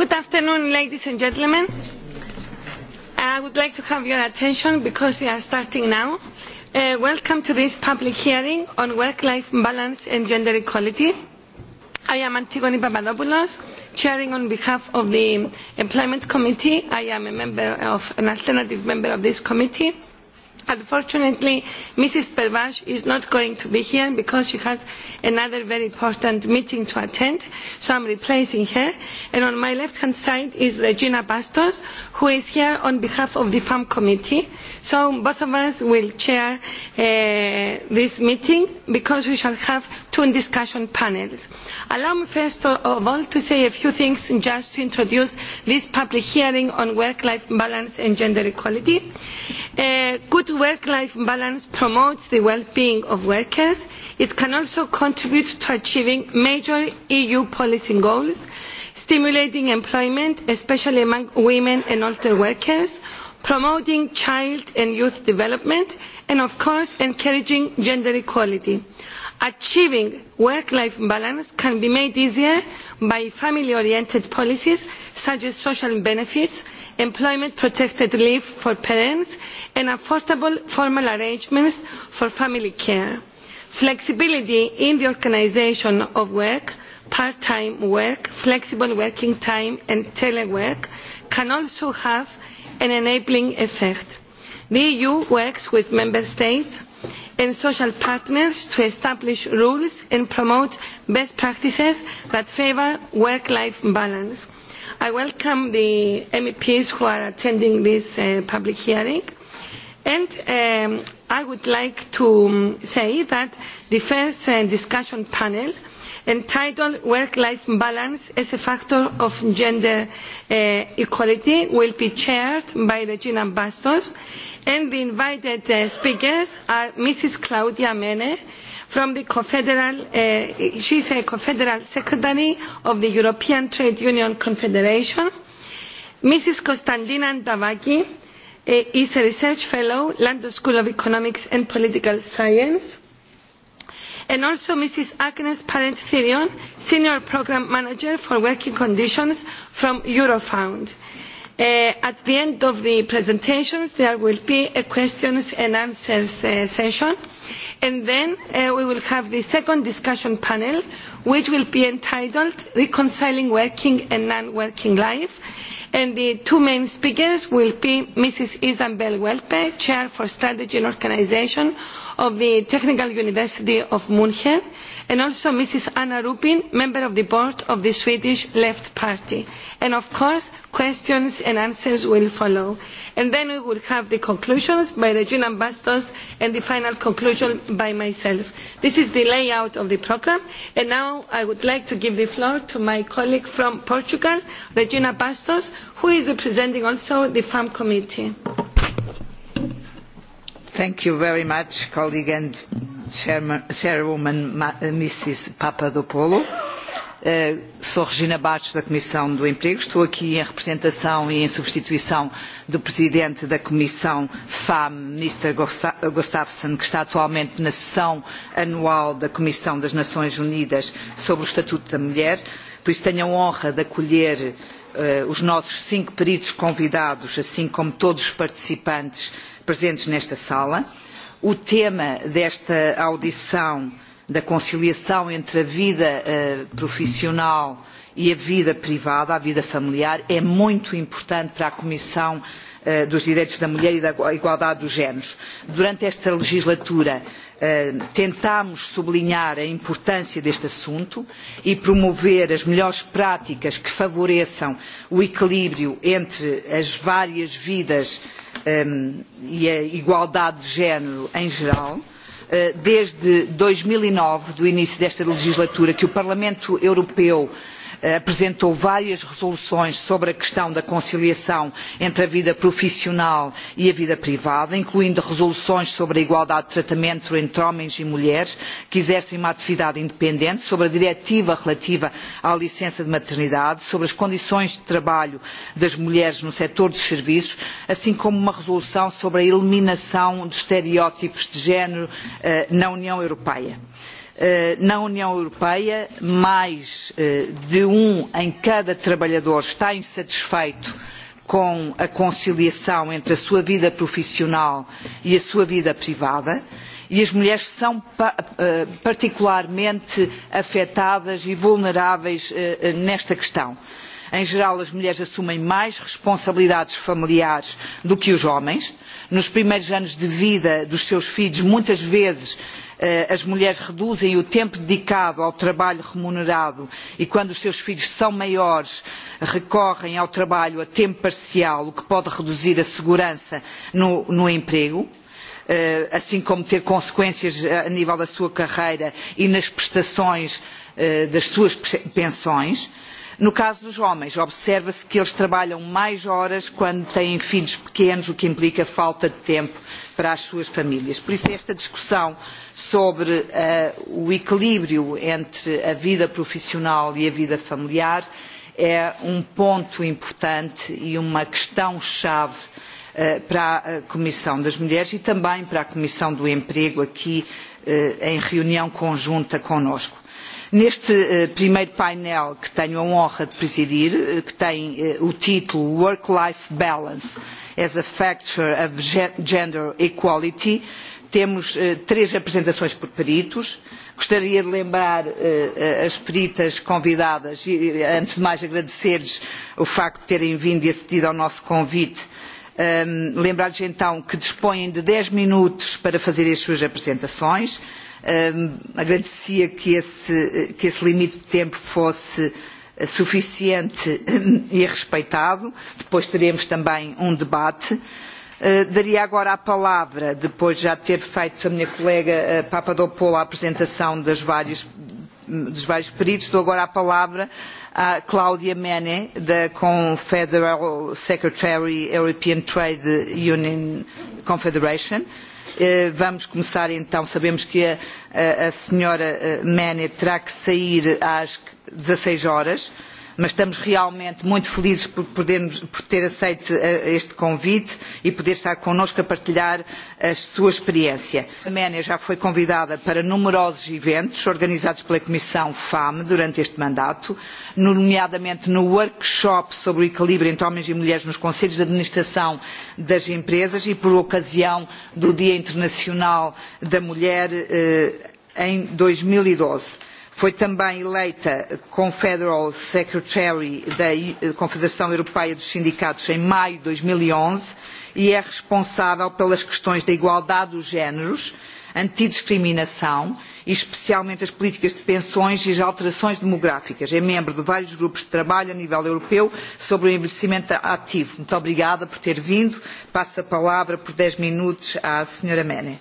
Good afternoon, ladies and gentlemen. I would like to have your attention because we are starting now. Uh, welcome to this public hearing on work-life balance and gender equality. I am Antigone Papadopoulos, chairing on behalf of the Employment Committee. I am a member of, an alternative member of this committee unfortunately mrs pervenche is not going to be here because she has another very important meeting to attend so i am replacing her and on my left hand side is regina bastos who is here on behalf of the femm committee so both of us will chair uh, this meeting because we shall have two discussion panels. allow me first of all to say a few things just to introduce this public hearing on work life balance and gender equality. Uh, good work life balance promotes the well being of workers, it can also contribute to achieving major EU policy goals, stimulating employment, especially among women and older workers, promoting child and youth development, and of course, encouraging gender equality. Achieving work life balance can be made easier by family oriented policies such as social benefits, employment protected leave for parents and affordable formal arrangements for family care flexibility in the organisation of work part time work flexible working time and telework can also have an enabling effect. the eu works with member states and social partners to establish rules and promote best practices that favour work life balance. I welcome the MEPs who are attending this uh, public hearing. And um, I would like to um, say that the first uh, discussion panel entitled Work-Life Balance as a Factor of Gender uh, Equality will be chaired by Regina Bastos. And the invited uh, speakers are Mrs. Claudia Mene, from the confederal uh, she is a confederal secretary of the European Trade Union Confederation. Mrs. Konstantina Davaki uh, is a research fellow, London School of Economics and Political Science. And also Mrs. Agnes Parent Therion, Senior Program Manager for Working Conditions from Eurofound. Uh, at the end of the presentations there will be a questions and answers uh, session and then uh, we will have the second discussion panel which will be entitled reconciling working and non-working life and the two main speakers will be Mrs. Isabel Welpe, Chair for Strategy and Organization of the Technical University of Munich, and also ms anna rpkin member of the board of the swedish left party and of course questions and answers will follow. then we will have the conclusions by regional ambassadors and the final conclusion by myself. this is the layout of the programme and now i would like to give the floor to my colleague from portugal regional bastos who is representing also the femm committee thank you very much, colleague and chairwoman, Mrs. Papadopoulou. Uh, sou Regina Bastos da Comissão do Emprego, estou aqui em representação e em substituição do Presidente da Comissão FAM, Mr. Gustafsson, que está atualmente na sessão anual da Comissão das Nações Unidas sobre o Estatuto da Mulher, por isso tenho a honra de acolher uh, os nossos cinco peritos convidados, assim como todos os participantes uh, presentes nesta sala. O tema desta audição da conciliação entre a vida eh, profissional e a vida privada, a vida familiar, é muito importante para a Comissão eh, dos Direitos da Mulher e da Igualdade dos Géneros. Durante esta legislatura, eh, tentámos sublinhar a importância deste assunto e promover as melhores práticas que favoreçam o equilíbrio entre as várias vidas uh, Ehm, e a igualdade de género em geral eh, desde dois mil e nove do início desta legislatura que o parlamento europeu Eh, apresentou várias resoluções sobre a questão da conciliação entre a vida profissional e a vida privada incluindo resoluções sobre a igualdade de tratamento entre homens e mulheres que exercem uma atividade independente sobre a diretiva relativa à licença de maternidade sobre as condições de trabalho das mulheres no setor dos serviços assim como uma resolução sobre a eliminação de estereótipos de género eh, na União Europeia. Eh, na união europeia mais eh, de um em cada trabalhador está insatisfeito com a conciliação entre a sua vida profissional e a sua vida privada e as mulheres são eh, particularmente afetadas e vulneráveis nesta questão. Em geral, as mulheres assumem mais responsabilidades familiares do que os homens. Nos primeiros anos de vida dos seus filhos, muitas vezes Eh, as mulheres reduzem o tempo dedicado ao trabalho remunerado e quando os seus filhos são maiores recorrem ao trabalho a tempo parcial o que pode reduzir a segurança no, no emprego eh, assim como ter consequências eh, a nível da sua carreira e nas prestações das suas pensões. No caso dos homens, observa-se que eles trabalham mais horas quando têm filhos pequenos, o que implica falta de tempo para as suas famílias. Por isso, esta discussão sobre uh, o equilíbrio entre a vida profissional e a vida familiar é um ponto importante e uma questão-chave uh, para a Comissão das Mulheres e também para a Comissão do Emprego aqui uh, em reunião conjunta connosco neste eh, primeiro painel que tenho a honra de presidir eh, que tem eh, o título work life balance as a factor of gender equality temos três apresentações por peritos gostaria de lembrar as peritas convidadas e antes de mais agradecer lhes o facto de terem vindo e acedido ao nosso convite lembrar lhes então que dispõem de dez minutos para fazer as suas apresentações Ehm, agradecia que esse, que esse limite de tempo fosse eh, suficiente e respeitado. Depois teremos também um debate. Eh, daria agora a palavra, depois de já ter feito a minha colega eh, Papadopoulou a apresentação das várias, dos vários peritos, dou agora a palavra à Cláudia Mene, da Confederal Secretary European Trade Union Confederation. Eh, vamos começar então sabemos que a senhora eh, mene terá que sair às dezesseis horas mas estamos realmente muito felizes por, podermos, por ter aceito eh, este convite e poder estar connosco a partilhar a sua experiência. A Roménia já foi convidada para numerosos eventos organizados pela Comissão FAM durante este mandato, nomeadamente no workshop sobre o equilíbrio entre homens e mulheres nos Conselhos de Administração das Empresas e por ocasião do Dia Internacional da Mulher eh, em 2012 foi também eleita confederal secretary da Confederação Europeia dos Sindicatos em maio de 2011 e, e é responsável pelas questões da igualdade dos géneros, antidiscriminação e especialmente as políticas de pensões e as alterações demográficas. É membro de vários grupos de trabalho a nível europeu sobre o envelhecimento ativo. Muito obrigada por ter vindo. Passo a palavra por 10 minutos à senhora Mene.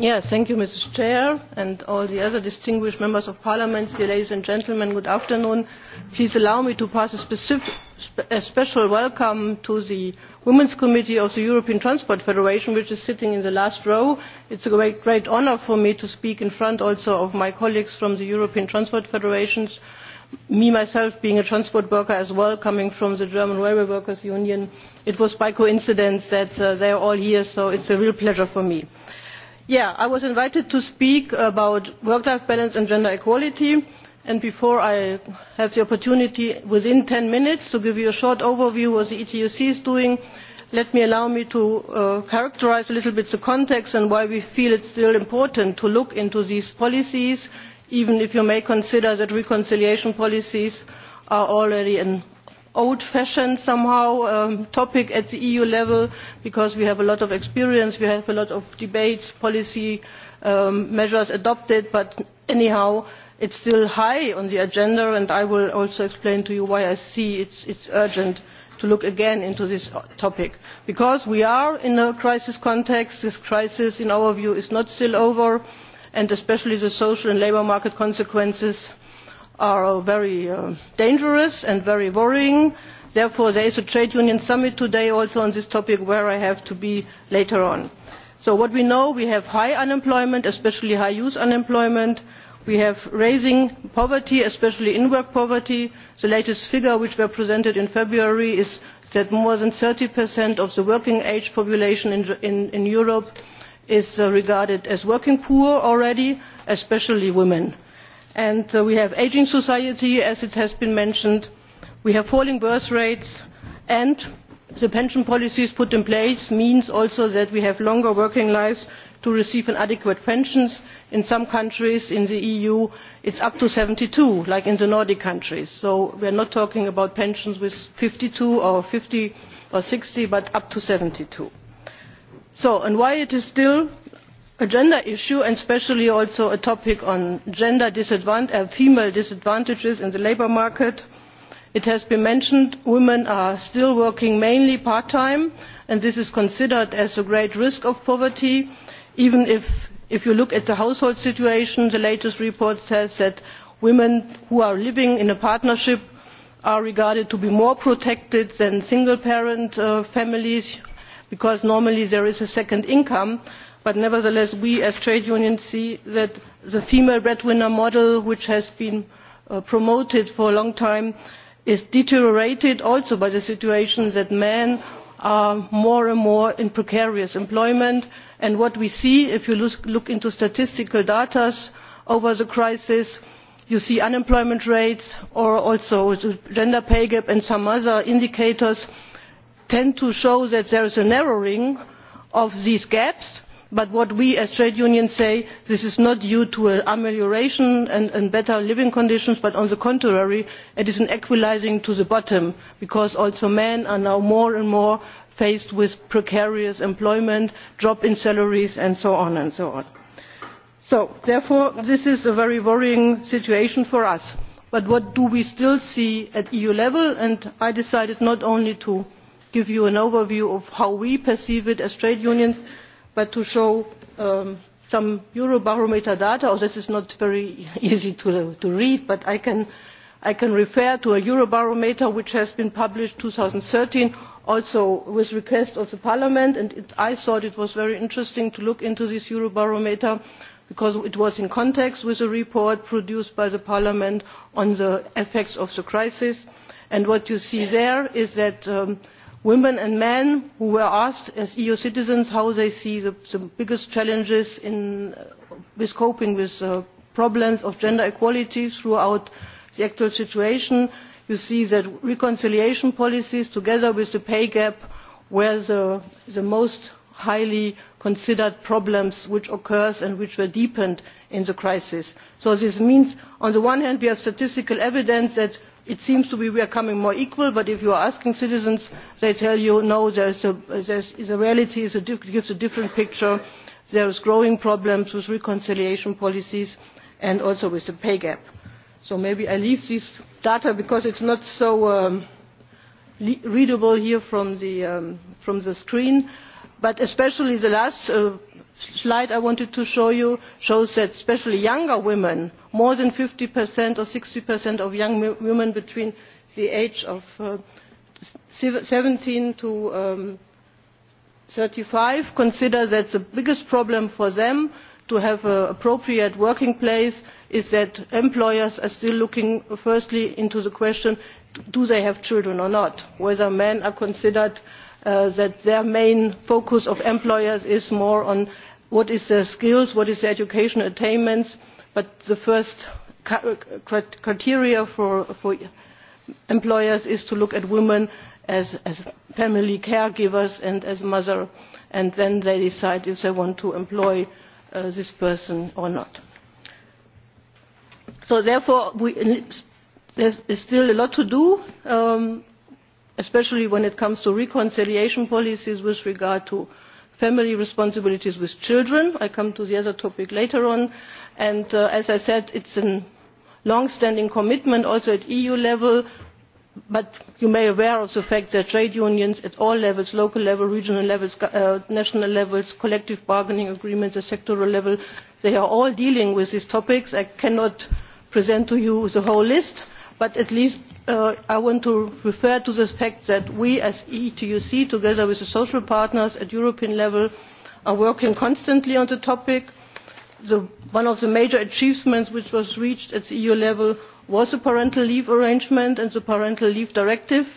mrs chair and all the other distinguished members of parliament dear ladies and gentlemen good afternoon. please allow me to pass a special welcome to the women's committee of the european transport federation which is sitting in the last row. it is a great honour for me to speak also in front of my colleagues from the european transport federation me myself being a transport worker as well coming from the german railway workers union. it was by coincidence that uh, they are all here so it is a real pleasure for me i was invited to speak about work life balance and gender equality and before i have the opportunity within ten minutes to give you a short overview of what the etuc is doing allow me to uh, characterise a little bit the context and why we feel it is still important to look into these policies even if you may consider that reconciliation policies are already an old fashioned somehow um, topic at the eu level because we have a lot of experience we have a lot of debates policy um, measures adopted but anyhow it is still high on the agenda and i will also explain to you why i see it as urgent to look again into this uh, topic because we are in a crisis context this crisis in our view is not yet over and especially the social and labour market consequences are very uh, dangerous and very worrying. therefore, there is a trade union summit today also on this topic where i have to be later on. so what we know is that we have high unemployment especially high youth unemployment. we have rising poverty especially in work poverty. the latest figure which was presented in february is that more than thirty of the working age population in europe is uh, regarded as working poor already especially women and uh, we have an ageing society as has been mentioned we have falling birth rates and the pension policies put in place mean also that we have longer working lives to receive adequate pensions. in some countries in the eu it is up to seventy two like in the nordic countries so we are not talking about pensions with fifty two or fifty or sixty but up to seventy two. so why is it still a gender issue and especially also a topic on uh, female disadvantages in the labour market. it has been mentioned that women are still working mainly part time and this is considered as a great risk of poverty even if you look at the household situation the latest report says that women who are living in a partnership are regarded to be more protected than single parent uh, families because normally there is a second income but nevertheless we as trade unions see that the female breadwinner model which has been uh, promoted for a long time is deteriorated also by the situation that men are more and more in precarious employment and what we see if you look into statistical data over the crisis you see unemployment rates or also the gender pay gap and some other indicators tend to show that there is a narrowing of these gaps but what we as trade unions say is that this is not due to an amelioration and better living conditions but on the contrary it is an equalising to the bottom because also men are now more and more faced with precarious employment drop in salaries and so on and so on. therefore this is a very worrying situation for us. but what do we still see at eu level? i decided not only to give you an overview of how we perceive it as trade unions but to show um, some eurobarometer data although this is not very easy to read but i can refer to a eurobarometer which has been published in two thousand and thirteen also with request of parliament and i thought it was very interesting to look into this eurobarometer because it was in context with a report produced by parliament on the effects of the crisis and what you see there is that um, women and men who were asked as eu citizens how they see the biggest challenges in uh, coping with the uh, problems of gender equality throughout the actual situation you see that reconciliation policies together with the pay gap were the most highly considered problems which occurred and which were deepened in the crisis. so this means on the one hand we have statistical evidence that it seems to be we are becoming more equal but if you ask citizens they tell you no the reality gives a different picture there are growing problems with reconciliation policies and also with the pay gap. so maybe i leave this data because it is not so um, readable here um, from the screen but especially the last uh, slide i wanted to show you shows that especially younger women more than fifty or sixty of young women between the age of uh, seventeen to um, thirty five consider that the biggest problem for them to have an appropriate working place is that employers are still looking firstly into the question do they have children or not whether men are considered uh, that their main focus of employers is more what are their skills what are their educational attainments but the first criterion for employers is to look at women as family care givers and as mothers and then they decide if they want to employ uh, this person or not. therefore there is still a lot to do um, especially when it comes to reconciliation policies with regard family responsibilities with children i will come to the other topic later on and uh, as i said it is a long standing commitment also at eu level but you may be aware of the fact that trade unions at all levels local level regional level uh, national level collective bargaining agreements at sectoral level they are all dealing with these topics. i cannot present to you the whole list but at least Uh, i want to refer to the fact that we as the etuc together with the social partners at european level are working constantly on the topic. one of the major achievements which was reached at eu e level was the parental leave arrangement and the parental leave directive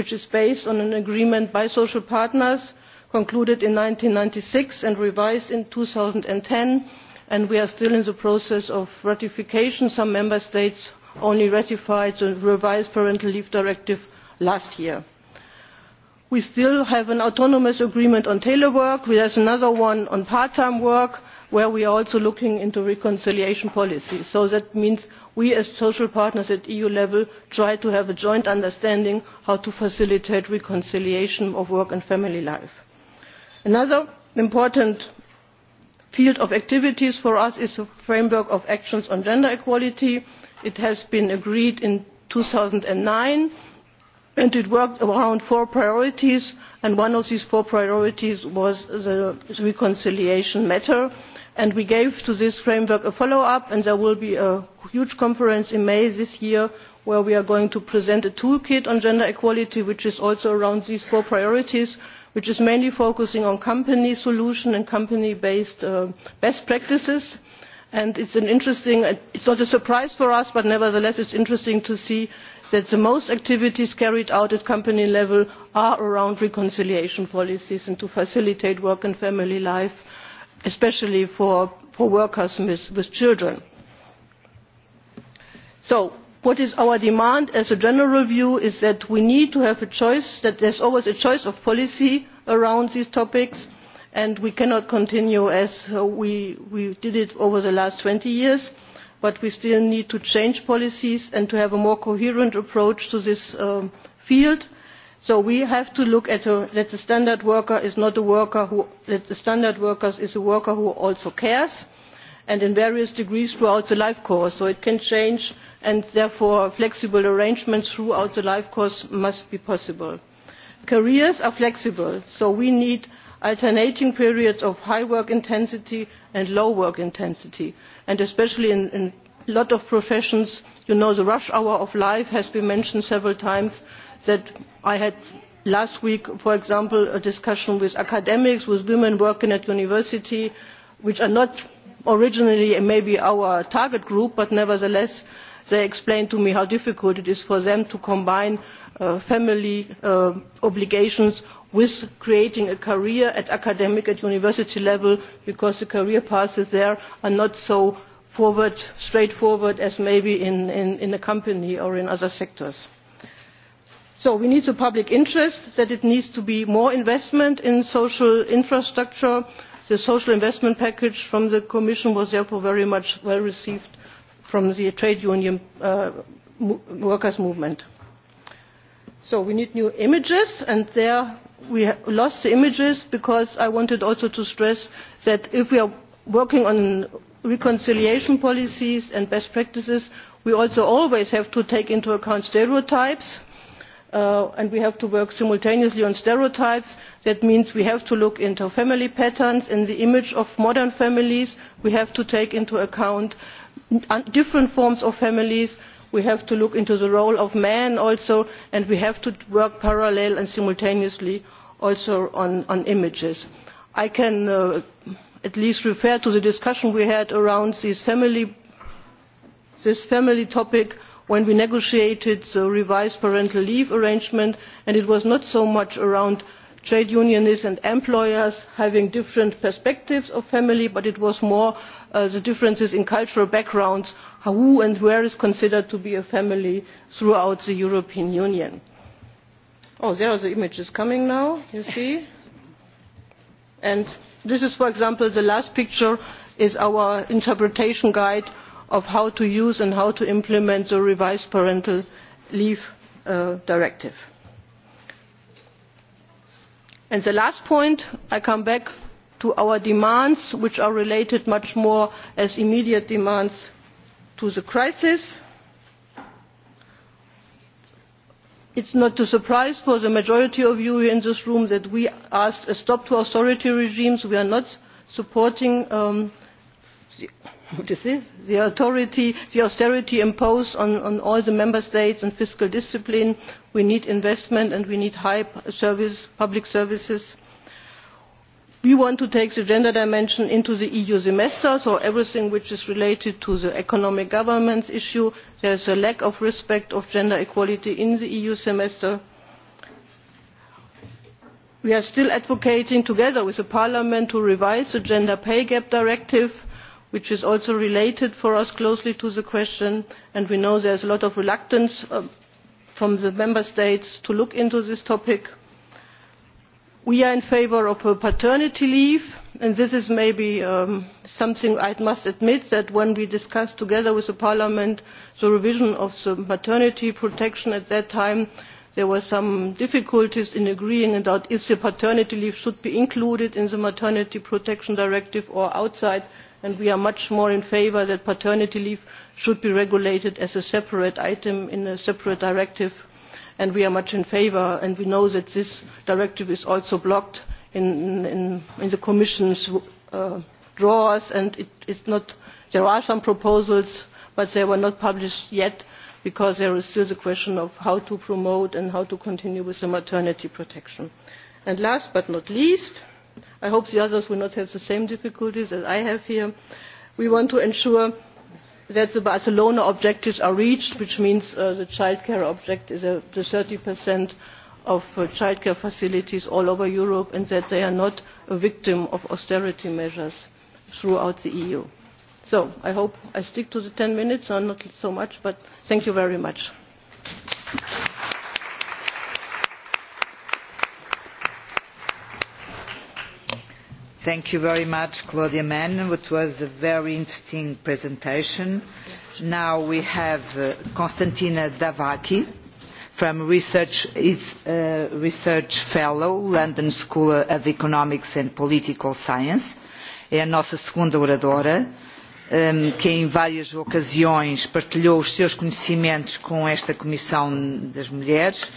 which is based on an agreement by social partners concluded in one thousand nine hundred and ninety six and revised in two thousand and ten and we are still in the process of ratification some member states only ratified the revised parental leave directive last year. we still have an autonomous agreement on telework and there is another one on part time work where we are also looking into reconciliation policy. so that means we as social partners at eu level are trying to have a joint understanding on how to facilitate reconciliation of work and family life. another important field of activities for us is the framework of actions on gender equality it was agreed in two thousand and nine and it worked around four priorities and one of these four priorities was the reconciliation matter and we gave to this framework a follow up and there will be a huge conference in may this year where we are going to present a toolkit on gender equality which is also around these four priorities which is mainly focusing on company solutions and company based uh, best practices it is interesting it is not a surprise for us but nevertheless it is interesting to see that the most activities carried out at company level are around reconciliation policies and to facilitate work and family life especially for workers with children. so what is our demand as a general view is that we need to have a choice that there is always a choice of policy around these topics and we cannot continue as uh, we have done over the last twenty years but we still need to change policies and to have a more coherent approach to this uh, field. so we have to look at that the standard worker is not a worker who the standard worker is a worker who also cares and in various degrees throughout the life course so it can change and therefore flexible arrangements throughout the life course must be possible. careers are flexible so we alternating periods of high work intensity and low work intensity and especially in a lot of professions you know the rush hour of life has been mentioned several times i had last week for example a discussion with academics with women working at university which are not originally maybe our target group but nevertheless they explained to me how difficult it is for them to combine uh, family uh, obligations with creating a career at academic and university level because the career paths there are not so straightforward as maybe in a company or in other sectors. so we need the public interest that it needs to be more investment in social infrastructure. the social investment package from the commission was therefore very much well received from the trade union uh, workers' movement. So we need new images, and there we lost the images because I wanted also to stress that if we are working on reconciliation policies and best practices, we also always have to take into account stereotypes. Uh, and we have to work simultaneously on stereotypes. That means we have to look into family patterns and the image of modern families. We have to take into account uh, different forms of families we have to look into the role of men also and we have to work parallel and simultaneously also on images. i can uh, at least refer to the discussion we had around this family topic when we negotiated the revised parental leave arrangement and it was not so much around trade unionists and employers having different perspectives of family but it was more Uh, the differences in cultural backgrounds who and where is considered to be a family throughout the european union. Oh, there are the images coming now you see. this is for example the last picture is our interpretation guide of how to use and how to implement the revised parental leave uh, directive. the last point i come back to our demands which are related much more as immediate demands to the crisis. It is not a surprise for the majority of you in this room that we asked a stop to austerity regimes. We are not supporting um, the, what is this? The, authority, the austerity imposed on, on all the member states and fiscal discipline. We need investment and we need high service, public services we want to take the gender dimension into the eu semester so everything which is related to the economic governance issue there is a lack of respect for gender equality in the eu semester. we are still advocating together with parliament to revise the gender pay gap directive which is also related for us closely to the question and we know there is a lot of reluctance uh, from the member states to look into this topic we are in favour of paternity leave and this is maybe um, something i must admit that when we discussed together with parliament the revision of maternity protection at that time there were some difficulties in agreeing about whether paternity leave should be included in the maternity protection directive or outside and we are much more in favour that paternity leave should be regulated as a separate item in a separate directive and we are much in favour and we know that this directive is also blocked in the commission's uh, drawers and there are some proposals but they were not published yet because there is still the question of how to promote and how to continue with the maternity protection. last but not least i hope the others will not have the same difficulties as i have here we want to ensure that the barcelona objectives are reached which means uh, the childcare objective the thirty of uh, childcare facilities all over europe and that they are not a victim of austerity measures throughout the eu. so i hope i stick to the ten minutes or not so much but thank you very much. applause Thank you very much, Claudia Mann. It was a very interesting presentation. Now we have uh, Konstantina uh, Davaki from research, is a uh, research fellow, London School of Economics and Political Science. É a nossa segunda oradora, um, que em várias ocasiões partilhou os seus conhecimentos com esta Comissão das Mulheres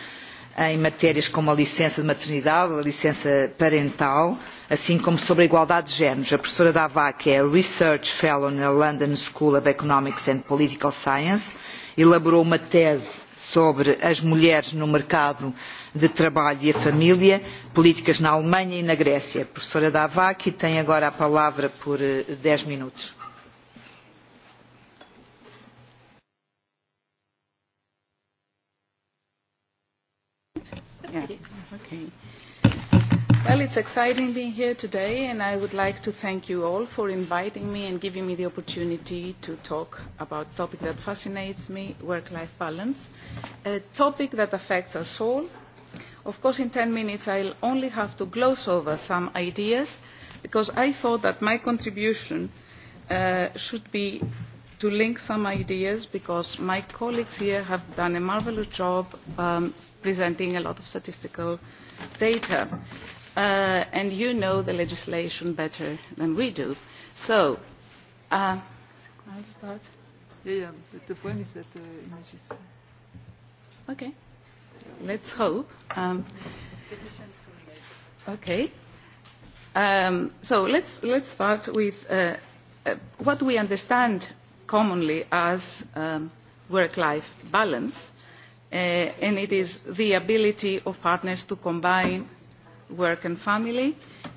em matérias como a licença de maternidade a licença parental assim como sobre a igualdade de géneros. A professora Davá, que é Research Fellow na London School of Economics and Political Science, elaborou uma tese sobre as mulheres no mercado de trabalho e a família, políticas na Alemanha e na Grécia. A professora Davá, que tem agora a palavra por 10 eh, minutos. yeah. Okay. Well, it's exciting being here today, and I would like to thank you all for inviting me and giving me the opportunity to talk about a topic that fascinates me, work-life balance, a topic that affects us all. Of course, in 10 minutes, I'll only have to gloss over some ideas, because I thought that my contribution uh, should be to link some ideas, because my colleagues here have done a marvelous job um, presenting a lot of statistical data. Uh, and you know the legislation better than we do. So, uh, I'll start. Yeah, yeah, but the point is that uh, images. Uh, okay, let's hope. Um, okay. Um, so let's, let's start with uh, uh, what we understand commonly as um, work-life balance. Uh, and it is the ability of partners to combine work and family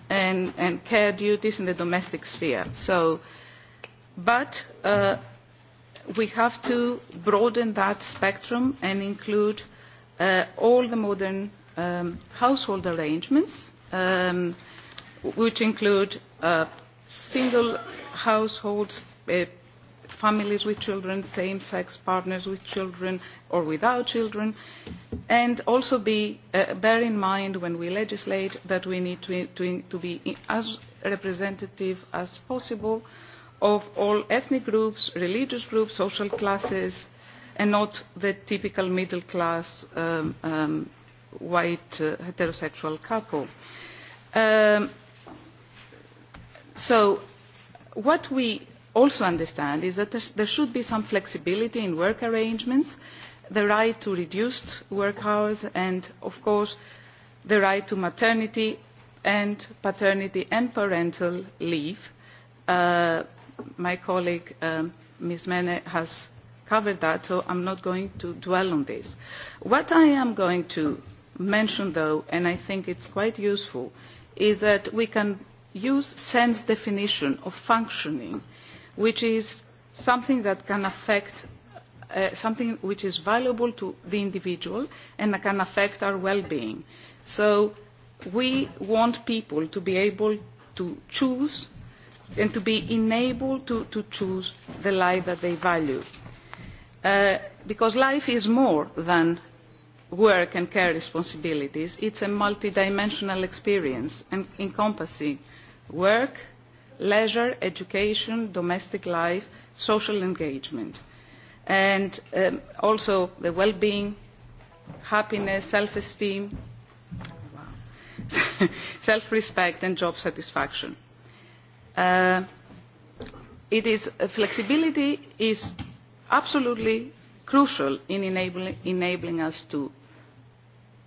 and, and care duties in the domestic sphere. So, but uh, we have to broaden that spectrum and include uh, all the modern um, household arrangements, um, which include uh, single households, uh, families with children, same sex partners with children or without children, and also be, uh, bear in mind when we legislate that we need to, to, to be as representative as possible of all ethnic groups, religious groups, social classes, and not the typical middle class um, um, white uh, heterosexual couple. Um, so, what we also understand is that there should be some flexibility in work arrangements the right to reduced work hours and of course the right to maternity and paternity and parental leave. Uh, my colleague ms um, mene has covered that so i am not going to dwell on this. what i am going to mention though and i think it is quite useful is that we can use sense definition of functioning' which is something that can affect uh, something which is valuable to the individual and can affect our well-being. So we want people to be able to choose and to be enabled to, to choose the life that they value. Uh, because life is more than work and care responsibilities. It's a multidimensional experience encompassing work, leisure, education, domestic life, social engagement, and um, also the well-being, happiness, self-esteem, self-respect and job satisfaction. Uh, it is, uh, flexibility is absolutely crucial in enabling, enabling us to,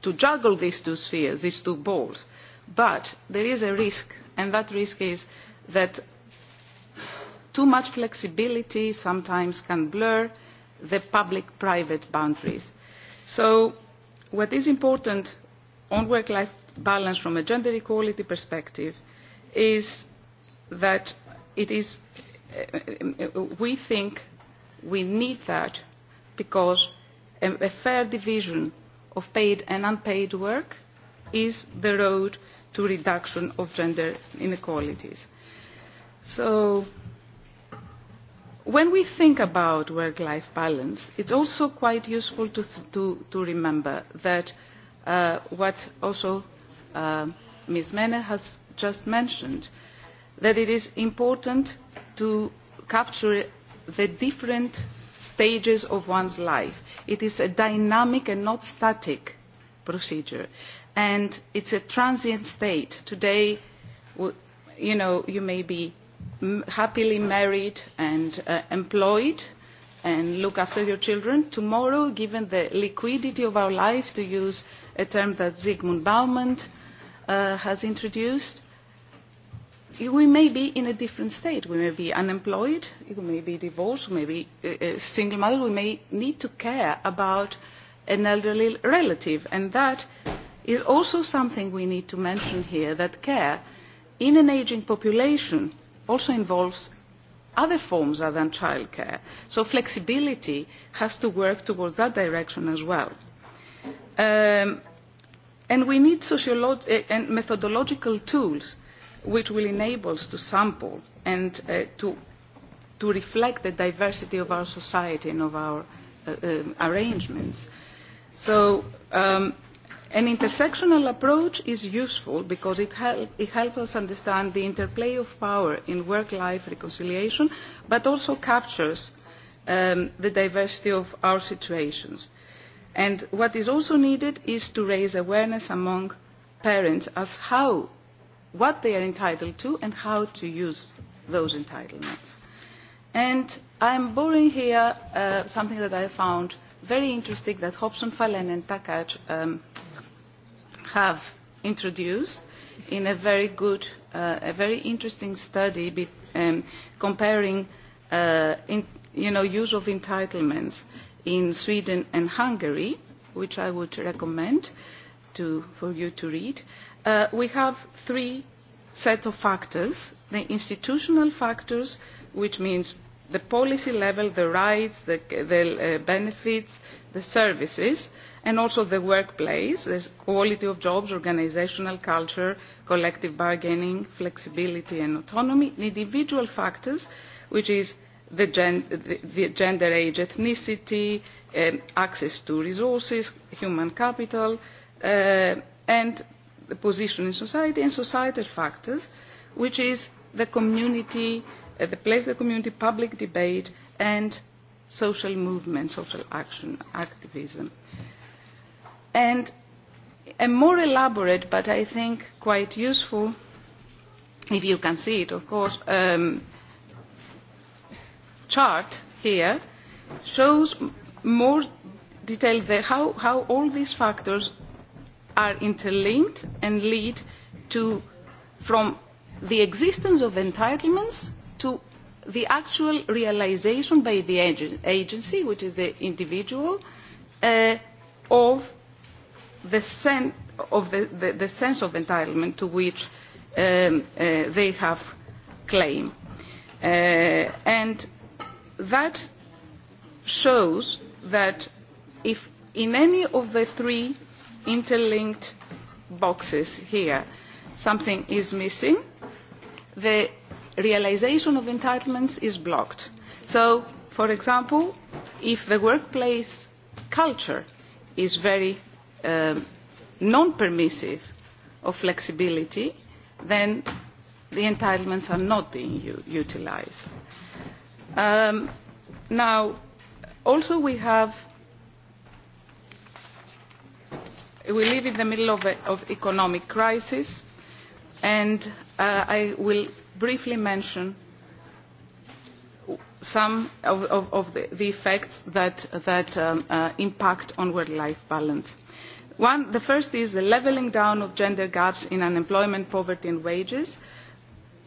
to juggle these two spheres, these two balls. But there is a risk, and that risk is that too much flexibility sometimes can blur the public private boundaries. so what is important on work life balance from a gender equality perspective is that it is, uh, we think we need that because a, a fair division of paid and unpaid work is the road to reduction of gender inequalities. So, when we think about work life balance, it's also quite useful to, to, to remember that uh, what also uh, Ms. Mene has just mentioned, that it is important to capture the different stages of one's life. It is a dynamic and not static procedure. And it's a transient state. Today, you know, you may be happily married and uh, employed and look after your children. Tomorrow, given the liquidity of our life, to use a term that Zygmunt Bauman uh, has introduced, we may be in a different state. We may be unemployed, we may be divorced, we may be a uh, uh, single mother, we may need to care about an elderly relative. And that is also something we need to mention here, that care in an aging population also involves other forms other than childcare. So flexibility has to work towards that direction as well. Um, and we need sociolog- eh, and methodological tools which will enable us to sample and uh, to, to reflect the diversity of our society and of our uh, uh, arrangements. So um, an intersectional approach is useful because it helps us understand the interplay of power in work life reconciliation but also captures um, the diversity of our situations. And what is also needed is to raise awareness among parents as how what they are entitled to and how to use those entitlements. And I'm borrowing here uh, something that I found very interesting that Hobson Fallen and Takac um, have introduced in a very good, uh, a very interesting study be, um, comparing uh, in, you know, use of entitlements in Sweden and Hungary, which I would recommend to, for you to read. Uh, we have three sets of factors. The institutional factors, which means the policy level, the rights, the, the uh, benefits, the services, uh, and also the workplace the quality of jobs organisational culture collective bargaining flexibility and autonomy and individual factors such as gender age ethnicity um, access to resources human capital uh, and the position in society and societal factors such as the community uh, the place of the community public debate and social movements social activism etc and a more elaborate but i think quite useful if you can see it of course um, chart here shows in more detail how all these factors are interlinked and lead to from the existence of entitlements to the actual realisation by the agency which is the individual uh, of the, sen of the, the, the sense of entitlement to which um, uh, they have claim. Uh, and that shows that if in any of the three interlinked boxes here something is missing, the realization of entitlements is blocked. So, for example, if the workplace culture is very uh, um, non permissive of flexibility, then the entitlements are not being u- utilized. Um, now, also we have, we live in the middle of, a, of economic crisis, and uh, I will briefly mention some of, of, of the effects that, that um, uh, impact on work life balance. One, the first is the levelling down of gender gaps in unemployment, poverty, and wages,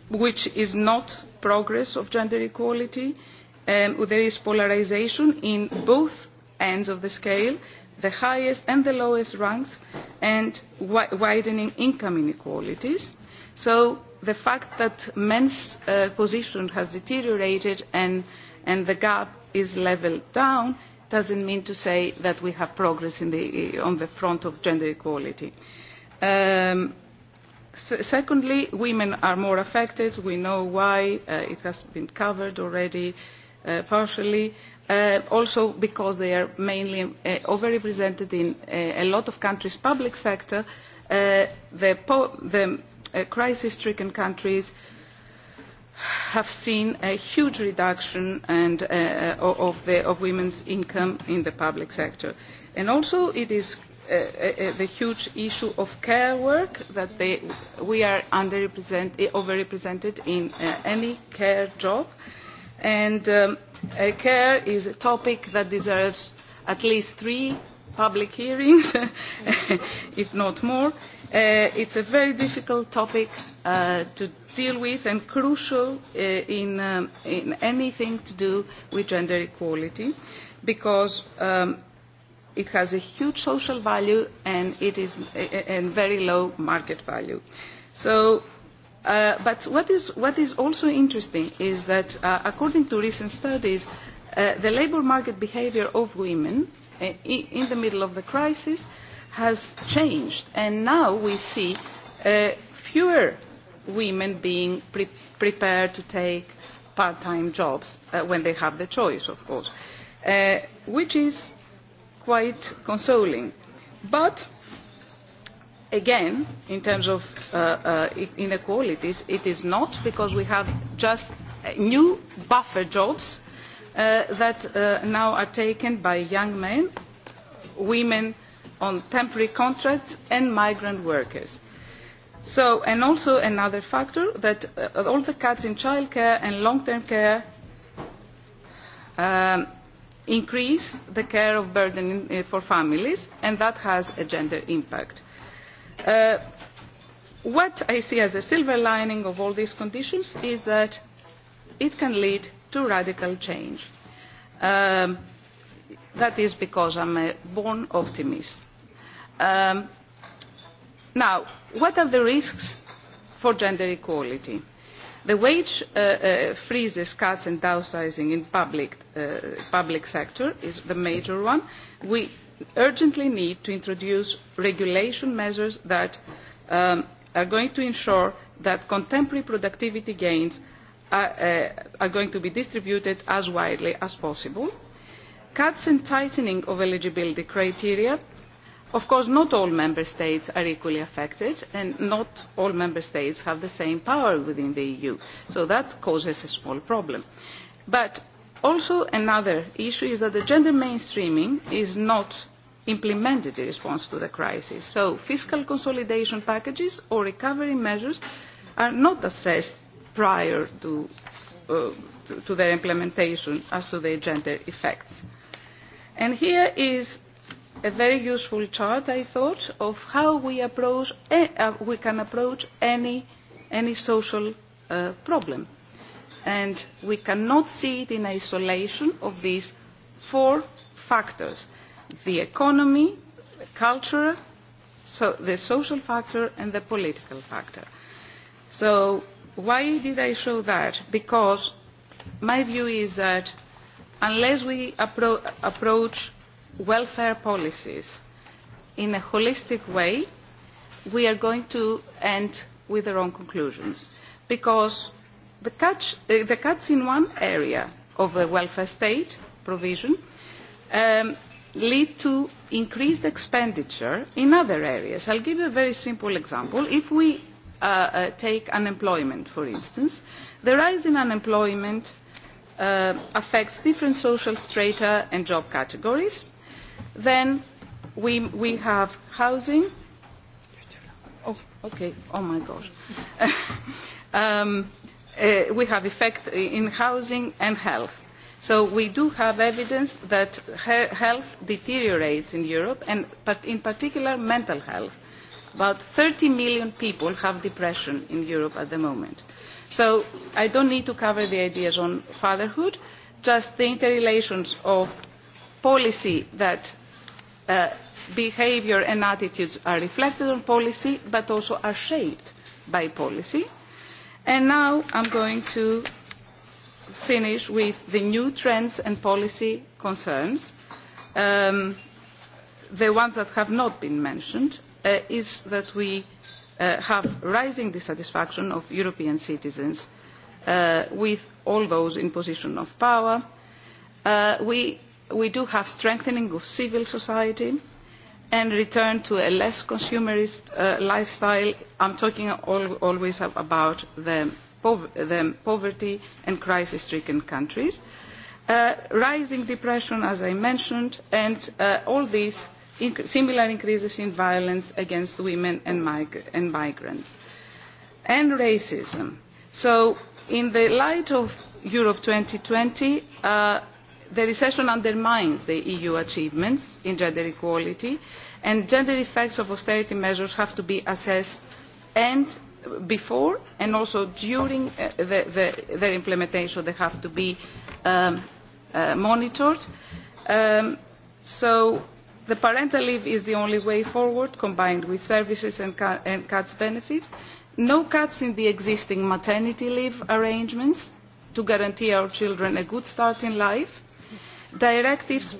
which is not progress of gender equality. Um, there is polarisation in both ends of the scale, the highest and the lowest ranks, and wi- widening income inequalities. So the fact that men's uh, positions have deteriorated and the gap is levelled down does not mean to say that we have progress in the, on the front of gender equality. Um, secondly, women are more affected. We know why. Uh, it has been covered already uh, partially. Uh, also because they are mainly uh, overrepresented in uh, a lot of countries' public sector, uh, the, po the Uh, crisis stricken countries have seen a huge reduction and, uh, uh of, the, of women's income in the public sector. And also it is uh, uh, uh the huge issue of care work that they, we are eh, overrepresented in uh, any care job. And um, uh, care is a topic that deserves at least three public hearings if not more. Uh, it's a very difficult topic uh, to deal with and crucial uh, in, um, in anything to do with gender equality because um, it has a huge social value and it is a, a, a very low market value. So, uh, but what is, what is also interesting is that uh, according to recent studies, uh, the labour market behaviour of women uh, Eh, in the middle of the crisis has changed and now we see uh, fewer women being pre prepared to take part-time jobs uh, when they have the choice, of course, uh, which is quite consoling. But again, in terms of uh, uh, inequalities, it is not because we have just new buffer jobs Uh, that uh, now are taken by young men women on temporary contracts and migrant workers. also another factor that uh, all the cuts in childcare and long term care um, increase the care burden for families and that has a gender impact. what i see as a silver lining of all these conditions is that it can lead to radical change. Um, that is because I'm a born optimist. Um, now, what are the risks for gender equality? The wage uh, uh, freezes, cuts and downsizing in public, uh, public sector is the major one. We urgently need to introduce regulation measures that um, are going to ensure that contemporary productivity gains Uh, are going to be distributed as widely as possible; cuts and tightening of eligibility criteria of course not all member states are equally affected and not all member states have the same power within the eu so that causes a small problem but also another issue is that the gender mainstreaming is not implemented in response to the crisis so fiscal consolidation packages or recovery measures are not assessed prior to, uh, to, to their implementation as to their gender effects. And here is a very useful chart, I thought, of how we, approach, eh, uh, we can approach any, any social uh, problem. And we cannot see it in isolation of these four factors the economy, the culture, so the social factor, and the political factor. So why did i show that? because my view is that unless we appro approach welfare policies in a holistic way we are going to end with the wrong conclusions because the, catch, uh, the cuts in one area of the welfare state provision um, lead to increased expenditure in other areas. I'll give you a very simple example. If we Uh, uh, take unemployment for instance the rise in unemployment uh, affects different social strata and job categories then we we have housing oh okay oh my gosh um, uh, we have effect in housing and health so we do have evidence that he health deteriorates in Europe, and but in particular mental health about thirty million people have depression in europe at the moment so i do not need to cover the ideas on fatherhood just the interrelations of policy that uh, behaviour and attitudes are reflected on policy but also are shaped by policy and now i am going to finish with the new trends and policy concerns um, the ones that have not been mentioned Uh, is that we uh, have rising dissatisfaction of european citizens uh, with all those in positions of power. we do have strengthening of civil society and a return to a less consumerist lifestyle i am talking always about the poverty and crisis stricken countries rising depression as i mentioned and all these similar increases in violence against women and migrants and racism. so in the light of europe two thousand and twenty uh, the recession undermines the eu achievements in gender equality and gender effects of austerity measures have to be assessed before and also during uh, their implementation they have to be um, uh, monitored. Um, parental leave is the only way forward combined with services and cuts benefits no cuts in the existing maternity leave arrangements to guarantee our children a good start in life directives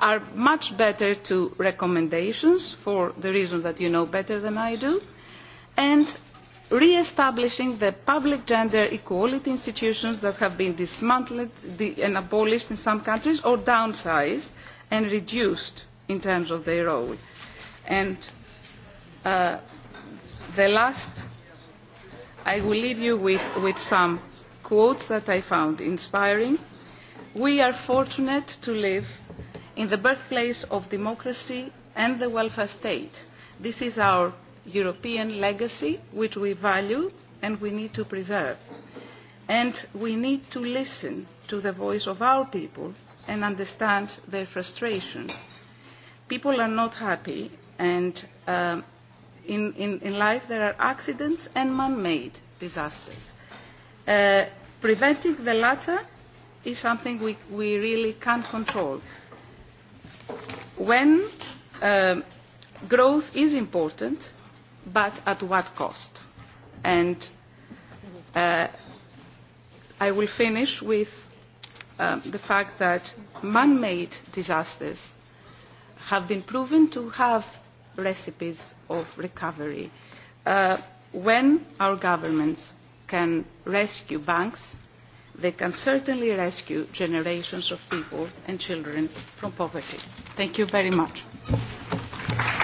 are much better to recommendations for the reasons that you know better than I do and re establishing the public gender equality institutions that have been dismantled and abolished in some countries or downsized and reduced in terms of their role. Uh, lastly i will leave you with some quotes that i found inspiring we are fortunate to live in the birthplace of democracy and the welfare state. this is our european legacy which we value and we need to preserve and we need to listen to the voice of our people and understand their frustration. People are not happy, and um, in, in, in life there are accidents and man made disasters. Uh, preventing the latter is something we, we really can't control. When um, growth is important, but at what cost? And uh, I will finish with um, the fact that man-made disasters have been proven to have recipes of recovery. Uh, when our governments can rescue banks, they can certainly rescue generations of people and children from poverty. Thank you very much. Thank you.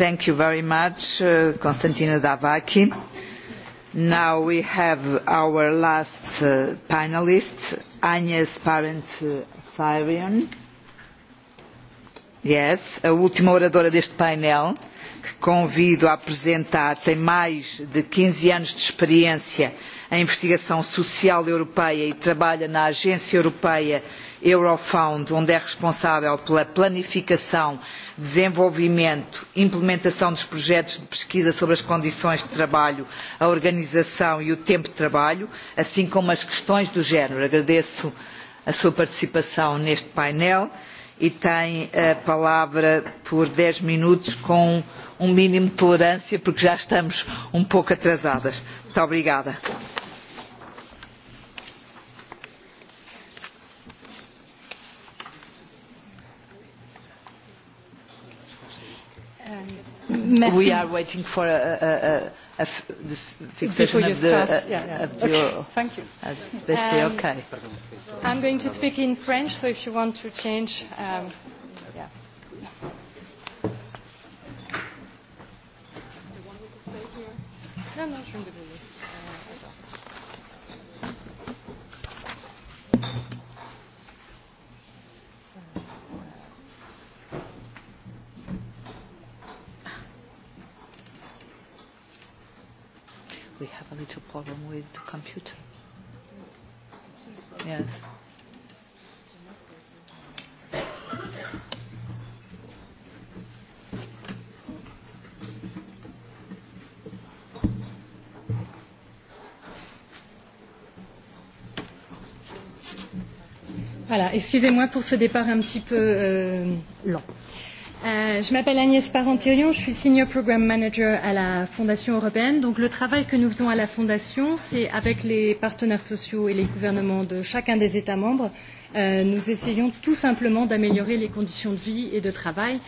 Uh, konstantinu davaki. now we have our last uh, panelist agnes parent syrian. yes a última oradora deste painel que convido a apresentar tem mais de 15 anos de experiência em investigação social europeia e trabalha na agência europeia de investigação social eurofound onde é responsável pela planificação desenvolvimento e implementação dos projetos de pesquisa sobre as condições de trabalho a organização e o tempo de trabalho assim como as questões do género. agradeço a sua participação neste painel e tem a palavra por dez minutos com um mínimo de tolerância porque já estamos um pouco atrasadas. Muito obrigada. we are waiting for the fixation of the vessel. Uh, okay. I am uh, um, going to speak in French, so if you want to change. Um, yeah. No, no, problem with the computer. Yes. Voilà, excusez-moi pour ce départ un petit peu euh, lent. Euh, je m'appelle Agnès Parentillon, je suis Senior Program Manager à la Fondation européenne. Donc le travail que nous faisons à la Fondation, c'est avec les partenaires sociaux et les gouvernements de chacun des États membres, euh, nous essayons tout simplement d'améliorer les conditions de vie et de travail,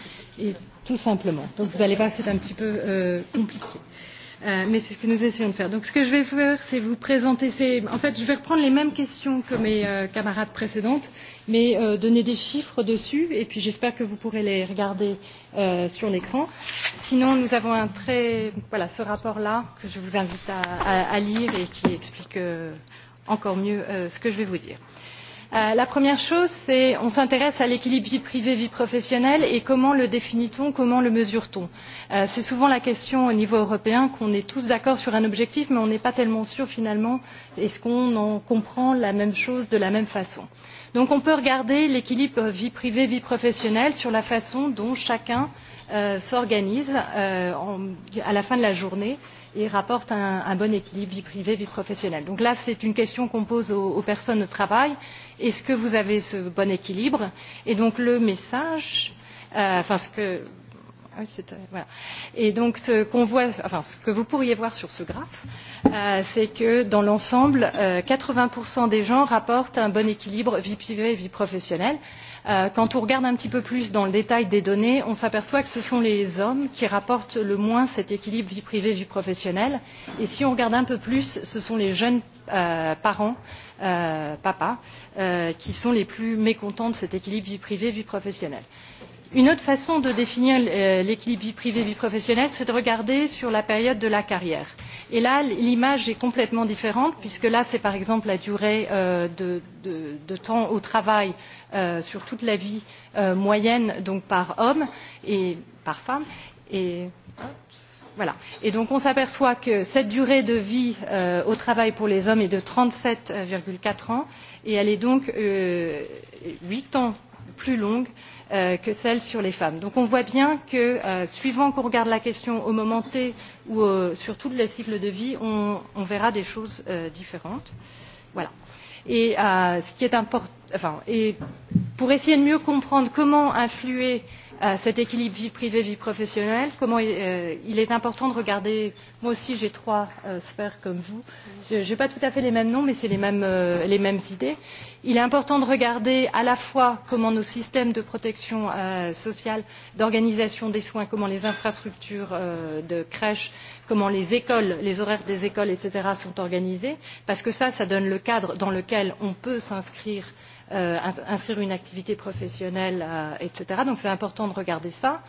et tout simplement. Donc vous allez voir, c'est un petit peu euh, compliqué. Euh, Euh, mais c'est ce que nous essayons de faire. Donc ce que je vais faire, c'est vous présenter. C'est, en fait, je vais reprendre les mêmes questions que mes euh, camarades précédentes, mais euh, donner des chiffres dessus, et puis j'espère que vous pourrez les regarder euh, sur l'écran. Sinon, nous avons un très. Voilà, ce rapport-là, que je vous invite à, à, à lire et qui explique euh, encore mieux euh, ce que je vais vous dire. Euh, Euh, la première chose c'est qu'on s'intéresse à l'équilibre vie privée vie professionnelle et comment le définit on comment le mesure t on? Euh, c'est souvent la question au niveau européen qu'on est tous d'accord sur un objectif mais on n'est pas tellement sûr finalement est ce qu'on en comprend la même chose de la même façon? donc on peut regarder l'équilibre vie privée vie professionnelle sur la façon dont chacun euh, s'organise à la fin de la journée et rapporte un, un bon équilibre vie privée vie professionnelle. Donc là, c'est une question qu'on pose aux, aux personnes au travail. Est-ce que vous avez ce bon équilibre Et donc le message, euh, enfin ce que ah euh, voilà. Et donc, ce, qu voit, enfin, ce que vous pourriez voir sur ce graphe, euh, c'est que dans l'ensemble, euh, 80% des gens rapportent un bon équilibre vie privée et vie professionnelle. Euh, quand on regarde un petit peu plus dans le détail des données on s'aperçoit que ce sont les hommes qui rapportent le moins cet équilibre vie privée vie professionnelle et si on regarde un peu plus ce sont les jeunes euh, parents euh, papas qui sont les plus mécontents de cet équilibre vie privée vie professionnelle une autre façon de définir euh, l'équilibre vie privée vie professionnelle c'est de regarder sur la période de la carrière et là l'image est complètement différente puisque là c'est par exemple la durée euh, de temps au travail euh, sur toute la vie moyenne donc par homme et par femme et donc on s'aperçoit que cette durée de vie au travail pour les hommes est de trente sept quatre ans et elle est donc huit ans plus longue euh, que celle sur les femmes. on voit bien que euh, suivant qu'on regarde la question au moment t ou euh, sur tous les cycles de vie on verra des choses différentes. ce qui est important pour essayer de mieux comprendre comment influer euh, cet équilibre vie privée vie professionnelle euh, il est important de regarder moi aussi j'ai trois euh, sphères comme vous je n'ai pas tout à fait les mêmes noms mais ce sont les mêmes idées il est important de regarder à la fois comment nos systèmes de protection sociale d'organisation des soins comment les infrastructures de crèches comment les écoles les horaires des écoles etc. sont organisés parce que cela donne le cadre dans lequel on peut s'inscrire Euh, inscrire une activité professionnelle euh, etc. donc c'est important de regarder cela.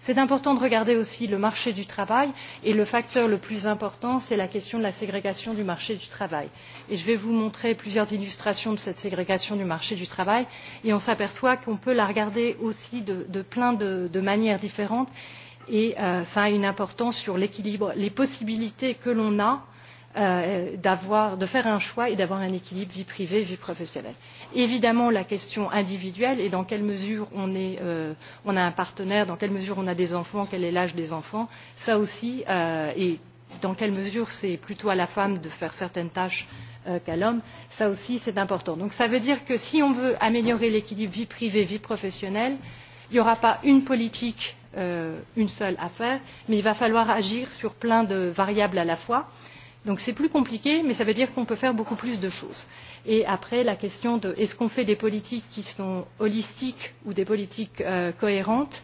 c'est important de regarder aussi le marché du travail et le facteur le plus important c'est la question de la ségrégation du marché du travail. je vais vous montrer plusieurs illustrations de cette ségrégation du marché du travail et on s'aperçoit qu'on peut la regarder aussi de plein de manières différentes et cela euh, a une importance sur l'équilibre les possibilités que l'on a Euh, de faire un choix et d'avoir un équilibre vie privée vie professionnelle. évidemment la question individuelle est dans quelle mesure euh, on a un partenaire dans quelle mesure on a des enfants quel est l'âge des enfants cela aussi euh, et dans quelle mesure c'est plutôt à la femme de faire certaines tâches qu'à l'homme cela aussi c'est important. cela veut dire que si on veut améliorer l'équilibre vie privée vie professionnelle il n'y aura pas une politique une seule à faire mais il va falloir agir sur plein de variables à la fois donc c'est plus compliqué mais cela veut dire qu'on peut faire beaucoup plus de choses. après la question de savoir si on fait des politiques qui sont holistiques ou des politiques euh, cohérentes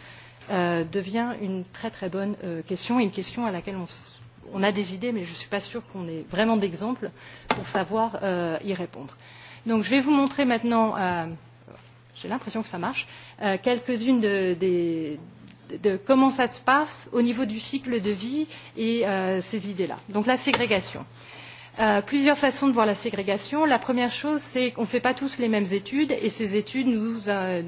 euh, devient une très très bonne euh, question et une question à laquelle on a des idées mais je ne suis pas sûre qu'on ait vraiment d'exemple pour savoir y répondre. je vais vous montrer maintenant j'ai l'impression que ça marche quelques unes des de comment ça se passe au niveau du cycle de vie et euh, ces idées là. Donc la ségrégation. Euh, plusieurs façons de voir la ségrégation. La première chose, c'est qu'on ne fait pas tous les mêmes études et ces études nous, euh,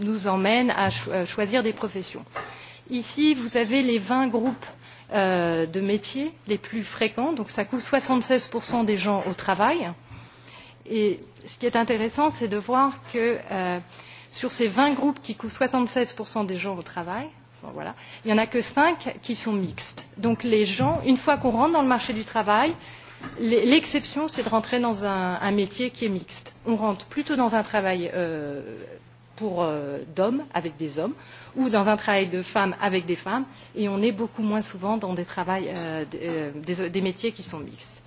nous emmènent à cho euh, choisir des professions. Ici, vous avez les 20 groupes euh, de métiers les plus fréquents, donc ça coûte 76% des gens au travail. Et ce qui est intéressant, c'est de voir que euh, sur ces vingt groupes qui couvrent soixante seize des gens au travail bon, voilà, il n'y en a que cinq qui sont mixtes. Donc les gens, une fois qu'on rentre dans le marché du travail, l'exception c'est de rentrer dans un, un métier qui est mixte. On rentre plutôt dans un travail euh, pour euh, d'hommes avec des hommes ou dans un travail de femmes avec des femmes et on est beaucoup moins souvent dans des, travails, euh, des, euh, des, des métiers qui sont mixtes.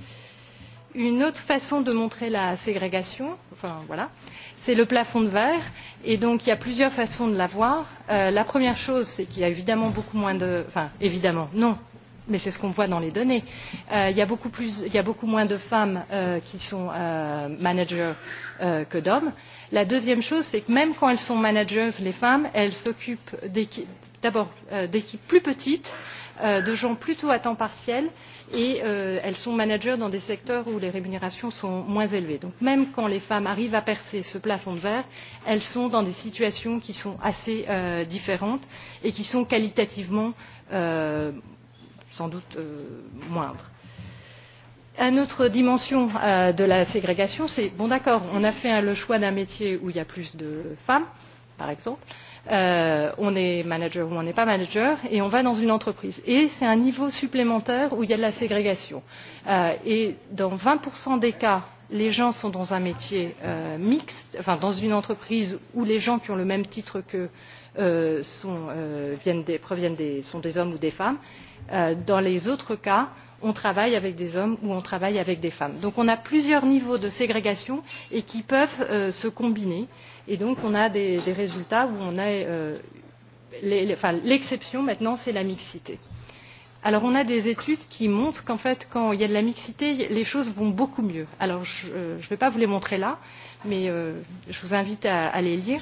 Une autre façon de montrer la ségrégation, enfin, voilà, c'est le plafond de verre Et donc, il y a plusieurs façons de la voir. Euh, la première chose, c'est qu'il y a évidemment beaucoup moins de. Enfin, évidemment, non, mais c'est ce qu'on voit dans les données. Euh, il, y a beaucoup plus, il y a beaucoup moins de femmes euh, qui sont euh, managers euh, que d'hommes. La deuxième chose, c'est que même quand elles sont managers, les femmes, elles s'occupent d'équipes, d'abord euh, d'équipes plus petites. Euh, de gens plutôt à temps partiel et euh, elles sont managers dans des secteurs où les rémunérations sont moins élevées. donc même quand les femmes arrivent à percer ce plafond de verre elles sont dans des situations qui sont assez euh, différentes et qui sont qualitativement sans doute moindres. une autre dimension de la ségrégation c'est bon d'accord on a fait le choix d'un métier où il y a plus de femmes par exemple euh, on est manager ou on n'est pas manager, et on va dans une entreprise. Et c'est un niveau supplémentaire où il y a de la ségrégation. Euh, et dans 20% des cas, les gens sont dans un métier euh, mixte, enfin dans une entreprise où les gens qui ont le même titre qu'eux euh, euh, des, proviennent des, sont des hommes ou des femmes. Euh, dans les autres cas, on travaille avec des hommes ou on travaille avec des femmes. Donc on a plusieurs niveaux de ségrégation et qui peuvent euh, se combiner. Et donc on a des, des résultats où on a euh, l'exception enfin, maintenant, c'est la mixité. Alors on a des études qui montrent qu'en fait, quand il y a de la mixité, les choses vont beaucoup mieux. Alors je ne euh, vais pas vous les montrer là, mais euh, je vous invite à, à les lire.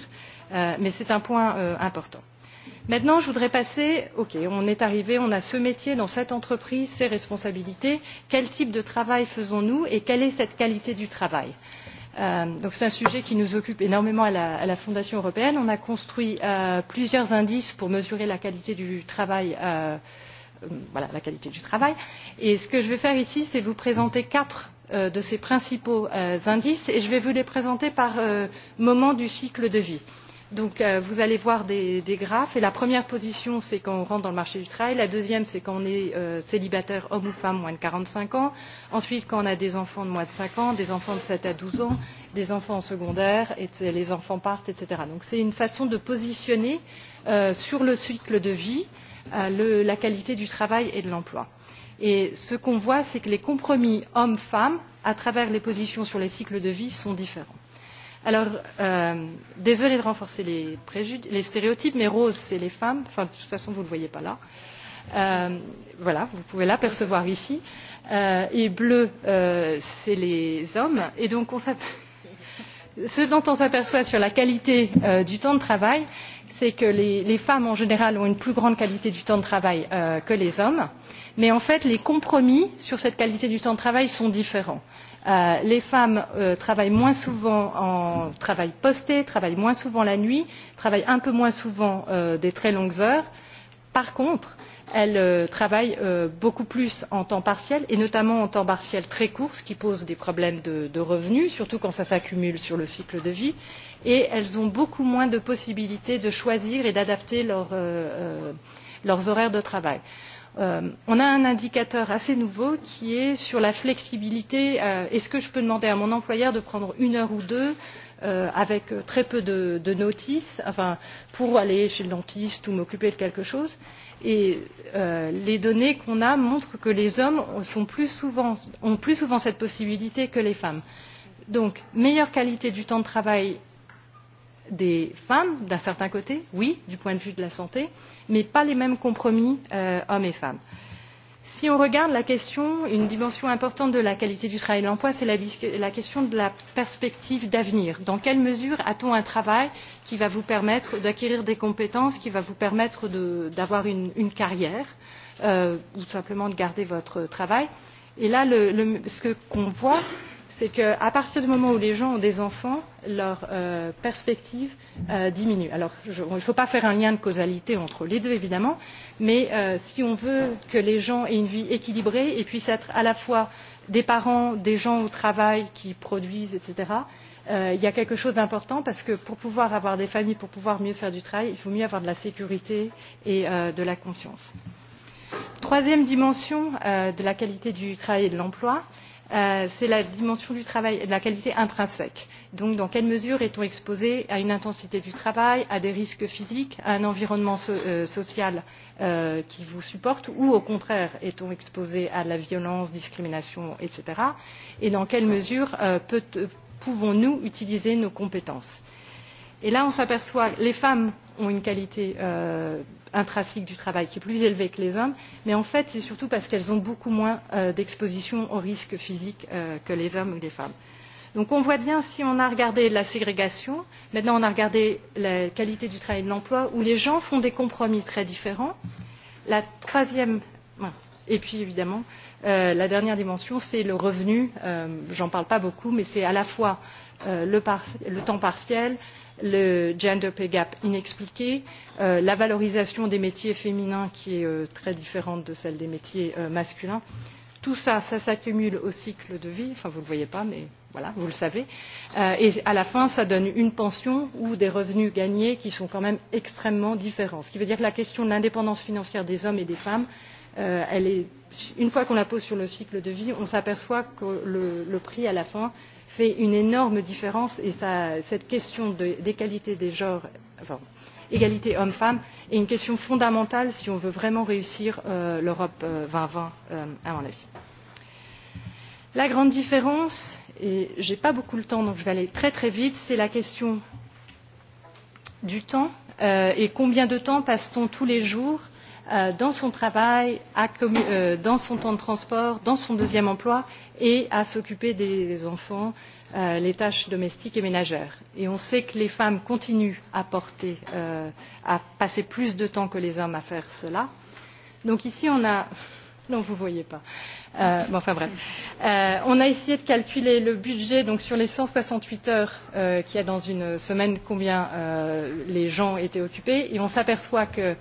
Euh, mais c'est un point euh, important maintenant je voudrais passer à la suite on est arrivé on a ce métier dans cette entreprise ces responsabilités quel type de travail faisons nous et quelle est cette qualité du travail? Euh, c'est un sujet qui nous occupe énormément à la fondation européenne. on a construit euh, plusieurs indices pour mesurer euh, la qualité du travail et ce que je vais faire ici c'est vous présenter quatre de ces principaux indices et je vais vous les présenter par moment du cycle de vie. Donc euh, vous allez voir des, des graphes et la première position c'est quand on rentre dans le marché du travail, la deuxième c'est quand on est euh, célibataire homme ou femme moins de 45 ans, ensuite quand on a des enfants de moins de 5 ans, des enfants de 7 à 12 ans, des enfants en secondaire, et les enfants partent, etc. Donc c'est une façon de positionner euh, sur le cycle de vie euh, le, la qualité du travail et de l'emploi. Et ce qu'on voit c'est que les compromis homme-femme à travers les positions sur les cycles de vie sont différents. Alors, euh, désolé de renforcer les, préjud... les stéréotypes, mais rose, c'est les femmes. Enfin, de toute façon, vous ne le voyez pas là. Euh, voilà, vous pouvez l'apercevoir ici. Euh, et bleu, euh, c'est les hommes. Et donc, on ce dont on s'aperçoit sur la qualité euh, du temps de travail, c'est que les, les femmes, en général, ont une plus grande qualité du temps de travail euh, que les hommes. Mais en fait, les compromis sur cette qualité du temps de travail sont différents. Euh, les femmes euh, travaillent moins souvent en travail posté travaillent moins souvent la nuit travaillent un peu moins souvent euh, de très longues heures. par contre elles travaillent beaucoup plus en temps partiel et notamment en temps partiel très court ce qui pose des problèmes de revenus surtout quand cela s'accumule sur le cycle de vie et elles ont beaucoup moins de possibilités de choisir et d'adapter leurs horaires de travail. par Euh, on a un indicateur assez nouveau qui est sur la flexibilité euh, est ce que je peux demander à mon employeur de prendre une heure ou deux euh, avec très peu de notice pour aller chez le dentiste ou m'occuper de quelque chose? et les données que l'on a montrent que les hommes sont plus souvent, ont plus souvent cette possibilité que les femmes. donc meilleure qualité du temps de travail des femmes d'un certain côté oui du point de vue de la santé mais pas les mêmes compromis euh, hommes et femmes. si on regarde la question une dimension importante de la qualité du travail et de l'emploi c'est la, la question de la perspective d'avenir dans quelle mesure a t on un travail qui va vous permettre d'acquérir des compétences qui va vous permettre d'avoir une, une carrière euh, ou simplement de garder votre travail et là le, le, ce qu'on qu voit euh, c'est qu'à partir du moment où les gens ont des enfants, leur euh, perspective euh, diminue. Alors, je, il ne faut pas faire un lien de causalité entre les deux, évidemment, mais euh, si on veut que les gens aient une vie équilibrée et puissent être à la fois des parents, des gens au travail qui produisent, etc., euh, il y a quelque chose d'important parce que pour pouvoir avoir des familles, pour pouvoir mieux faire du travail, il faut mieux avoir de la sécurité et euh, de la confiance. Troisième dimension euh, de la qualité du travail et de l'emploi, euh, Euh, c'est la dimension du travail et de la qualité intrinsèque. donc dans quelle mesure est on exposé à une intensité du travail à des risques physiques à un environnement euh, social euh, qui vous supporte ou au contraire est on exposé à de la violence à la discrimination etc. et dans quelle mesure pouvons nous utiliser nos compétences? et là on s'aperçoit que les femmes ont une qualité euh, intrinsèque du travail qui est plus élevée que les hommes mais en fait c'est surtout parce qu'elles ont beaucoup moins euh, d'exposition aux risques physiques euh, que les hommes ou les femmes. donc on voit bien si on a regardé la ségrégation maintenant on a regardé la qualité du travail et de l'emploi où les gens font des compromis très différents. la troisième et puis évidemment la dernière dimension c'est le revenu j'en parle pas beaucoup mais c'est à la fois Euh, le temps partiel le gender pay gap inexpliqué euh, la valorisation des métiers féminins qui est euh, très différente de celle des métiers masculins tout cela ça s'accumule au cycle de vie enfin vous ne le voyez pas mais voilà vous le savez et à la fin ça donne une pension ou des revenus gagnés qui sont quand même extrêmement différents ce qui veut dire que la question de l'indépendance financière des hommes et des femmes elle est une fois qu'on la pose sur le cycle de vie on s'aperçoit que le, le prix à la fin fait une énorme différence et cette question de l'égalité hommes femmes est une question fondamentale si on veut vraiment réussir euh, l'europe deux mille vingt euh, à mon avis. la grande différence et je n'ai pas beaucoup de temps donc je vais aller très vite c'est la question du temps euh, et combien de temps passe t on tous les jours Euh, dans son travail euh, dans son temps de transport dans son deuxième emploi et à s'occuper des enfants des euh, tâches domestiques et ménagères. on sait que les femmes continuent à passer plus de temps que les hommes à faire cela. donc ici on a Non, vous ne voyez pas. Euh, bon, enfin bref. Euh, on a essayé de calculer le budget donc, sur les 168 heures euh, qu'il y a dans une semaine, combien euh, les gens étaient occupés. Et on s'aperçoit que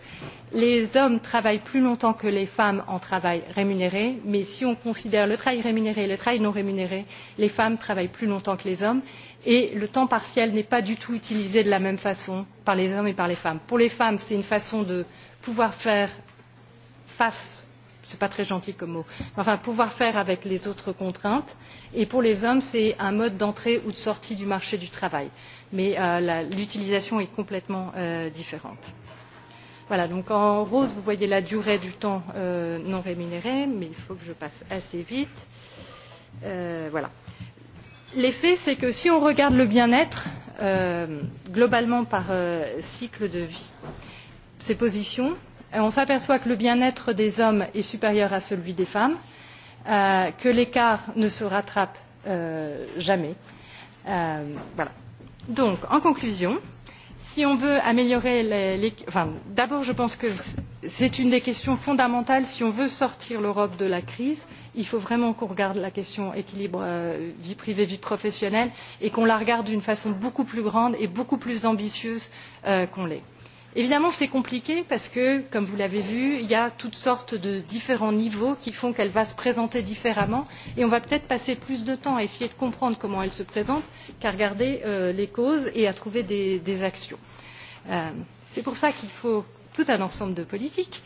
les hommes travaillent plus longtemps que les femmes en travail rémunéré. Mais si on considère le travail rémunéré et le travail non rémunéré, les femmes travaillent plus longtemps que les hommes. Et le temps partiel n'est pas du tout utilisé de la même façon par les hommes et par les femmes. Pour les femmes, c'est une façon de pouvoir faire face ce n'est pas très gentil comme mot mais enfin pouvoir faire avec les autres contraintes et pour les hommes c'est un mode d'entrée ou de sortie du marché du travail mais euh, l'utilisation est complètement euh, différente. Voilà, donc en rose, vous voyez la durée du temps euh, non rémunéré, mais il faut que je passe assez vite. Euh, voilà. L'effet, c'est que si on regarde le bien-être, euh, globalement par euh, cycle de vie, ces positions, Euh, on s'aperçoit que le bien être des hommes est supérieur à celui des femmes euh, que l'écart ne se rattrape euh, jamais. en conclusion si on veut améliorer d'abord je pense que c'est une des questions fondamentales si on veut sortir l'europe de la crise il faut vraiment qu'on regarde la question de l'équilibre vie privée vie professionnelle et qu'on la regarde d'une façon beaucoup plus grande et beaucoup plus ambitieuse qu'on ne l'est évidemment c'est compliqué parce que comme vous l'avez vu il y a toutes sortes de différents niveaux qui font qu'elle va se présenter différemment et on va peut être passer plus de temps à essayer de comprendre comment elle se présente qu'à regarder euh, les causes et à trouver des actions. Euh, c'est pour cela qu'il faut tout un ensemble de politiques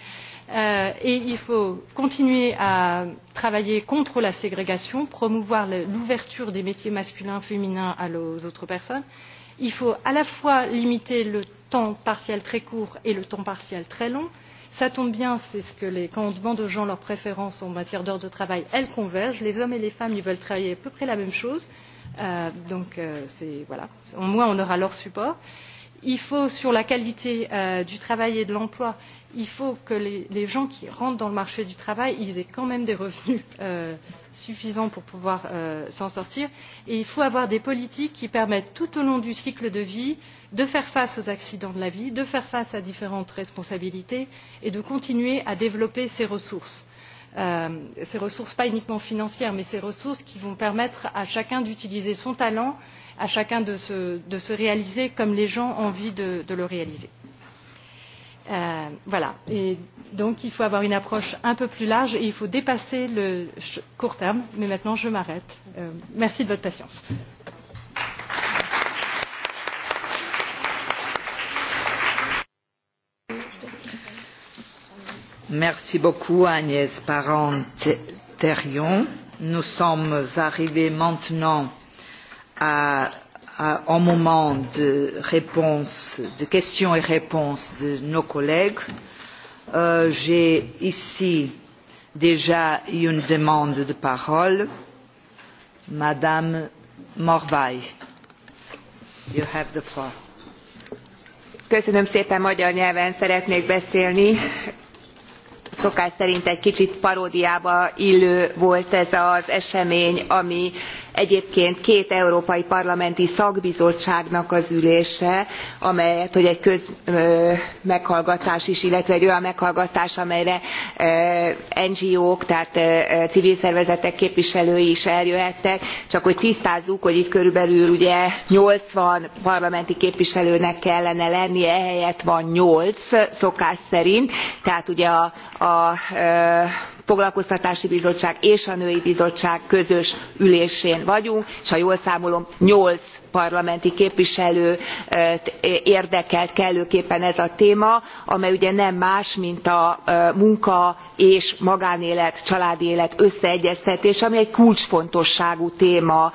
euh, et il faut continuer à travailler contre la ségrégation promouvoir l'ouverture des métiers masculins et féminins aux autres personnes il faut à la fois limiter le temps partiel très court et le temps partiel très long. cela tombe bien quand on demande aux gens leurs préférences en matière d'heures de travail elles convergent les hommes et les femmes veulent travailler à peu près la même chose euh, donc euh, au moins on aura leur soutien il faut sur la qualité euh, du travail et de l'emploi il faut que les gens qui rentrent dans le marché du travail aient quand même des revenus euh, suffisants pour pouvoir euh, s'en sortir et il faut avoir des politiques qui permettent tout au long du cycle de vie de faire face aux accidents de la vie de faire face à différentes responsabilités et de continuer à développer ces ressources ces ressources pas uniquement financières mais ces ressources qui vont permettre à chacun d'utiliser son talent à chacun de se, de se réaliser comme les gens ont envie de, de le réaliser. Euh, voilà. Et donc, il faut avoir une approche un peu plus large et il faut dépasser le court terme. Mais maintenant, je m'arrête. Euh, merci de votre patience. Merci beaucoup, Agnès Parent-Terrion. Nous sommes arrivés maintenant à, à, au moment de réponse, de questions et réponses de nos collègues. Euh, J'ai ici déjà une demande de parole. Madame Morvay. You have the floor. Köszönöm szépen, magyar nyelven szeretnék beszélni. Szokás szerint egy kicsit paródiába illő volt ez az esemény, ami egyébként két európai parlamenti szakbizottságnak az ülése amelyet hogy egy közmeghallgatás is illetve egy olyan meghallgatás amelyre ngo k tehát civil szervezetek képviselői is eljöhettek csak hogy tisztázzuk hogy itt körülbelül ugye nyolcvan parlamenti képviselőnek kellene lennie ehelyett van nyolc szokás szerint tehát ugye a foglalkoztatási bizottság és a női bizottság közös ülésén vagyunk s ha jól számolom nyolc parlamenti képviselőt érdekelt kellőképpen ez a téma amely ugye nem más mint a munka és magánélet családi élet összeegyeztetése ami egy kulcsfontosságú téma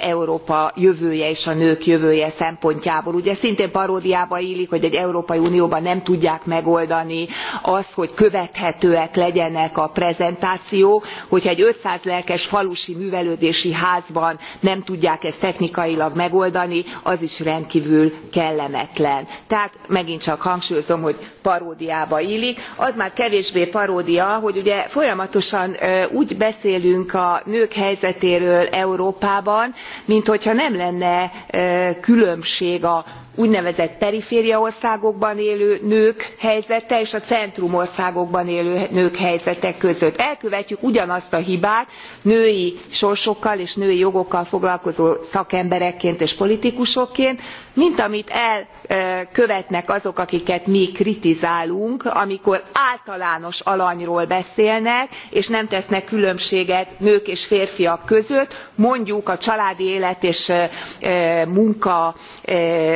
európa jövője és a nők jövője szempontjából. ugye szintén paródiába illik hogy egy európai unióban nem tudják megoldani azt hogy követhetőek legyenek a prezentációk hogyha egy five hundred lelkes falusi művelődési házban nem tudják ezt technikailag megoldani az is rendkvül kellemetlen. tehát megint csak hangsúlyozom hogy paródiába illik. az már kevésbé paródia hogy ugye folyamatosan úgy beszélünk a nők helyzetéről európában minthogyha nem lenne különbség a úgynevezett perifériaországokban élő nők helyzete és a centrumországokban élő nők helyzete között. elkövetjük ugyanazt a hibát női sorsokkal és női jogokkal foglalkozó szakemberekként és politikusokként mint amit elkövetnek azok akiket mi kritizálunk amikor általános alanyról beszélnek és nem tesznek különbséget nők és férfiak között mondjuk a családi élet és munka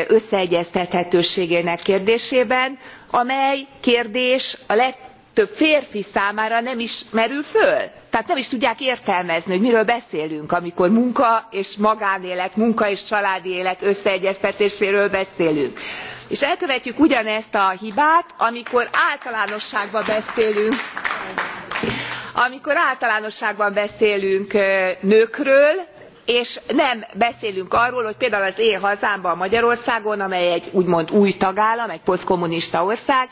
összeegyeztethetőségének kérdésében amely kérdés a legtöbb férfi számára nem is merül föl tehát nem is tudják értelmezni hogy miről beszélünk amikor munka és magánélet munka és családi élet összeegyeztetéséről beszélünk és elkövetjük ugyanezt a hibát amikor általánosságban beszélünk amikor általánosságban beszélünk nőkről és nem beszélünk arról hogy például az én hazámban magyarországon amely egy úgymond új tagállam egy posztkommunista ország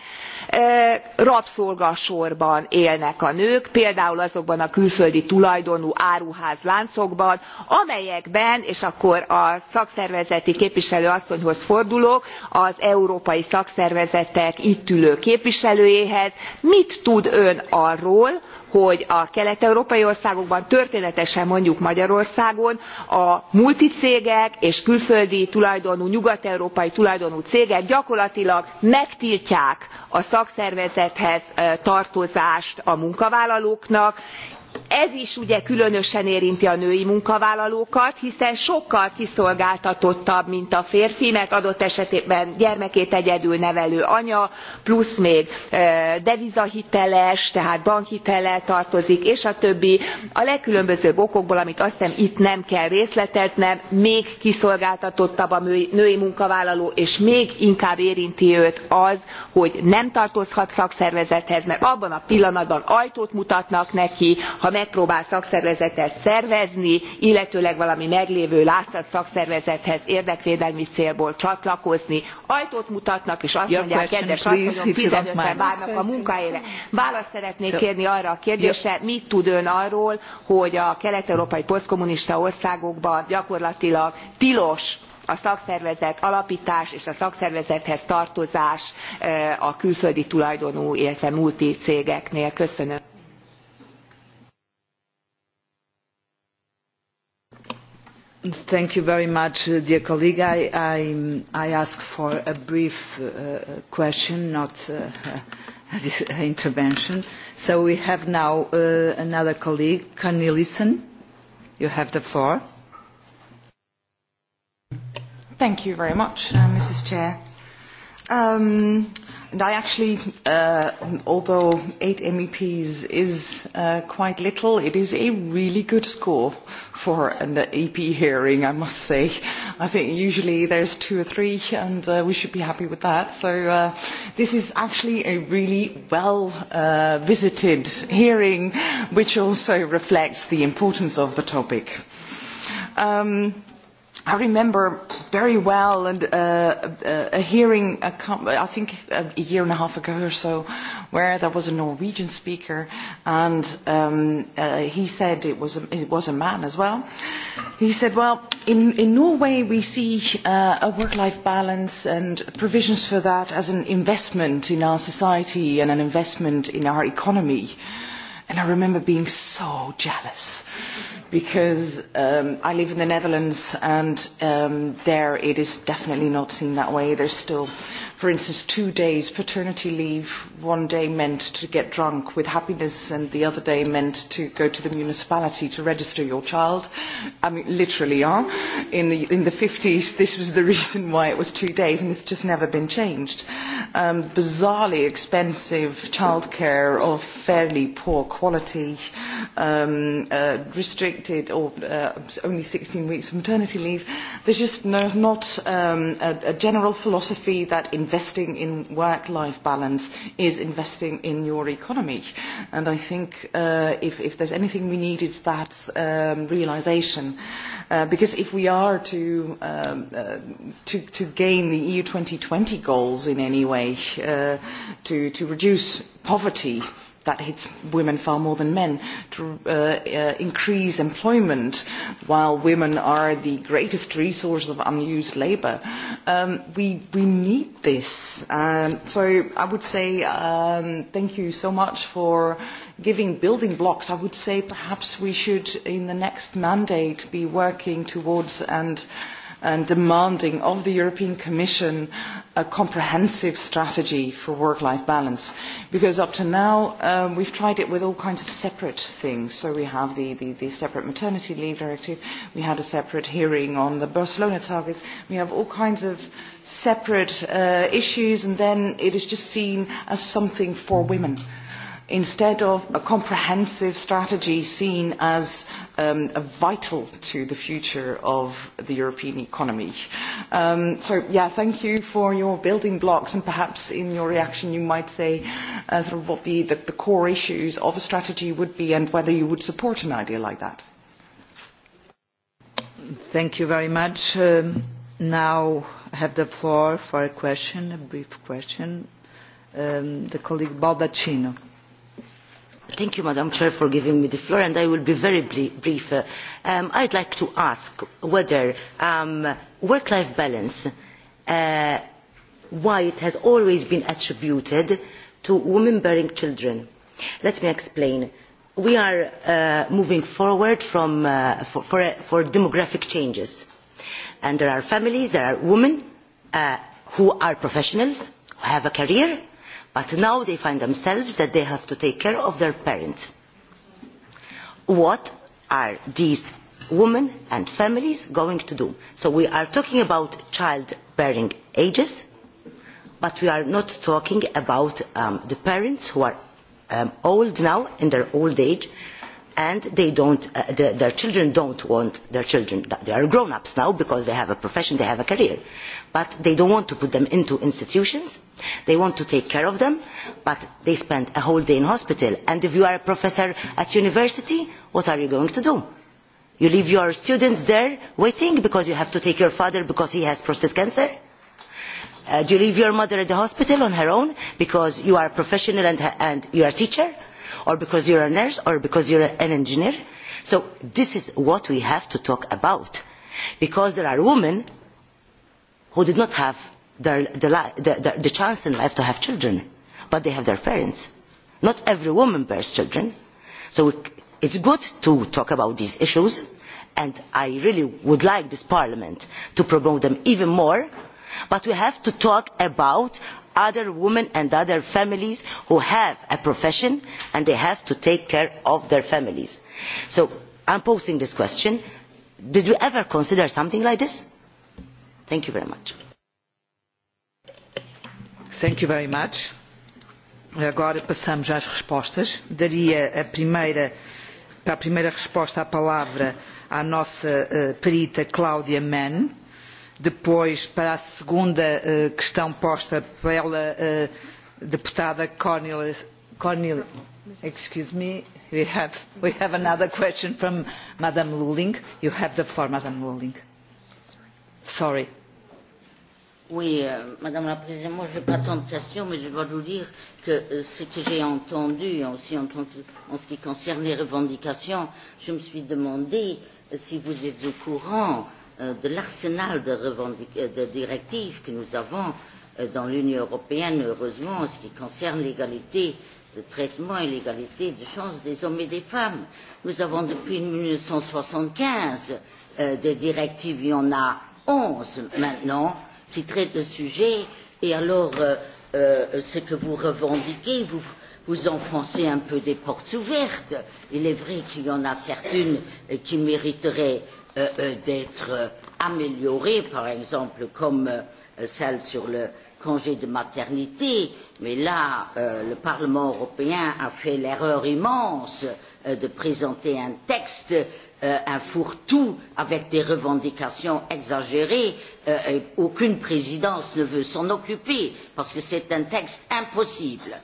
rabszolgasorban élnek a nők például azokban a külföldi tulajdonú áruházláncokban amelyekben és akkor a szakszervezeti képviselő asszonyhoz fordulok az európai szakszervezetek itt ülő képviselőjéhez mit tud ön arról hogy hogy a kelet európai országokban történetesen mondjuk magyarországon a multicégek és külföldi tulajdonú nyugat európai tulajdonú cégek gyakorlatilag megtiltják a szakszervezethez tartozást a munkavállalóknak. two ez is ugye különösen érinti a női munkavállalókat hiszen sokkal kiszolgáltatottabb mint a férfi mert adott esetben gyermekét egyedül nevelő anya plusz még devizahiteles tehát bankhitellel tartozik és a többi a legkülönbözőbb okokból amit azt hiszem itt nem kell részleteznem még kiszolgáltatottabb a női munkavállaló és még inkább érinti őt az hogy nem tartozhat szakszervezethez mert abban a pillanatban ajtót mutatnak neki ha megpróbál szakszervezetet szervezni illetőleg valami meglévő látszat szakszervezethez érdekvédelmi célból csatlakozni ajtót mutatnak és azt ja, mondják kedves asszonyok fifteen en várnak a munkahelyre. választ szeretnék ja. kérni arra a kérdésre ja. mit tud ön arról hogy a kelet európai posztkommunista országokban gyakorlatilag tilos a szakszervezet alaptás és a szakszervezethez tartozás eh, a külföldi tulajdonú illetve multicégeknél? köszönöm. thank you very much uh, dear colleague i i ask for a brief uh, uh question not uh, intervention so we have now uh, another colleague carnelison you have the floor thank you very much uh, mrs chair um, And I actually, uh, although eight MEPs is uh, quite little, it is a really good score for an EP hearing, I must say. I think usually there's two or three, and uh, we should be happy with that. So uh, this is actually a really well-visited uh, hearing, which also reflects the importance of the topic. Um, I remember very well and uh, a, a hearing, a com- I think a, a year and a half ago or so, where there was a Norwegian speaker, and um, uh, he said it was, a, it was a man as well. He said, "Well, in, in Norway we see uh, a work-life balance and provisions for that as an investment in our society and an investment in our economy." And I remember being so jealous because um, I live in the Netherlands and um, there it is definitely not seen that way. There's still for instance, two days paternity leave, one day meant to get drunk with happiness, and the other day meant to go to the municipality to register your child. I mean, literally, huh? in, the, in the 50s, this was the reason why it was two days, and it's just never been changed. Um, bizarrely expensive childcare of fairly poor quality, um, uh, restricted, or uh, only 16 weeks of maternity leave. There's just no, not um, a, a general philosophy that in investing in work-life balance is investing in your economy. And I think uh, if, if there's anything we need, it's that um, realization. Uh, because if we are to, um, uh, to, to gain the EU 2020 goals in any way, uh, to, to reduce poverty, that hits women far more than men, to uh, uh, increase employment while women are the greatest resource of unused labour. Um, we, we need this. Um, so I would say um, thank you so much for giving building blocks. I would say perhaps we should, in the next mandate, be working towards and uh, and demanding of the European Commission a comprehensive strategy for work-life balance. Because up to now, um, we've tried it with all kinds of separate things. So we have the, the, the separate maternity leave directive, we had a separate hearing on the Barcelona targets, we have all kinds of separate uh, issues, and then it is just seen as something for women. Mm -hmm instead of a comprehensive strategy seen as um, a vital to the future of the European economy. Um, so, yeah, thank you for your building blocks, and perhaps in your reaction you might say uh, sort of what be the, the core issues of a strategy would be and whether you would support an idea like that. Thank you very much. Um, now I have the floor for a question, a brief question. Um, the colleague Baldacino madam president for giving me the floor and i will be very brief. Um, i would like to ask whether um, work life balance uh, why it has always been attributed to women bearing children. let me explain. we are uh, moving forward uh, for demographic changes and there are families there are women who are professionals who have a career but now they find themselves that they have to take care of their parents. What are these women and families going to do? So we are talking about childbearing ages, but we are not talking about um, the parents who are um, old now, in their old age, and uh, their children do not want their children they are grown ups now because they have a profession they have a career but they do not want to put them into institutions they want to take care of them but they spend a whole day in hospital and if you are a professor at university what are you going to do you leave your students there waiting because you have to take your father because he has prostate cancer uh, do you leave your mother at the hospital on her own because you are a professional and, and you are a teacher? or because you are a nurse or because you are an engineer. So this is what we have to talk about. Because there are women who did not have their, the, the, the, the chance in life to have children, but they have their parents. Not every woman bears children. So it's good to talk about these issues, and I really would like this parliament to promote them even more. But we have to talk about other women and other families who have a profession and they have to take care of their families. so i am posing this question did you ever consider something like this? thank you very much. thank you very much. Agora passamos às respostas. Daria a primeira, para a primeira resposta a palavra à nossa uh, perita Cláudia Mann depois para a segunda eh, questão posta pela eh, deputada cornelia. madame la présidente je n'ai pas tant de questions mais je dois vous dire que euh, ce que j'ai entendu aussi en ce qui concerne les revendications je me suis demandé euh, si vous êtes au courant Euh, de l'arsenal de, de directives que nous avons euh, dans l'Union européenne, heureusement, en ce qui concerne l'égalité de traitement et l'égalité de chance des hommes et des femmes. Nous avons depuis 1975 euh, des directives, il y en a 11 maintenant, qui traitent le sujet. Et alors, euh, euh, ce que vous revendiquez, vous, vous enfoncez un peu des portes ouvertes. Il est vrai qu'il y en a certaines euh, qui mériteraient Euh, euh, d'être euh, améliorées par exemple comme celle sur le congé de maternité mais là le parlement européen a fait l'erreur immense de présenter un texte un fourre tout avec des revendications exagérées et aucune présidence ne veut s'en occuper parce que c'est un texte impossible.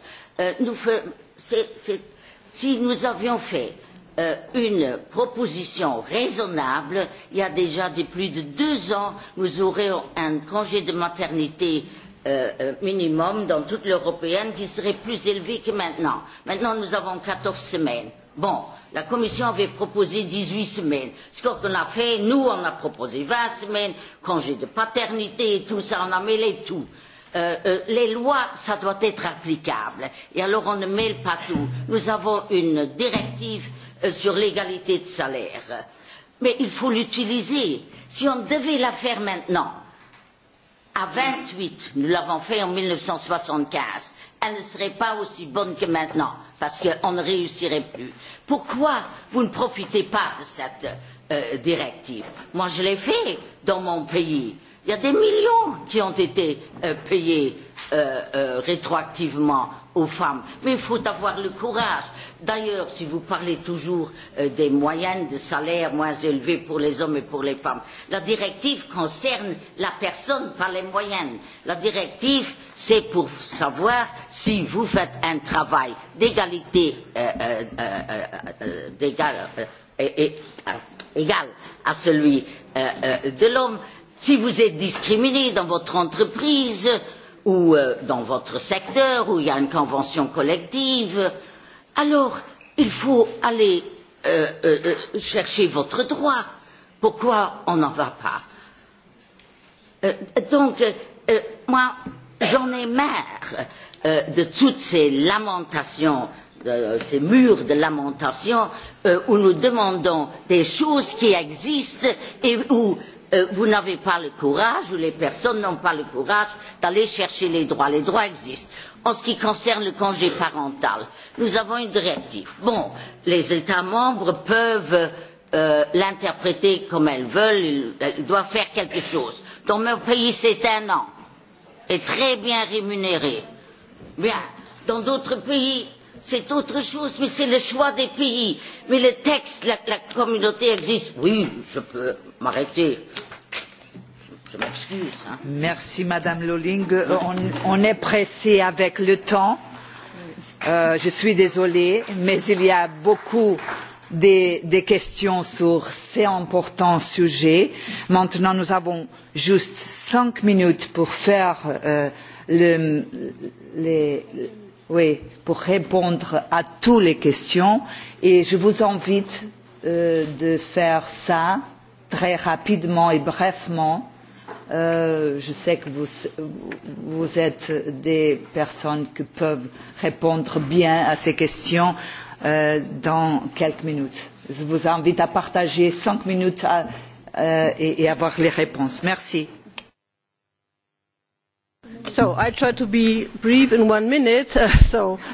si nous avions fait Euh, une proposition raisonnable il y a déjà plus de deux ans vous aurez un congé de maternité euh, euh, minimum dans toute l'union européenne qui serait plus élevé que maintenant. maintenant nous avons quatorze semaines. bon la commission avait proposé dix huit semaines. ce qu'on a fait nous on a proposé vingt semaines congé de paternité et tout ça on a mêlé tout. les lois ça doit être applicable et alors on ne mêle pas tout. nous avons une directive sur l'égalité de salaire mais il faut l'utiliser. Si on devait la faire maintenant, à vingt huit, nous l'avons fait en mille neuf cent soixante quinze, elle ne serait pas aussi bonne que maintenant parce qu'on ne réussirait plus. Pourquoi vous ne profitez pas de cette euh, directive? Moi je l'ai fait dans mon pays il y a des millions qui ont été euh, payés euh, euh, rétroactivement aux femmes. Mais il faut avoir le courage. D'ailleurs, si vous parlez toujours euh, des moyennes de salaire moins élevées pour les hommes et pour les femmes, la directive concerne la personne, pas les moyennes. La directive, c'est pour savoir si vous faites un travail d'égalité euh, euh, euh, euh, euh, euh, égal à celui euh, euh, de l'homme si vous êtes discriminé dans votre entreprise ou euh, dans votre secteur où il y a une convention collective alors il faut aller euh, euh, chercher votre droit. pourquoi on n'en va pas? donc moi j'en ai marre de toutes ces lamentations de ces murs de lamentations où nous demandons des choses qui existent et où Euh, vous n'avez pas le courage ou les personnes n'ont pas le courage d'aller chercher les droits. les droits existent. en ce qui concerne le congé parental nous avons une directive. bon les états membres peuvent euh, l'interpréter comme ils veulent ils, ils doivent faire quelque chose. dans mon pays c'est un an et très bien rémunéré. bien dans d'autres pays c'est autre chose mais c'est le choix des pays. mais le texte la communauté existe oui je peux m'arrêter. je m'excuse. Hein. merci madame lolling. Euh, on, on est pressé avec le temps. Euh, je suis désolée mais il y a beaucoup des, des questions sur ces importants sujets. Maintenant, nous avons juste cinq minutes pour faire euh, le, les, pour répondre à toutes les questions et je vous invite à euh, faire cela très rapidement et brièvement. Euh, je sais que vous êtes des personnes qui peuvent répondre bien à ces questions euh, dans quelques minutes. je vous invite à partager cinq minutes et à avoir les réponses. merci i try to be brief in one minute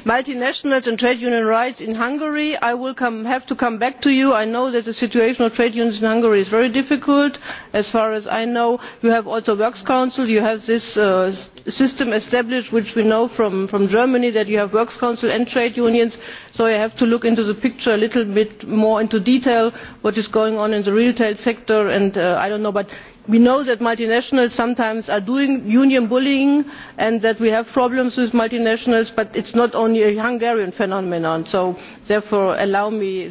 multinationals and trade union rights in hungary i will have to come back to you. i know that the situation of trade unions in hungary is very difficult. as far as i know you have also a works council you have this uh, system established which we know from germany that you have works council and trade unions so i have to look into the picture a little bit more into detail what is going on in the retail sector and uh, i do not know but we know that multinationals sometimes are doing union bullying and that we have problems with multinationals but it is not only a hungarian phenomenon so therefore allow me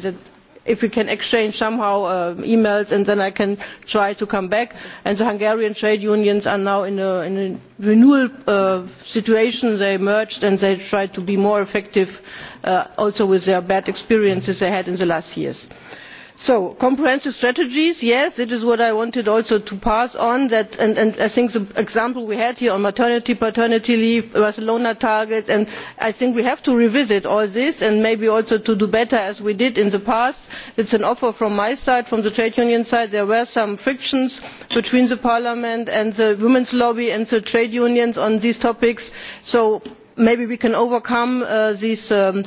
if we can exchange somehow uh, e mails and then i can try to come back and the hungarian trade unions are now in a renewal uh, situation they merged and they try to be more effective uh, also with their bad experiences they had in the last few years so comprehensive strategies yes that is what i wanted also to pass on and i think the example we had here on maternity and paternity leave the barcelona targets i think we have to revisit all this and maybe also to do better as we did in the past. it is an offer from my side from the trade union side. there were some frictions between parliament and the women's lobby and the trade unions on these topics so maybe we can overcome uh, these um,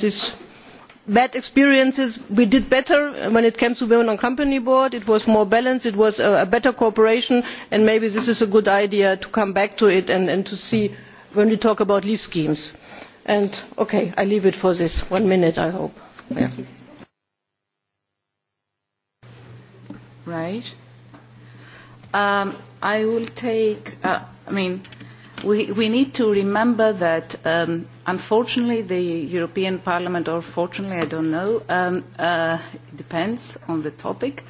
bad experiences we did better when it came to women on company boards it was more balanced it was better cooperation and maybe this is a good idea to come back to it and to see when we talk about leave schemes. ok i leave it at this one minute i hope. Um, uh, we need to remember that um, unfortunately the european parliament or fortunately i do not know it um, uh, depends on the topic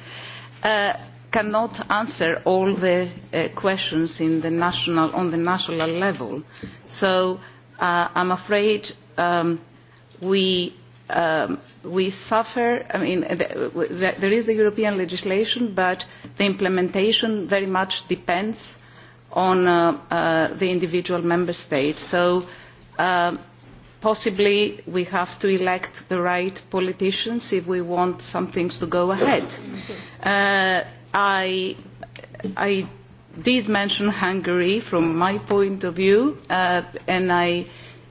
uh, cannot answer all the uh, questions on the national level so i am afraid um, um, we suffer i mean there is european legislation but the implementation very much depends on the individual member states so Um, possibly we have to elect the right politicians if we want some things to go ahead. Uh, I, I did mention Hungary from my point of view, uh, and I,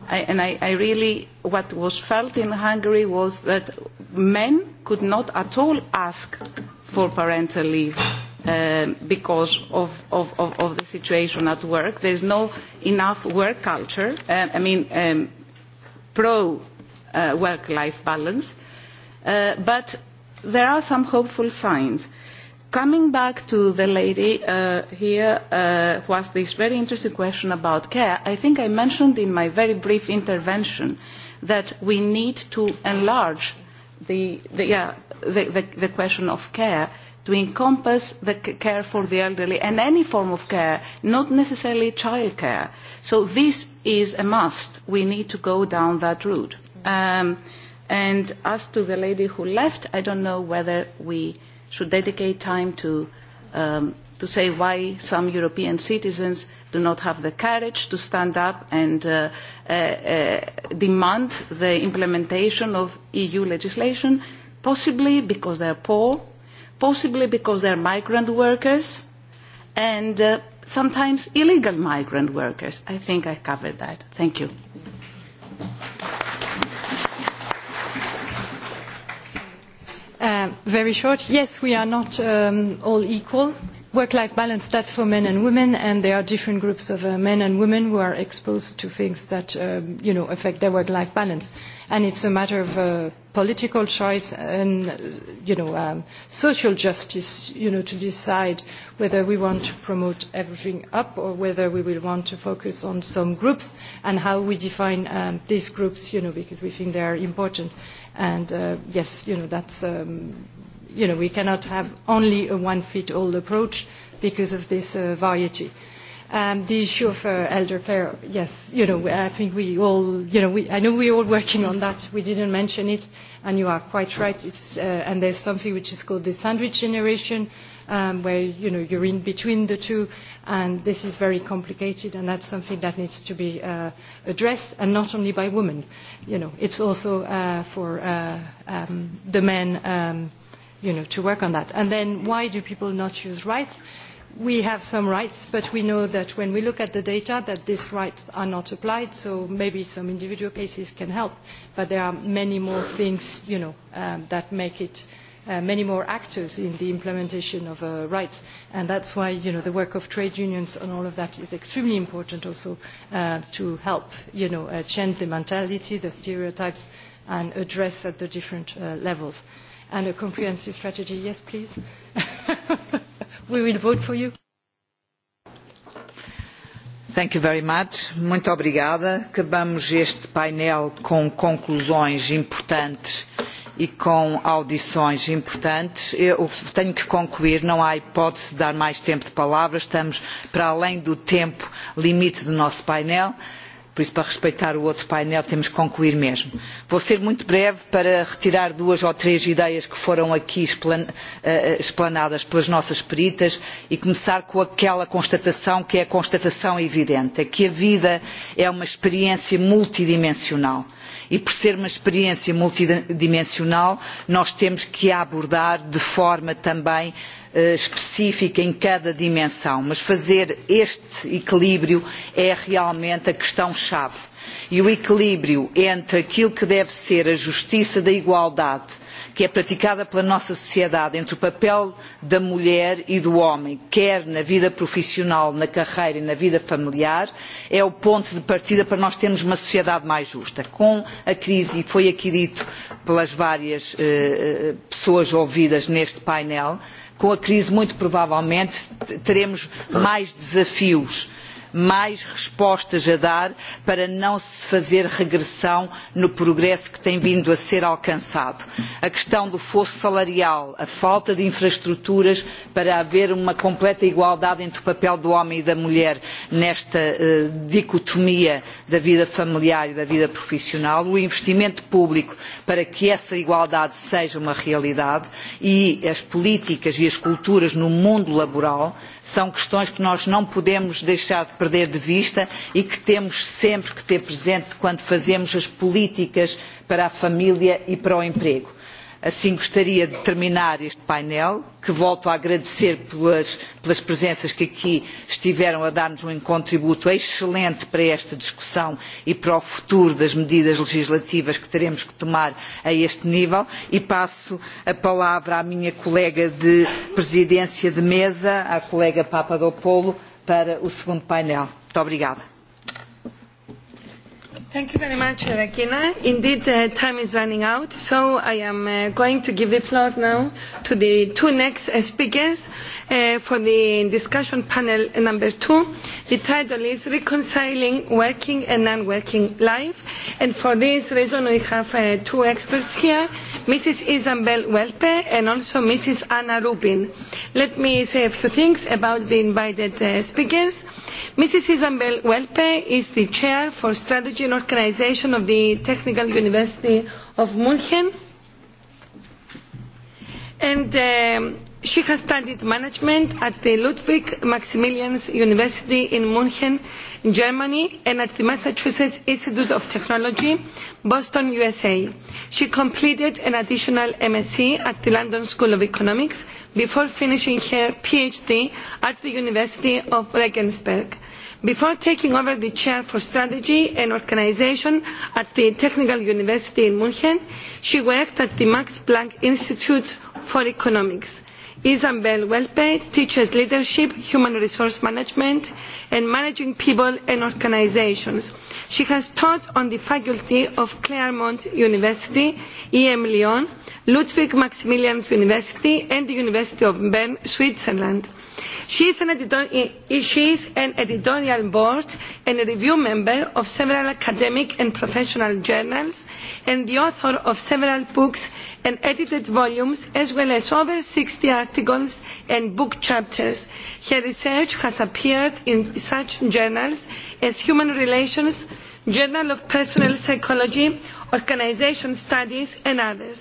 I, and I, I really, what was felt in Hungary was that men could not at all ask for parental leave. Um, because of, of, of, of the situation at work. There is no enough work culture, uh, I mean, um, pro uh, work life balance. Uh, but there are some hopeful signs. Coming back to the lady uh, here uh, who asked this very interesting question about care, I think I mentioned in my very brief intervention that we need to enlarge the, the, yeah, the, the, the question of care uh, to encompass the care for the elderly and any form of care, not necessarily childcare. So this is a must. We need to go down that route. Um, and as to the lady who left, I don't know whether we should dedicate time to, um, to say why some European citizens do not have the courage to stand up and uh, uh, uh, demand the implementation of EU legislation, possibly because they are poor possibly because they are migrant workers and uh, sometimes illegal migrant workers. I think I covered that. Thank you. Uh, very short. Yes, we are not um, all equal work life balance that is for men and women and there are different groups of uh, men and women who are exposed to things that um, affect their work life balance and it is a matter of uh, political choice and uh, um, social justice to decide whether we want to promote everything up or whether we want to focus on some groups and how we define um, these groups because we think they are important and yes that is you know, we cannot have only a one-fit-all approach because of this uh, variety. Um, the issue of uh, elder care, yes, you know, I think we all, you know, we, I know we're all working on that. We didn't mention it, and you are quite right. It's, uh, and there's something which is called the sandwich generation, um, where, you know, you're in between the two, and this is very complicated, and that's something that needs to be uh, addressed, and not only by women. You know, it's also uh, for uh, um, the men. Um, you know, to work on that. And then why do people not use rights? We have some rights, but we know that when we look at the data that these rights are not applied, so maybe some individual cases can help, but there are many more things you know, um, that make it uh, many more actors in the implementation of uh, rights, and that's why you know, the work of trade unions and all of that is extremely important also uh, to help you know, uh, change the mentality, the stereotypes, and address at the different uh, levels and a comprehensive strategy. Yes, please. we will vote for you. Thank you very much. Muito obrigada. Acabamos este painel com conclusões importantes e com audições importantes. Eu tenho que concluir, não há hipótese de dar mais tempo de palavra. Estamos para além do tempo limite do nosso painel por isso para respeitar o outro painel temos que concluir mesmo. Vou ser muito breve para retirar duas ou três ideias que foram aqui explan uh, eh, eh, explanadas pelas nossas peritas e começar com aquela constatação que é a constatação evidente, é que a vida é uma experiência multidimensional e por ser uma experiência multidimensional nós temos que a abordar de forma também uh, Eh, específica em cada dimensão mas fazer este equilíbrio é realmente a questão chave e o equilíbrio entre aquilo que deve ser a justiça da igualdade que é praticada pela nossa sociedade entre o papel da mulher e do homem quer na vida profissional na carreira e na vida familiar é o ponto de partida para nós termos uma sociedade mais justa com a crise e foi aqui dito pelas várias eh, eh pessoas ouvidas neste painel com a crise muito provavelmente teremos mais desafios mais respostas a dar para não se fazer regressão no progresso que tem vindo a ser alcançado. A questão do fosso salarial, a falta de infraestruturas para haver uma completa igualdade entre o papel do homem e da mulher nesta uh, dicotomia da vida familiar e da vida profissional, o investimento público para que essa igualdade seja uma realidade e as políticas e as culturas no mundo laboral, são questões que nós não podemos deixar de perder de vista e que temos sempre que ter presente quando fazemos as políticas para a família e para o emprego assim gostaria de terminar este painel que volto a agradecer pelas, pelas presenças que aqui estiveram a dar-nos um contributo excelente para esta discussão e para o futuro das medidas legislativas que teremos que tomar a este nível e passo a palavra à minha colega de presidência de mesa, à colega Papadopoulo, para o segundo painel. Muito obrigada. Thank you very much, Rekina. Indeed, uh, time is running out, so I am uh, going to give the floor now to the two next uh, speakers uh, for the discussion panel number two. The title is Reconciling Working and Non-Working Life. And for this reason, we have uh, two experts here, Mrs. Isabel Welpe and also Mrs. Anna Rubin. Let me say a few things about the invited uh, speakers ms isabel huelpe is the chair for strategy and organization of the technical university of munchen and um, she has studied management at the ludwig maximilians university in munchen in germany and at the massachusetts institute of technology boston usa she completed an additional msc at the london school of economics before finishing her phd at the university of regensburg before taking over the chair for strategy and organisation at the technical university in munchen she worked at the max planck institute for economics. isabel welpe teaches leadership human resource management and managing people and organisations. she has taught on the faculty of clermont university em lyon ludwig maximilian university and the university of bern switzerland she is an editorial board and review member of several academic and professional journals and the author of several books and edited volumes as well as over sixty articles and book chapters. her research has appeared in such journals as human relations journal of personal psychology organisation studies and others.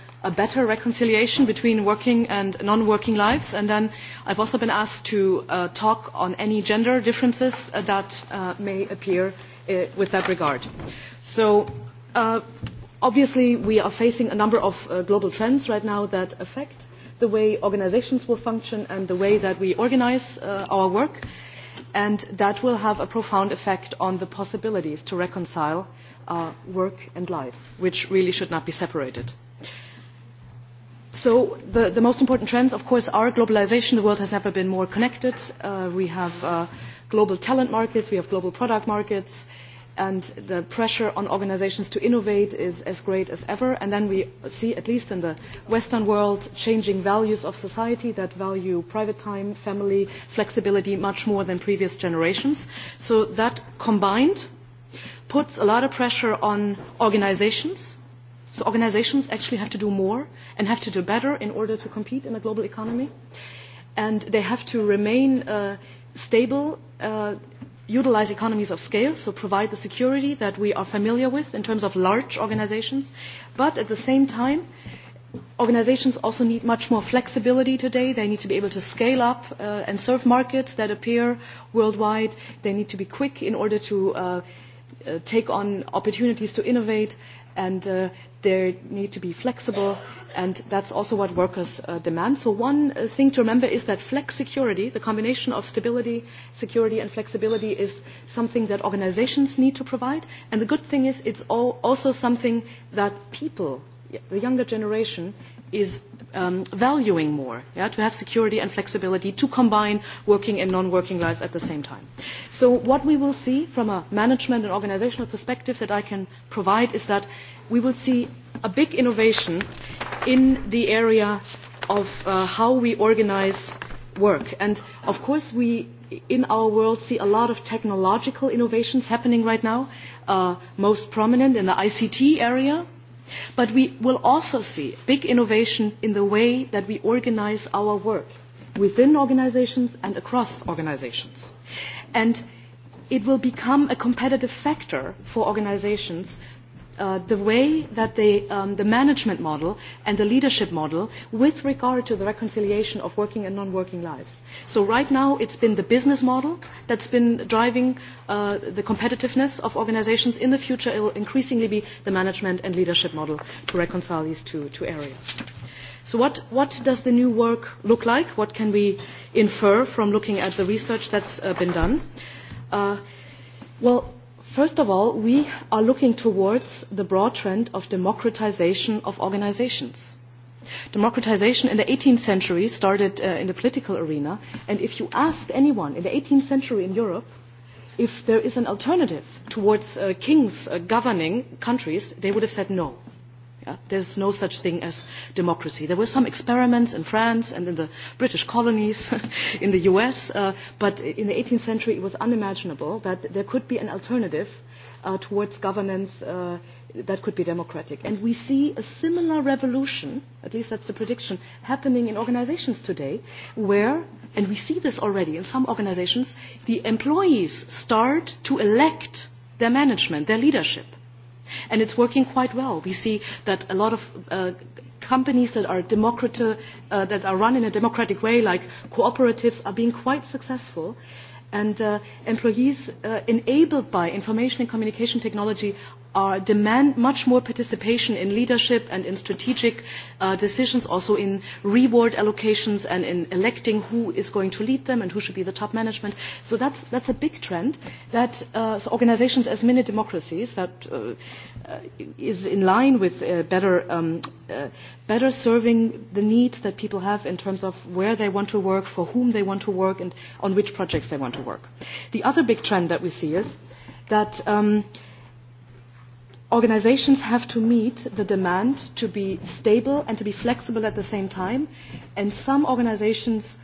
a better reconciliation between working and non-working lives. And then I've also been asked to uh, talk on any gender differences uh, that uh, may appear uh, with that regard. So uh, obviously we are facing a number of uh, global trends right now that affect the way organizations will function and the way that we organize uh, our work. And that will have a profound effect on the possibilities to reconcile uh, work and life, which really should not be separated. So the, the most important trends, of course, are globalization. The world has never been more connected. Uh, we have uh, global talent markets. We have global product markets. And the pressure on organizations to innovate is as great as ever. And then we see, at least in the Western world, changing values of society that value private time, family, flexibility much more than previous generations. So that combined puts a lot of pressure on organizations – So organizations actually have to do more and have to do better in order to compete in a global economy. And they have to remain uh, stable, uh, utilize economies of scale, so provide the security that we are familiar with in terms of large organizations. But at the same time, organizations also need much more flexibility today. They need to be able to scale up uh, and serve markets that appear worldwide. They need to be quick in order to uh, uh, take on opportunities to innovate and uh, they need to be flexible and that's also what workers uh, demand. So one uh, thing to remember is that flex security, the combination of stability, security and flexibility is something that organizations need to provide. And the good thing is it's all also something that people, the younger generation, is um, valuing more, yeah, to have security and flexibility to combine working and non-working lives at the same time. So what we will see from a management and organizational perspective that I can provide is that we will see a big innovation in the area of uh, how we organize work. And of course we in our world see a lot of technological innovations happening right now, uh, most prominent in the ICT area, But we will also see big innovation in the way that we organize our work within organizations and across organizations. And it will become a competitive factor for organizations uh, the way that they, um, the management model and the leadership model with regard to the reconciliation of working and non-working lives. So right now it's been the business model that's been driving uh, the competitiveness of organizations. In the future it will increasingly be the management and leadership model to reconcile these two, two areas. So what, what does the new work look like? What can we infer from looking at the research that's uh, been done? Uh, well, First of all, we are looking towards the broad trend of democratization of organizations. Democratization in the 18th century started uh, in the political arena, and if you asked anyone in the 18th century in Europe if there is an alternative towards uh, kings uh, governing countries, they would have said no. Yeah? There is no such thing as democracy. There were some experiments in France and in the British colonies, in the US, uh, but in the 18th century it was unimaginable that there could be an alternative uh, towards governance uh, that could be democratic. And we see a similar revolution, at least that's the prediction, happening in organizations today where, and we see this already in some organizations, the employees start to elect their management, their leadership and it's working quite well. We see that a lot of uh, companies that are democrat- uh, that are run in a democratic way, like cooperatives, are being quite successful. And uh, employees uh, enabled by information and communication technology are uh, demand much more participation in leadership and in strategic uh, decisions, also in reward allocations and in electing who is going to lead them and who should be the top management. So that's, that's a big trend that uh, so organizations as mini democracies that uh, uh, is in line with uh, better, um, uh, better serving the needs that people have in terms of where they want to work, for whom they want to work, and on which projects they want to work. The other big trend that we see is that um, organizations have to meet the demand to be stable and to be flexible at the same time. And some organizations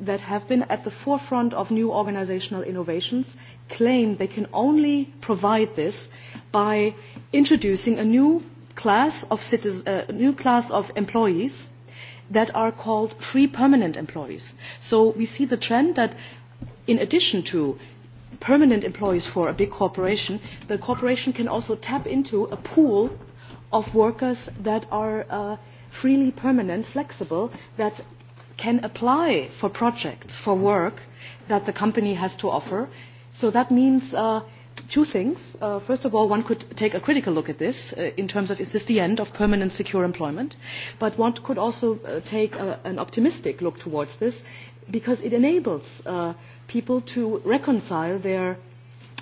that have been at the forefront of new organizational innovations claim they can only provide this by introducing a new class of, citizens, uh, new class of employees that are called free permanent employees. So we see the trend that in addition to permanent employees for a big corporation, the corporation can also tap into a pool of workers that are uh, freely permanent, flexible, that can apply for projects, for work that the company has to offer. So that means uh, two things. Uh, first of all, one could take a critical look at this uh, in terms of is this the end of permanent secure employment? But one could also uh, take a, uh, an optimistic look towards this because it enables uh, people to reconcile their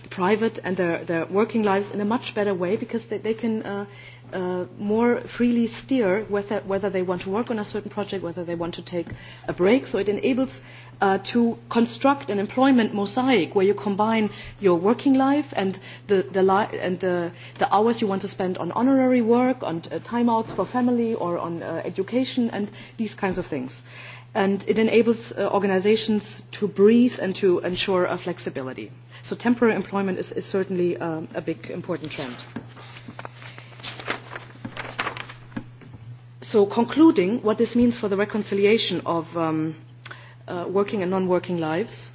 private and their, their working lives in a much better way because they, they can uh, uh, more freely steer whether, whether they want to work on a certain project, whether they want to take a break. So it enables uh, to construct an employment mosaic where you combine your working life and the, the, li- and the, the hours you want to spend on honorary work, on uh, timeouts for family or on uh, education and these kinds of things. Uh, and it enables uh, organizations to breathe and to ensure a uh, flexibility. So temporary employment is, is certainly uh, a big important trend. So concluding what this means for the reconciliation of um, uh, working and non-working lives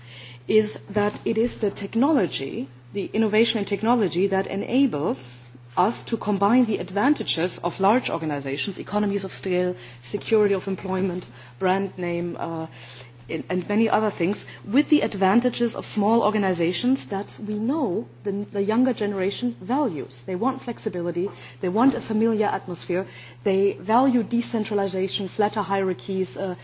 is that it is the technology, the innovation in technology that enables us to combine the advantages of large organizations, economies of scale, security of employment, brand name, uh, in, and many other things, with the advantages of small organizations that we know the, the younger generation values. They want flexibility, they want a familiar atmosphere, they value decentralization, flatter hierarchies, uh,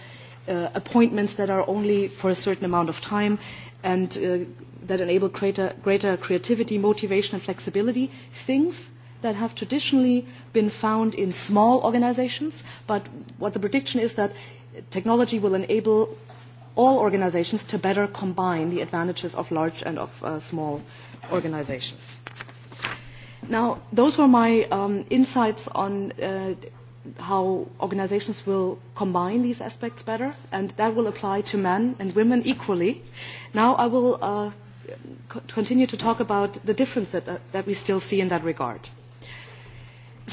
uh, appointments that are only for a certain amount of time, and uh, that enable greater, greater creativity, motivation, and flexibility. Things that have traditionally been found in small organizations, but what the prediction is that technology will enable all organizations to better combine the advantages of large and of uh, small organizations. Now, those were my um, insights on uh, how organizations will combine these aspects better, and that will apply to men and women equally. Now, I will uh, continue to talk about the difference that, uh, that we still see in that regard.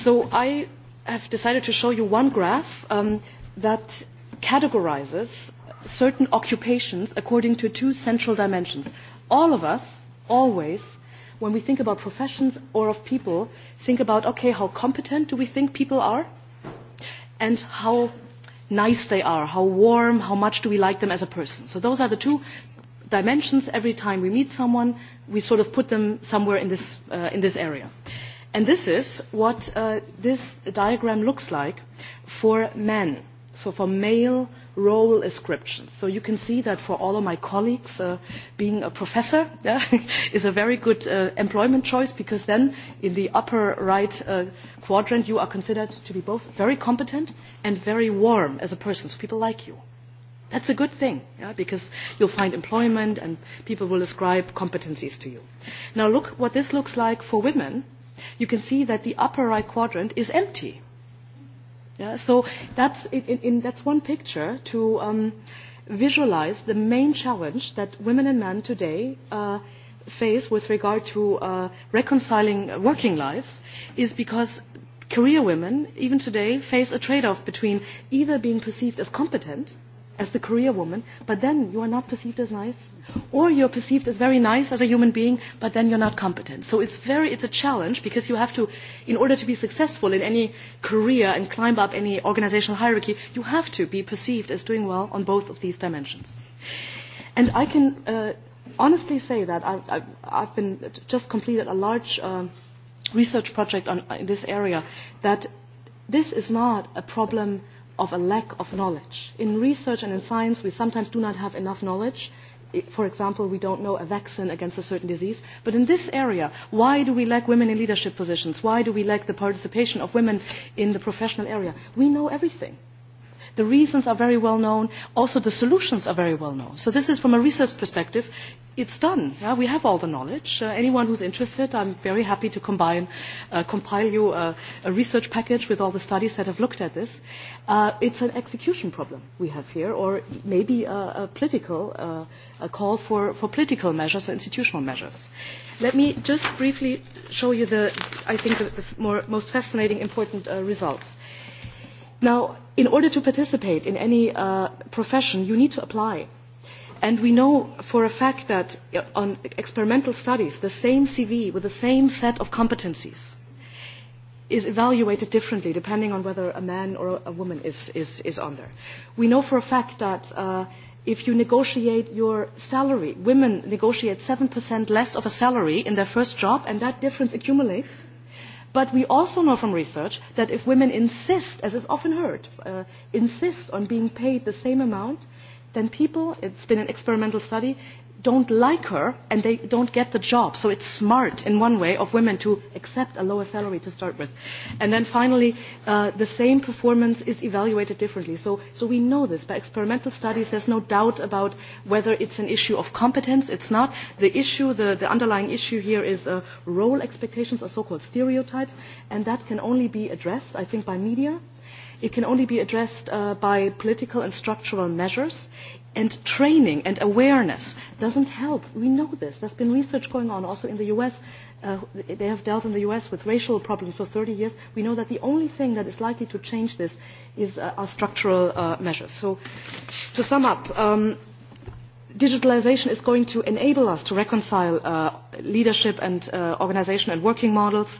So I have decided to show you one graph um, that categorizes certain occupations according to two central dimensions. All of us, always, when we think about professions or of people, think about, okay, how competent do we think people are? And how nice they are, how warm, how much do we like them as a person? So those are the two dimensions every time we meet someone, we sort of put them somewhere in this, uh, in this area. Uh, And this is what uh, this diagram looks like for men, so for male role descriptions. So you can see that for all of my colleagues, uh, being a professor yeah, is a very good uh, employment choice because then in the upper right uh, quadrant, you are considered to be both very competent and very warm as a person, so people like you. That's a good thing yeah, because you'll find employment and people will ascribe competencies to you. Now look what this looks like for women you can see that the upper right quadrant is empty. Yeah, so that's, in, in, in, that's one picture to um, visualize the main challenge that women and men today uh, face with regard to uh, reconciling working lives is because career women, even today, face a trade-off between either being perceived as competent, as the career woman, but then you are not perceived as nice, or you're perceived as very nice as a human being, but then you're not competent. So it's, very, it's a challenge because you have to, in order to be successful in any career and climb up any organizational hierarchy, you have to be perceived as doing well on both of these dimensions. And I can uh, honestly say that I've, I've, I've been just completed a large uh, research project on, in this area, that this is not a problem of a lack of knowledge. In research and in science, we sometimes do not have enough knowledge. For example, we don't know a vaccine against a certain disease. But in this area, why do we lack women in leadership positions? Why do we lack the participation of women in the professional area? We know everything the reasons are very well known, also the solutions are very well known. So this is from a research perspective, it's done. Yeah? We have all the knowledge. Uh, anyone who's interested, I'm very happy to combine, uh, compile you a, a research package with all the studies that have looked at this. Uh, it's an execution problem we have here, or maybe a, a political uh, a call for, for political measures or institutional measures. Let me just briefly show you the, I think, the, the more, most fascinating important uh, results. Now, in order to participate in any uh, profession, you need to apply. And we know for a fact that uh, on experimental studies, the same CV with the same set of competencies is evaluated differently depending on whether a man or a woman is, is, is on there. We know for a fact that uh, if you negotiate your salary, women negotiate 7% less of a salary in their first job, and that difference accumulates. But we also know from research that if women insist, as is often heard, uh, insist on being paid the same amount, then people, it's been an experimental study, don't like her and they don't get the job. So it's smart in one way of women to accept a lower salary to start with. And then finally, uh, the same performance is evaluated differently. So, so we know this by experimental studies. There's no doubt about whether it's an issue of competence. It's not. The issue, the, the underlying issue here is uh, role expectations or so-called stereotypes. And that can only be addressed, I think, by media it can only be addressed uh, by political and structural measures. And training and awareness doesn't help. We know this. There's been research going on also in the US. Uh, they have dealt in the US with racial problems for 30 years. We know that the only thing that is likely to change this is uh, our structural uh, measures. So, to sum up, um, digitalization is going to enable us to reconcile uh, leadership and uh, organization and working models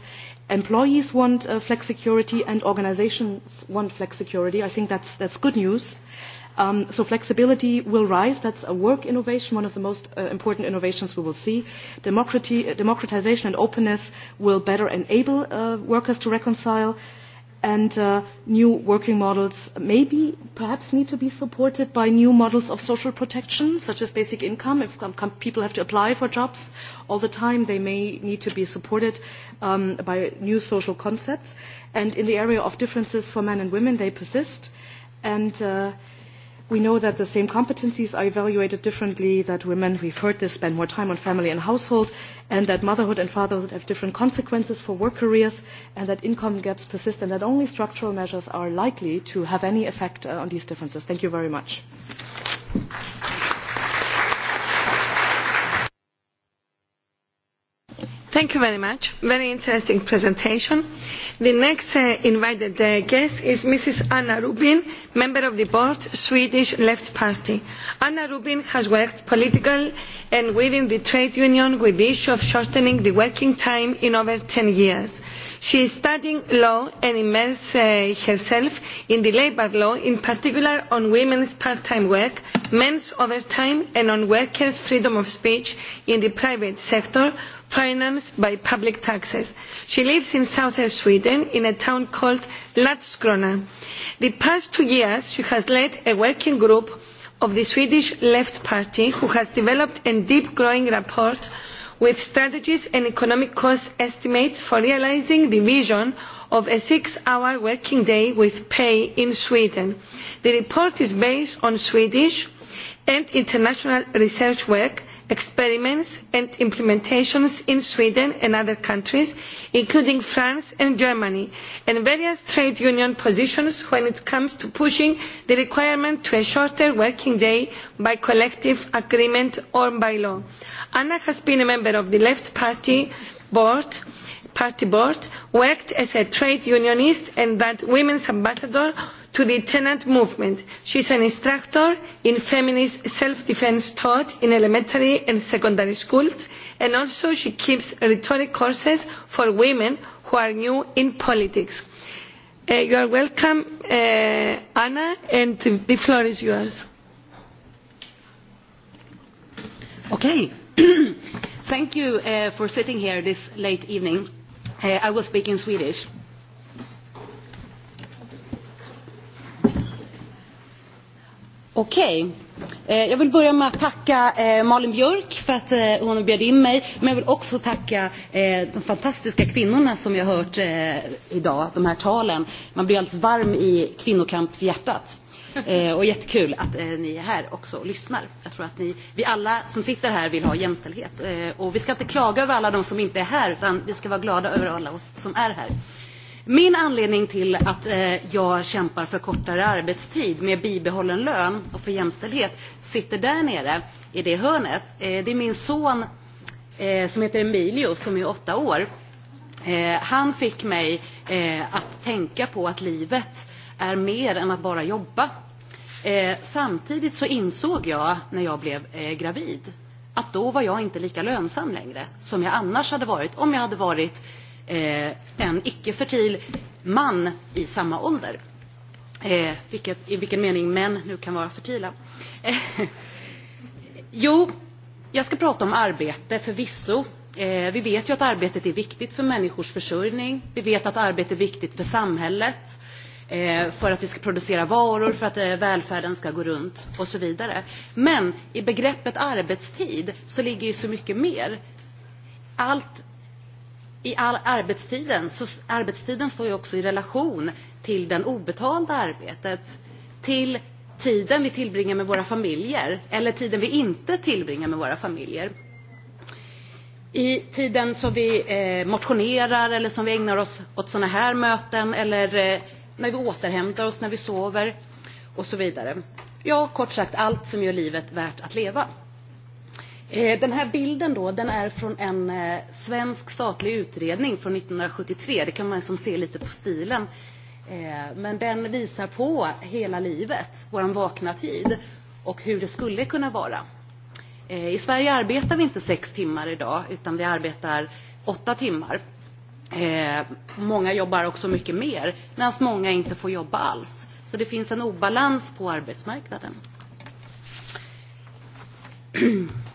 employees want uh, flex security and organizations want flex security. I think that's, that's good news. Um, so flexibility will rise. That's a work innovation, one of the most uh, important innovations we will see. Democrati- democratization and openness will better enable uh, workers to reconcile uh, and uh, new working models maybe perhaps need to be supported by new models of social protection such as basic income if com- com- people have to apply for jobs all the time they may need to be supported um, by new social concepts and in the area of differences for men and women they persist and uh, We know that the same competencies are evaluated differently, that women, we've heard this, spend more time on family and household, and that motherhood and fatherhood have different consequences for work careers, and that income gaps persist, and that only structural measures are likely to have any effect uh, on these differences. Thank you very much. Thank you. Thank you very much. Very interesting presentation. The next uh, invited uh, guest is Mrs. Anna Rubin, member of the board, Swedish Left Party. Anna Rubin has worked political and within the trade union with the issue of shortening the working time in over 10 years. She is studying law and immerses uh, herself in the labour law, in particular on women's part-time work, men's overtime, and on workers' freedom of speech in the private sector, financed by public taxes. she lives in southern sweden in a town called latskrona. the past two years she has led a working group of the swedish left party who has developed a deep growing rapport with strategies and economic cost estimates for realising the vision of a six hour working day with pay in sweden. the report is based on swedish and international research work experiments and implementation in sweden and other countries including france and germany and various trade union positions when it comes to pushing the requirement for a shorter working day by collective agreement or by law. anna has been a member of the left party board worked as a trade unionist and as women's ambassador to the tenant movement. she is an instructor in feminist self defence taught in elementary and secondary schools and she also keeps rhetoric courses for women who are new in politics. Uh, you are welcome uh, anna and the floor is yours. Okay. Thank you uh, for sitting here this late evening. Uh, I will speak in Swedish. Okej. Okay. Eh, jag vill börja med att tacka eh, Malin Björk för att eh, hon bjöd in mig. Men jag vill också tacka de fantastiska kvinnorna som jag har hört idag, de här talen. Man blir alldeles varm i kvinnokampshjärtat. Och jättekul att ni är här också och lyssnar. Jag tror att ni, vi alla som sitter här vill ha jämställdhet. Och vi ska inte klaga över alla de som inte är här, utan vi ska vara glada över alla oss som är här. Min anledning till att eh, jag kämpar för kortare arbetstid med bibehållen lön och för jämställdhet sitter där nere i det hörnet. Eh, det är min son eh, som heter Emilio som är åtta år. Han fick mig att tänka på att livet är mer än att bara jobba. Samtidigt så insåg jag när jag blev gravid att då var jag inte lika lönsam längre som jag annars hade varit om jag hade varit eh, en icke-fertil man i samma ålder. Eh, vilket, I vilken mening män nu kan vara fertila. Eh, jo, jag ska prata om arbete förvisso. Eh, vi vet ju att arbetet är viktigt för människors försörjning. Vi vet att arbete är viktigt för samhället. Eh, för att vi ska producera varor, för att eh, välfärden ska gå runt och så vidare. Men i begreppet arbetstid så ligger ju så mycket mer. Allt i arbetstiden. Så arbetstiden står ju också i relation till den obetalda arbetet, till tiden vi tillbringar med våra familjer eller tiden vi inte tillbringar med våra familjer. I tiden som vi eh, motionerar eller som vi ägnar oss åt sådana här möten eller eh, när vi återhämtar oss när vi sover och så vidare. Ja, kort sagt allt som gör livet värt att leva. Eh, den här bilden då, den är från en eh, svensk statlig utredning från 1973. Det kan man som se lite på stilen. Eh, men den visar på hela livet, vår vakna tid och hur det skulle kunna vara. I Sverige arbetar vi inte sex timmar idag, utan vi arbetar åtta timmar. Många jobbar också mycket mer, medan många inte får jobba alls. Så det finns en obalans på arbetsmarknaden.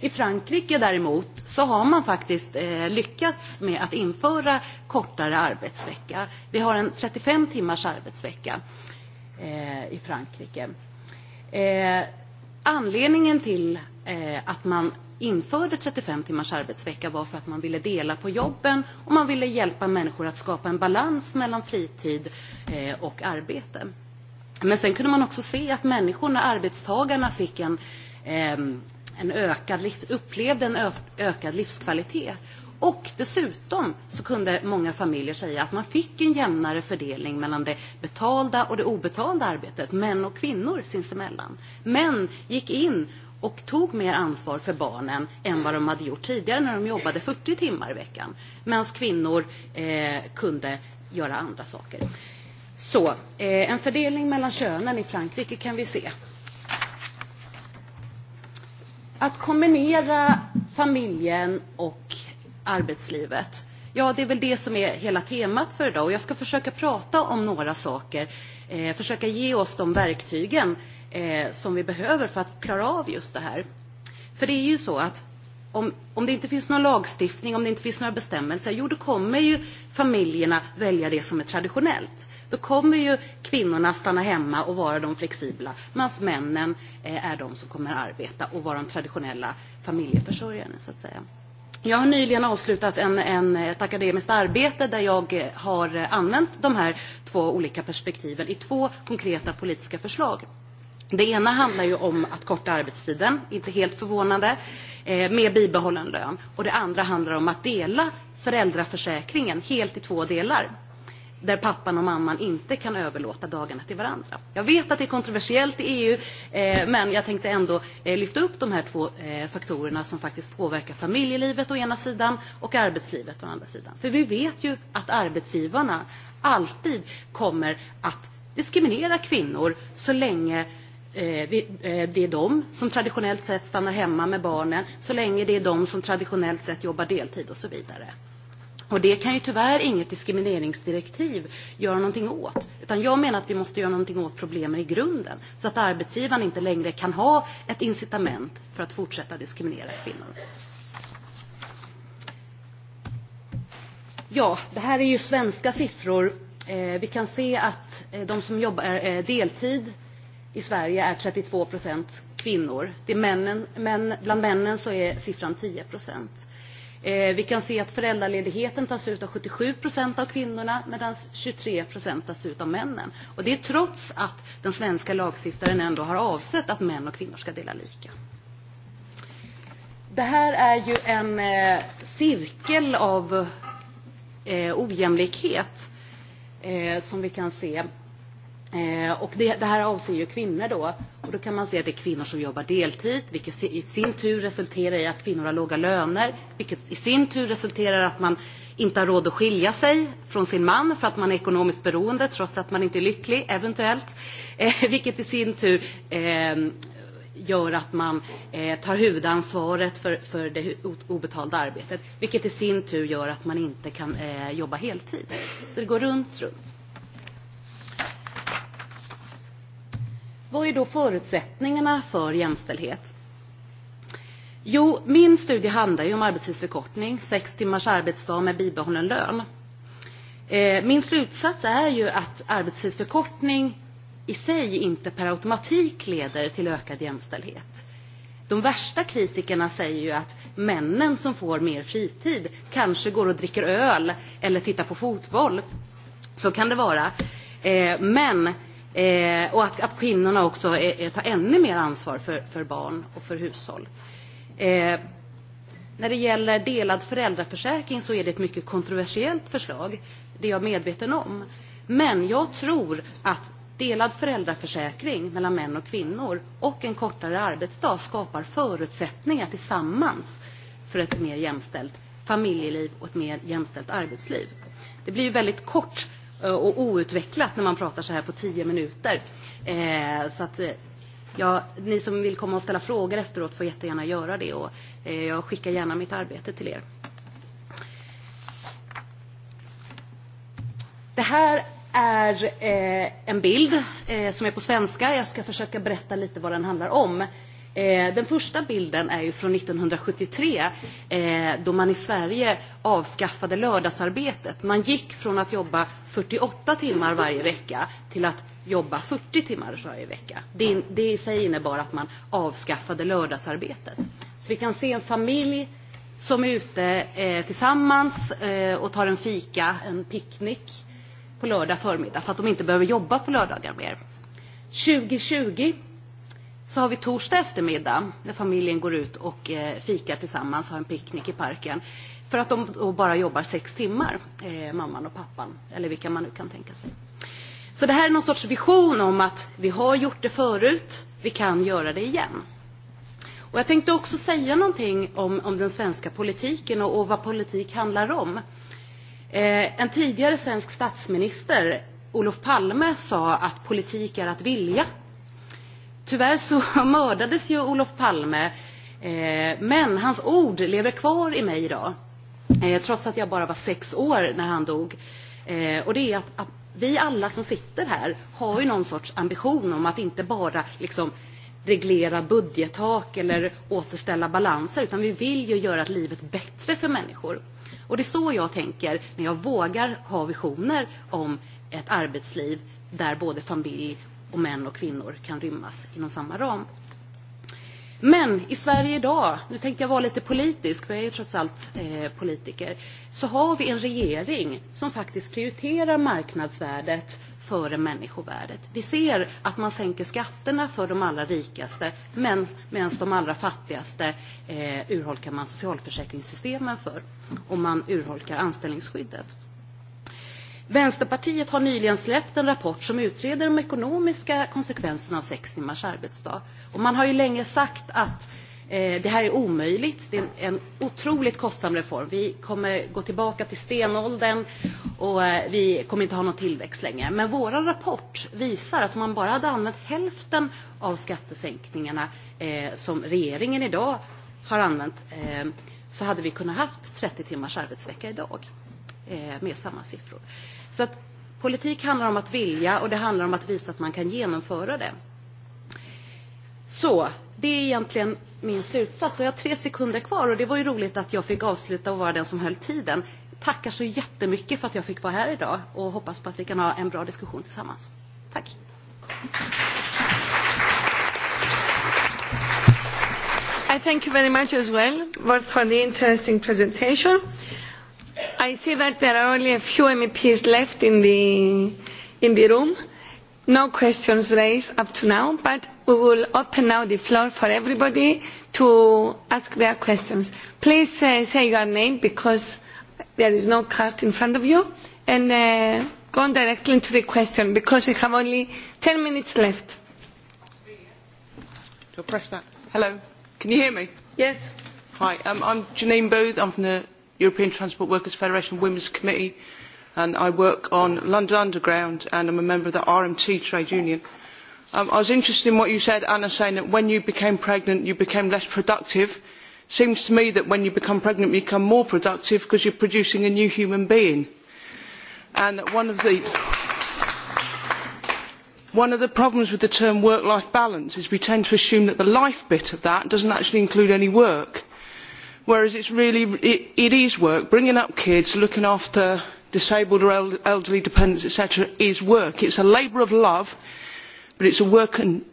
I Frankrike däremot så har man faktiskt eh, lyckats med att införa kortare arbetsvecka. Vi har en 35 timmars arbetsvecka eh, i Frankrike. Eh, anledningen till eh, att man införde 35 timmars arbetsvecka var för att man ville dela på jobben och man ville hjälpa människor att skapa en balans mellan fritid eh, och arbete. Men sen kunde man också se att människorna, arbetstagarna, fick en ehm, en ökad, upplevde en ökad livskvalitet. Och dessutom så kunde många familjer säga att man fick en jämnare fördelning mellan det betalda och det obetalda arbetet, män och kvinnor sinsemellan. Män gick in och tog mer ansvar för barnen än vad de hade gjort tidigare när de jobbade 40 timmar i veckan. Medan kvinnor eh, kunde göra andra saker. Så, eh, en fördelning mellan könen i Frankrike kan vi se. Att kombinera familjen och arbetslivet. Ja, det är väl det som är hela temat för idag. Och jag ska försöka prata om några saker. Eh, försöka ge oss de verktygen eh, som vi behöver för att klara av just det här. För det är ju så att om, om det inte finns någon lagstiftning, om det inte finns några bestämmelser, jo, då kommer ju familjerna välja det som är traditionellt. Då kommer ju kvinnorna stanna hemma och vara de flexibla medan männen eh, är de som kommer arbeta och vara de traditionella familjeförsörjarna, så att säga. Jag har nyligen avslutat en, en, ett akademiskt arbete där jag eh, har använt de här två olika perspektiven i två konkreta politiska förslag. Det ena handlar ju om att korta arbetstiden, inte helt förvånande, eh, med bibehållen lön. Och det andra handlar om att dela föräldraförsäkringen helt i två delar där pappan och mamman inte kan överlåta dagarna till varandra. Jag vet att det är kontroversiellt i EU, eh, men jag tänkte ändå eh, lyfta upp de här två eh, faktorerna som faktiskt påverkar familjelivet å ena sidan och arbetslivet å andra sidan. För vi vet ju att arbetsgivarna alltid kommer att diskriminera kvinnor så länge eh, eh, det är de som traditionellt sett stannar hemma med barnen så länge det är de som traditionellt sett jobbar deltid och så vidare. Och det kan ju tyvärr inget diskrimineringsdirektiv göra någonting åt. Utan jag menar att vi måste göra någonting åt problemen i grunden. Så att arbetsgivaren inte längre kan ha ett incitament för att fortsätta diskriminera kvinnor. Ja, det här är ju svenska siffror. Eh, vi kan se att eh, de som jobbar eh, deltid i Sverige är 32 procent kvinnor. Det är männen, men bland männen så är siffran 10 procent. Eh, Eh, vi kan se att föräldraledigheten tas ut av 77 procent av kvinnorna medan 23 procent tas ut av männen. Och det är trots att den svenska lagstiftaren ändå har avsett att män och kvinnor ska dela lika. Det här är ju en eh, cirkel av eh, ojämlikhet som vi kan se. Eh, och det, det här avser ju kvinnor då. Och då kan man se att det är kvinnor som jobbar deltid, vilket i sin tur resulterar i att kvinnor har låga löner, vilket i sin tur resulterar i att man inte har råd att skilja sig från sin man för att man är ekonomiskt beroende trots att man inte är lycklig, eventuellt. Eh, vilket i sin tur eh, gör att man eh, tar huvudansvaret för, för det obetalda arbetet. Vilket i sin tur gör att man inte kan eh, jobba heltid. Så det går runt, runt. Vad är då förutsättningarna för jämställdhet? Jo, min studie handlar ju om arbetstidsförkortning, sex timmars arbetsdag med bibehållen lön. Eh, min slutsats är ju att arbetstidsförkortning i sig inte per automatik leder till ökad jämställdhet. De värsta kritikerna säger ju att männen som får mer fritid kanske går och dricker öl eller tittar på fotboll. Så kan det vara. Eh, men Eh, och att, att kvinnorna också är, är, tar ännu mer ansvar för, för barn och för hushåll. Eh, när det gäller delad föräldraförsäkring så är det ett mycket kontroversiellt förslag. Det är jag medveten om. Men jag tror att delad föräldraförsäkring mellan män och kvinnor och en kortare arbetsdag skapar förutsättningar tillsammans för ett mer jämställt familjeliv och ett mer jämställt arbetsliv. Det blir ju väldigt kort Eh, och outvecklat när man pratar så här på tio minuter. Eh, så att, eh, ja, ni som vill komma och ställa frågor efteråt får jättegärna göra det och jag skickar gärna mitt arbete till er. Det här är en bild som är på svenska. Jag ska försöka berätta lite vad den handlar om. Eh, den första bilden är ju från 1973 eh, då man i Sverige avskaffade lördagsarbetet. Man gick från att jobba 48 timmar varje vecka till att jobba 40 timmar varje vecka. Det, det i sig innebar att man avskaffade lördagsarbetet. Så vi kan se en familj som är ute eh, tillsammans eh, och tar en fika, en picknick på lördag förmiddag för att de inte behöver jobba på lördagar mer. 2020 Så har vi torsdag eftermiddag när familjen går ut och eh, fikar tillsammans, har en picknick i parken. För att de då bara jobbar sex timmar, eh, mamman och pappan, eller vilka man nu kan tänka sig. Så det här är någon sorts vision om att vi har gjort det förut, vi kan göra det igen. Och jag tänkte också säga någonting om, om den svenska politiken och, och vad politik handlar om. Eh, en tidigare svensk statsminister, Olof Palme, sa att politik är att vilja. Tyvärr så mördades ju Olof Palme, eh, men hans ord lever kvar i mig idag, eh, trots att jag bara var sex år när han dog. Eh, och det är att vi alla som sitter här har ju någon sorts ambition om att inte bara liksom reglera budgettak eller återställa balanser, utan vi vill ju göra livet bättre för människor. Och det är så jag tänker när jag vågar ha visioner om ett arbetsliv där både familj och män och kvinnor kan rymmas inom samma ram. Men i Sverige idag, nu tänker jag vara lite politisk, för jag är trots allt eh, politiker, så har vi en regering som faktiskt prioriterar marknadsvärdet före människovärdet. Vi ser att man sänker skatterna för de allra rikaste medan de allra fattigaste eh, urholkar man socialförsäkringssystemen för och man urholkar anställningsskyddet. Vänsterpartiet har nyligen släppt en rapport som utreder de ekonomiska konsekvenserna av sex timmars arbetsdag. Och man har ju länge sagt att eh, det här är omöjligt. Det är en, en otroligt kostsam reform. Vi kommer gå tillbaka till stenåldern och eh, vi kommer inte ha någon tillväxt längre. Men vår rapport visar att om man bara hade använt hälften av skattesänkningarna eh, som regeringen idag har använt eh, så hade vi kunnat haft 30 timmars arbetsvecka idag eh, med samma siffror. Eh, Så att politik handlar om att vilja och det handlar om att visa att man kan genomföra det. Så, det är egentligen min slutsats. Och jag har tre sekunder kvar och det var ju roligt att jag fick avsluta och vara den som höll tiden. Tackar så jättemycket för att jag fick vara här idag och hoppas på att vi kan ha en bra diskussion tillsammans. Tack! I thank you very much as well for the interesting presentation. I see that there are only a few MEPs left in the, in the room. No questions raised up to now, but we will open now the floor for everybody to ask their questions. Please uh, say your name because there is no card in front of you and uh, go on directly to the question because we have only 10 minutes left. So press that. Hello. Can you hear me? Yes. Hi, um, I'm Janine Booth. I'm from the European Transport Workers Federation Women's Committee and I work on London Underground and I'm a member of the RMT trade union. Um, I was interested in what you said, Anna, saying that when you became pregnant, you became less productive. Seems to me that when you become pregnant, you become more productive because you're producing a new human being. And that one of the, one of the problems with the term work-life balance is we tend to assume that the life bit of that doesn't actually include any work whereas it is work bringing up kids looking after disabled or elderly dependents etc is work. it is a labour of love but it is work and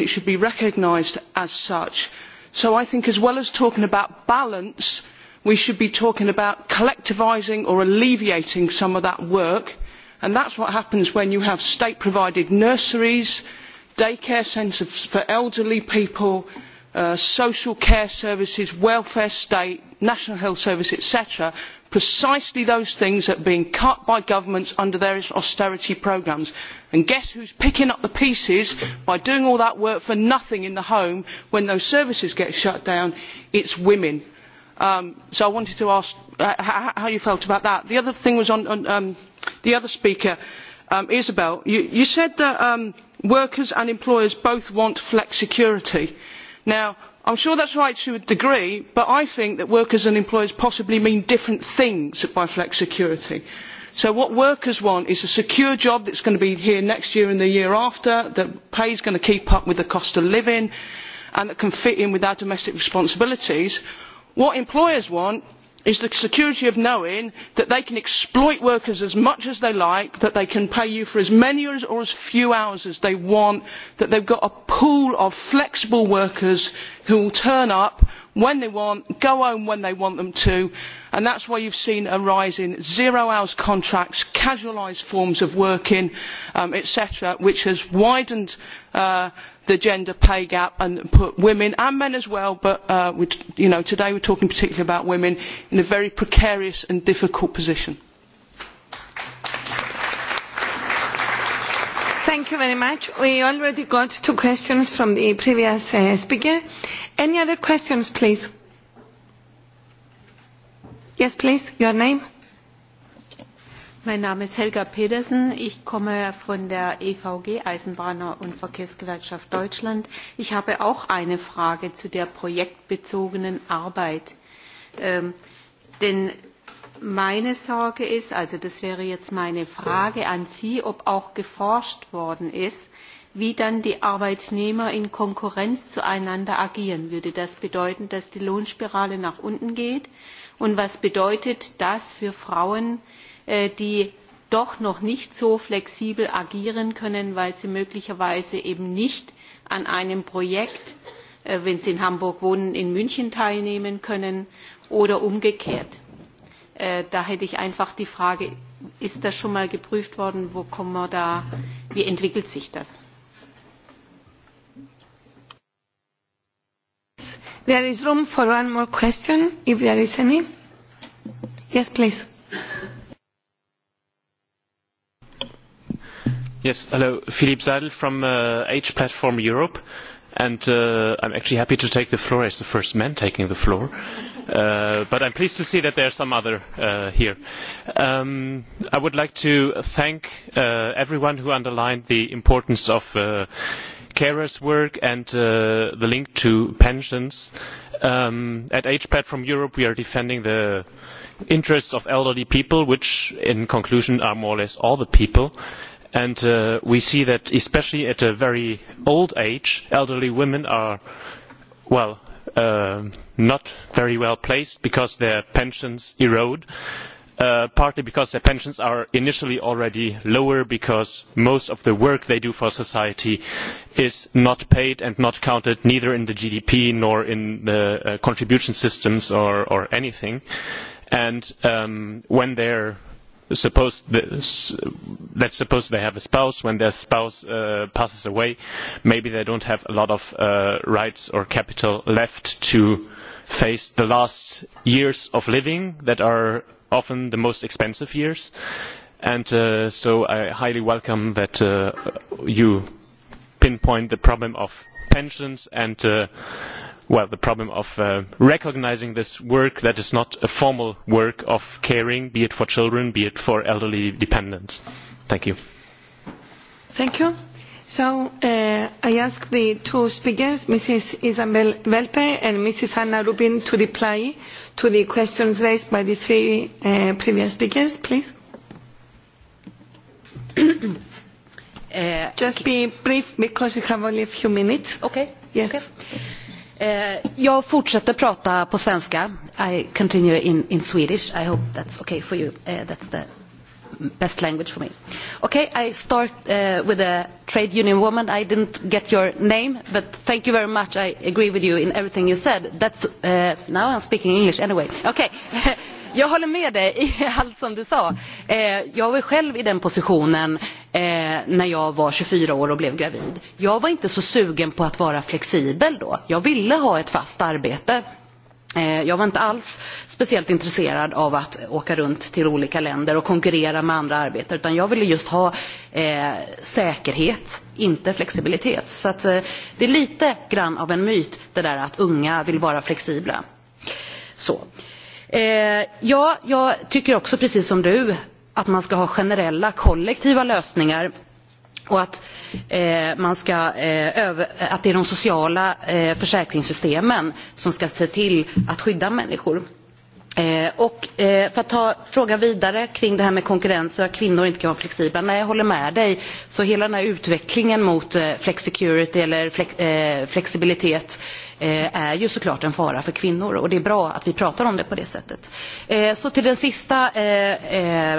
it should be recognised as such. so i think as well as talking about balance we should be talking about collectivising or alleviating some of that work and that is what happens when you have state provided nurseries day care centres for elderly people Uh, social care services welfare state national health service etc. precisely those things that are being cut by governments under their austerity programmes and guess who is picking up the pieces by doing all that work for nothing in the home when those services get shut down? it is women. Um, so i wanted to ask uh, how you felt about that. the other thing was on, on um, the other speaker, um, isabel. You, you said that um, workers and employers both want flexicurity. security now i am sure that is right to a degree but i think that workers and employers possibly mean different things by flexicurity. so what workers want is a secure job that is going to be here next year and the year after that pays going to keep up with the cost of living and that can fit in with our domestic responsibilities. what employers want is the security of knowing that they can exploit workers as much as they like that they can pay you for as many or as few hours as they want that they have got a pool of flexible workers who will turn up when they want go home when they want them to and that is why you have seen a rise in zero hours contracts casualised forms of working um, etc which has widened uh, the gender pay gap and put women and men as well but uh, you know today we're talking particularly about women in a very precarious and difficult position. Thank you very much. We already got two questions from the previous uh, speaker. Any other questions, please? Yes, please, your name mein name ist helga pedersen ich komme von der evg eisenbahner und verkehrsgewerkschaft deutschland. ich habe auch eine frage zu der projektbezogenen arbeit ähm, denn meine sorge ist also das wäre jetzt meine frage an sie ob auch geforscht worden ist wie dann die arbeitnehmer in konkurrenz zueinander agieren würde das bedeuten dass die lohnspirale nach unten geht und was bedeutet das für frauen Äh, die doch noch nicht so flexibel agieren können weil sie möglicherweise eben nicht an einem projekt äh, wenn sie in hamburg wohnen in münchen teilnehmen können oder umgekehrt. Äh, da hätte ich einfach die frage ist das schon einmal geprüft worden wo kommen wir da wie entwickelt sich das? There is room for one more question if there is any. Yes please. Yes, hello, Philip Seidel from uh, H Platform Europe, and uh, I'm actually happy to take the floor as the first man taking the floor. Uh, but I'm pleased to see that there are some other uh, here. Um, I would like to thank uh, everyone who underlined the importance of uh, carers' work and uh, the link to pensions. Um, at Age Platform Europe, we are defending the interests of elderly people, which, in conclusion, are more or less all the people and uh, we see that especially at a very old age elderly women are well uh, not very well placed because their pensions erode uh, partly because their pensions are initially already lower because most of the work they do for society is not paid and not counted neither in the GDP nor in the uh, contribution systems or, or anything. And um, when they're supposed that suppose they have a spouse when their spouse uh, passes away maybe they don't have a lot of uh, rights or capital left to face the last years of living that are often the most expensive years and uh, so i highly welcome that you pinpoint the problem of pensions and well, the problem of uh, recognizing this work that is not a formal work of caring, be it for children, be it for elderly dependents. Thank you. Thank you. So uh, I ask the two speakers, Mrs. Isabel Velpe and Mrs. Anna Rubin, to reply to the questions raised by the three uh, previous speakers, please. uh, Just be brief because we have only a few minutes. Okay. Yes. Okay. Eh, jag fortsätter prata på svenska. I continue in, in Swedish. I hope that's okay for you. Uh, that's the best language for me. Okay, I start uh, with a trade union woman. I didn't get your name, but thank you very much. I agree with you in everything you said. That's, uh, now I'm speaking English anyway. Okay. Jag håller med dig i allt som du sa. Eh, jag var själv i den positionen eh, när jag var 24 år och blev gravid. Jag var inte så sugen på att vara flexibel då. Jag ville ha ett fast arbete. Eh, jag var inte alls speciellt intresserad av att åka runt till olika länder och konkurrera med andra arbetare, utan jag ville just ha eh, säkerhet, inte flexibilitet. Så att, eh, det är lite grann av en myt, det där att unga vill vara flexibla. Så. Eh, Eh, ja, jag tycker också precis som du att man ska ha generella kollektiva lösningar och att, eh, man ska, eh, över, att det är de sociala eh, försäkringssystemen som ska se till att skydda människor. Eh, och, eh, för att ta frågan vidare kring det här med konkurrens och att kvinnor inte kan vara flexibla. Nej, jag håller med dig. Så hela den här utvecklingen mot eh, flexicurity eller flex, eh, flexibilitet eh, Eh, är ju såklart en fara för kvinnor och det är bra att vi pratar om det på det sättet. Eh, så till den sista eh,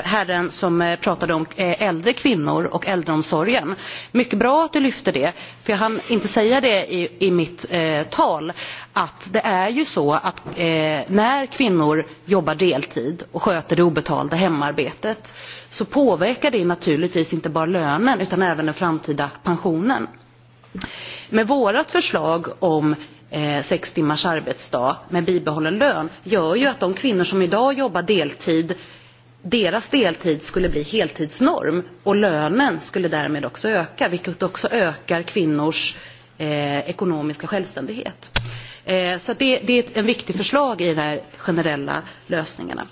herren som pratade om äldre kvinnor och äldreomsorgen. Mycket bra att du lyfter det, för jag hann inte säga det i mitt tal, att det är ju så att när kvinnor jobbar deltid och sköter det obetalda hemarbetet så påverkar det naturligtvis inte bara lönen utan även den framtida pensionen. Med vårt förslag om eh, sex timmars arbetsdag med bibehållen lön gör ju att de kvinnor som idag jobbar deltid deras deltid skulle bli heltidsnorm och lönen skulle därmed också öka vilket också ökar kvinnors eh, ekonomiska självständighet. Eh, så det, det är ett, en viktig förslag i de här generella lösningarna.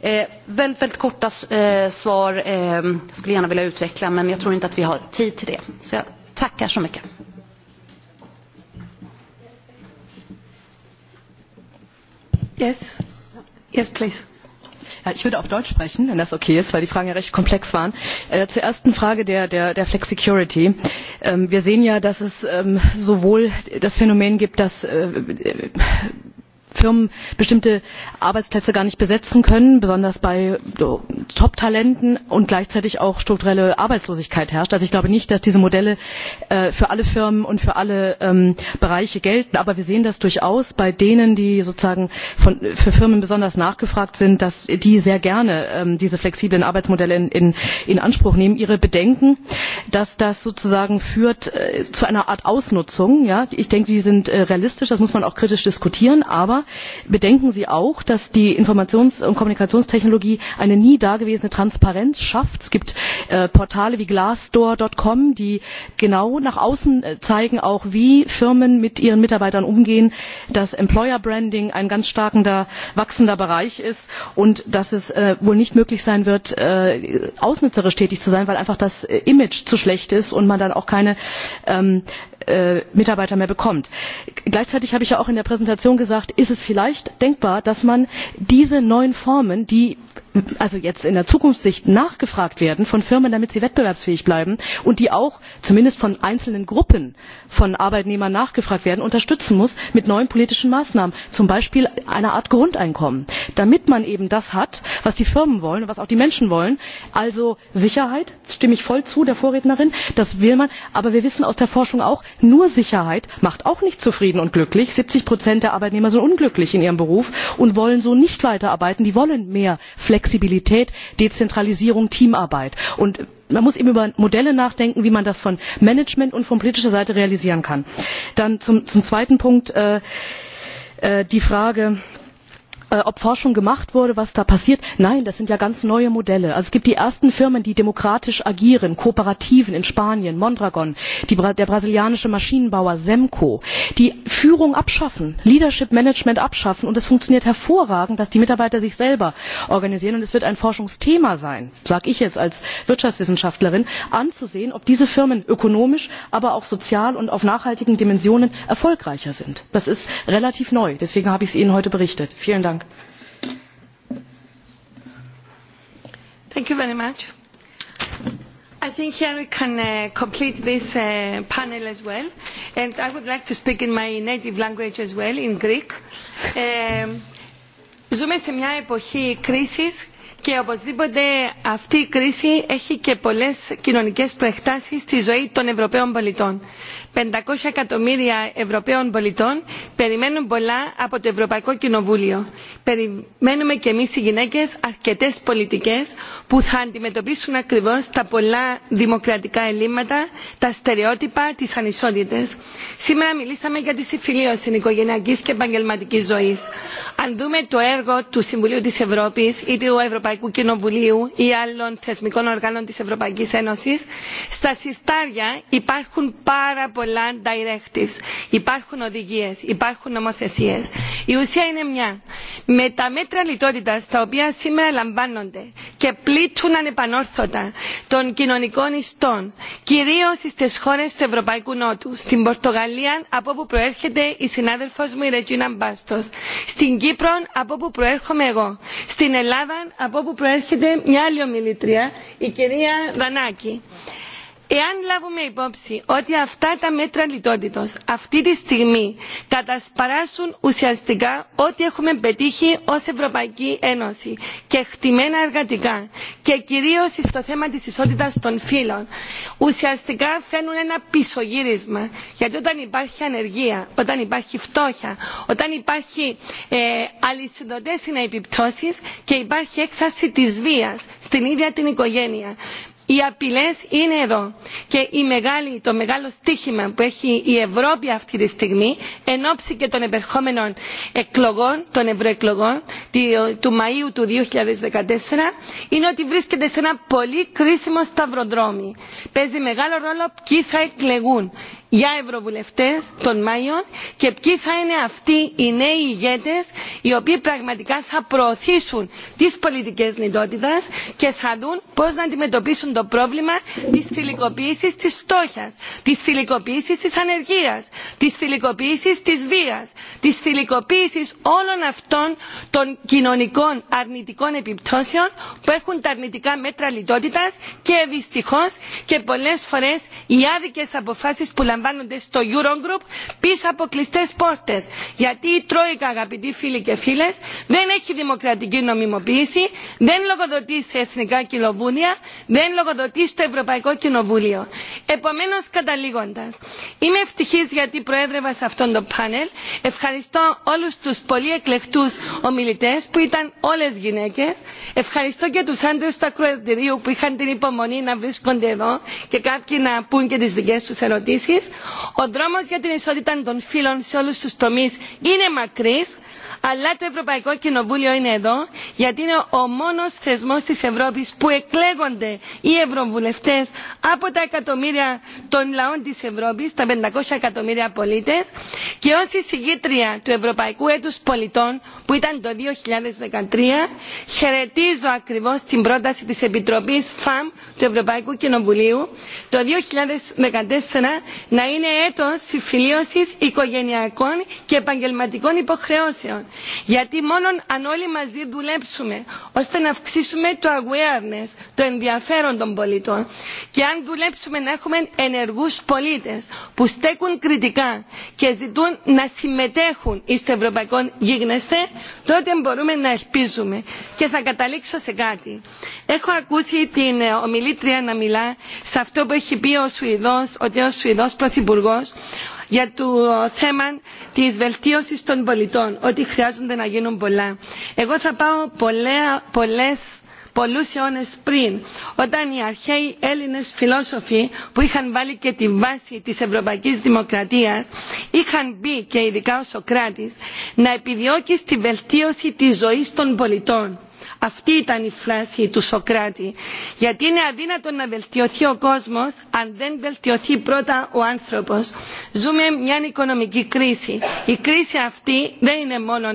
Eh, väldigt, väldigt korta eh, svar eh, skulle jag gärna vilja utveckla men jag tror inte att vi har tid till det. Så jag tackar så mycket. Ja, ich würde auf deutsch sprechen wenn das okay ist weil die fragen ja recht komplex waren. Äh, zur ersten frage der flexicurity ähm, wir sehen ja dass es ähm, sowohl das phänomen gibt dass äh, firmen bestimmte arbeitsplätze gar nicht besetzen können besonders bei top talenten und gleichzeitig auch strukturelle arbeitslosigkeit herrscht. ich glaube nicht dass diese modelle äh, für alle firmen und für alle ähm, bereiche gelten aber wir sehen das durchaus bei denen die für firmen besonders nachgefragt sind dass die sehr gerne ähm, diese flexiblen arbeitsmodelle in anspruch nehmen. ihre bedenken dass das sozusagen äh, zu einer art ausnutzung führt ja. ich denke die sind äh, realistisch das muss man auch kritisch diskutieren bedenken sie auch dass die informations und kommunikationstechnologie eine nie dagewesene transparenz schafft? es gibt äh, portale wie glassdoor com die genau nach außen äh, zeigen wie firmen mit ihren mitarbeitern umgehen dass employer branding ein ganz starker wachsender bereich ist und dass es äh, wohl nicht möglich sein wird ausnutzerisch tätig zu sein weil einfach das image zu schlecht ist und man dann auch keine ähm, Äh, mitarbeiter mehr bekommt. gleichzeitig habe ich ja auch in der präsentation gesagt ist es vielleicht denkbar dass man diese neuen formen die also jetzt in der Zukunftssicht nachgefragt werden von Firmen, damit sie wettbewerbsfähig bleiben und die auch zumindest von einzelnen Gruppen von Arbeitnehmern nachgefragt werden, unterstützen muss mit neuen politischen Maßnahmen, zum Beispiel einer Art Grundeinkommen, damit man eben das hat, was die Firmen wollen und was auch die Menschen wollen, also Sicherheit, stimme ich voll zu der Vorrednerin, das will man, aber wir wissen aus der Forschung auch, nur Sicherheit macht auch nicht zufrieden und glücklich. 70 Prozent der Arbeitnehmer sind unglücklich in ihrem Beruf und wollen so nicht weiterarbeiten, die wollen mehr Flexibilität flexibilität dezentralisierung teamarbeit und man muss eben über modelle nachdenken wie man das von management und von politischer seite realisieren kann. dann zum zweiten punkt äh, äh, die frage Äh, ob Forschung gemacht wurde, was da passiert. Nein, das sind ja ganz neue Modelle. Also es gibt die ersten Firmen, die demokratisch agieren, Kooperativen in Spanien, Mondragon, die, der brasilianische Maschinenbauer Semco, die Führung abschaffen, Leadership Management abschaffen und es funktioniert hervorragend, dass die Mitarbeiter sich selber organisieren und es wird ein Forschungsthema sein, sage ich jetzt als Wirtschaftswissenschaftlerin, anzusehen, ob diese Firmen ökonomisch, aber auch sozial und auf nachhaltigen Dimensionen erfolgreicher sind. Das ist relativ neu. Deswegen habe ich es Ihnen heute berichtet. Vielen Dank. Thank you very much. I think Harry can uh, complete this uh, panel as well. And I would like to speak in my native language as well, in Greek. Um, ζούμε σε μια εποχή κρίσης και οπωσδήποτε αυτή η κρίση έχει και πολλές κοινωνικές προεκτάσεις στη ζωή των Ευρωπαίων πολιτών πεντακόσια εκατομμύρια ευρωπαίων πολιτών περιμένουν πολλά από το ευρωπαϊκό κοινοβούλιο. περιμένουμε κι εμεί οι γυναίκε αρκετέ πολιτικέ που θα αντιμετωπίσουν ακριβώ τα πολλά δημοκρατικά ελλείμματα τα στερεότυπα τι ανισότητε. σήμερα μιλήσαμε για τη συμφιλίωση οικογενειακή και επαγγελματική ζωή. αν δούμε το έργο του συμβουλίου τη ευρώπη ή του ευρωπαϊκού κοινοβουλίου ή άλλων θεσμικών οργάνων τη ευρωπαϊκή ένωση στα συρτάρια υπάρχουν πάρα πολλά our land directives υπάρχουν οδηγίε, υπάρχουν νομοθεσίε. Η ουσία είναι μια. Με τα μέτρα λιτότητα τα οποία σήμερα λαμβάνονται και πλήττουν ανεπανόρθωτα των κοινωνικών ιστών, κυρίω στι χώρε του Ευρωπαϊκού Νότου, στην Πορτογαλία από όπου προέρχεται η συνάδελφό μου η Ρετζίνα Μπάστο, στην Κύπρο από όπου προέρχομαι εγώ, στην Ελλάδα από όπου προέρχεται μια άλλη ομιλήτρια, η κυρία Δανάκη εάν λάβουμε υπόψη ότι αυτά τα μέτρα λιτότητα αυτή τη στιγμή κατασπαράσουν ουσιαστικά ό,τι έχουμε πετύχει ω ευρωπαϊκή ένωση κεκτημένα εργατικά και κυρίω στο θέμα τη ισότητα των φύλων ουσιαστικά φέρνουν ένα πισωγύρισμα. Γιατί όταν υπάρχει ανεργία, όταν υπάρχει φτώχεια, όταν υπάρχει ε, αλυσιδωτέ συναεπιπτώσει και υπάρχει έξαρση τη βία στην ίδια την οικογένεια οι απειλέ είναι εδώ και η μεγάλη, το μεγάλο στίχημα που έχει η Ευρώπη αυτή τη στιγμή εν ώψη και των επερχόμενων εκλογών, των ευρωεκλογών του Μαΐου του 2014 είναι ότι βρίσκεται σε ένα πολύ κρίσιμο σταυροδρόμι. Παίζει μεγάλο ρόλο ποιοι θα εκλεγούν για ευρωβουλευτέ τον μάιο και ποιοι θα είναι αυτοί οι νέοι ηγέτε οι οποίοι πραγματικά θα προωθήσουν τι πολιτικέ λιτότητα και θα δουν πώ να αντιμετωπίσουν το πρόβλημα τη θηλυκοποίηση τη φτώχεια τη θηλυκοποίηση τη ανεργία τη θηλυκοποίηση τη βία τη θηλυκοποίηση όλων αυτών των κοινωνικών αρνητικών επιπτώσεων που έχουν τα αρνητικά μέτρα λιτότητα και δυστυχώ και πολλέ φορέ οι άδικε αποφάσει που αντιλαμβάνονται στο eurogroup πίσω από κλειστέ πόρτε. γιατί η τρόικα αγαπητοί φίλοι και φίλε δεν έχει δημοκρατική νομιμοποίηση δεν λογοδοτεί σε εθνικά κοινοβούλια δεν λογοδοτεί στο ευρωπαϊκό κοινοβούλιο. επομένω καταλήγοντα είμαι ευτυχή γιατί προέδρευα σε αυτό το πάνελ ευχαριστώ όλου του πολύ εκλεκτού ομιλητέ που ήταν όλε γυναίκε ευχαριστώ και του άντρε του ακροατηρίου που είχαν την υπομονή να βρίσκονται εδώ και κάποιοι να πούν και τι δικέ του ερωτήσει ο δρόμος για την ισότητα των φύλων σε όλους τους τομείς είναι μακρύς αλλά το Ευρωπαϊκό Κοινοβούλιο είναι εδώ γιατί είναι ο μόνος θεσμός της Ευρώπης που εκλέγονται οι ευρωβουλευτές από τα εκατομμύρια των λαών της Ευρώπης, τα 500 εκατομμύρια πολίτες και ως εισηγήτρια του Ευρωπαϊκού Έτους Πολιτών που ήταν το 2013 χαιρετίζω ακριβώς την πρόταση της Επιτροπής ΦΑΜ του Ευρωπαϊκού Κοινοβουλίου το 2014 να είναι έτος συμφιλίωσης οικογενειακών και επαγγελματικών υποχρεώσεων γιατί μόνο αν όλοι μαζί δουλέψουμε ώστε να αυξήσουμε το awareness, το ενδιαφέρον των πολιτών και αν δουλέψουμε να έχουμε ενεργούς πολίτες που στέκουν κριτικά και ζητούν να συμμετέχουν στο ευρωπαϊκό γίγνεσθε, τότε μπορούμε να ελπίζουμε. Και θα καταλήξω σε κάτι. Έχω ακούσει την ομιλήτρια να μιλά σε αυτό που έχει πει ο Σουηδός, ο τέος Σουηδός Πρωθυπουργός, για το θέμα τη βελτίωση των πολιτών, ότι χρειάζονται να γίνουν πολλά. Εγώ θα πάω πολλέ πολλού αιώνε πριν, όταν οι αρχαίοι Έλληνε φιλόσοφοι, που είχαν βάλει και τη βάση τη ευρωπαϊκή δημοκρατία, είχαν πει, και ειδικά ο Σοκράτη, να επιδιώκει τη βελτίωση τη ζωή των πολιτών αυτή ήταν η φράση του Σοκράτη. Γιατί είναι αδύνατο να βελτιωθεί ο κόσμο αν δεν βελτιωθεί πρώτα ο άνθρωπο. Ζούμε μια οικονομική κρίση. Η κρίση αυτή δεν είναι μόνο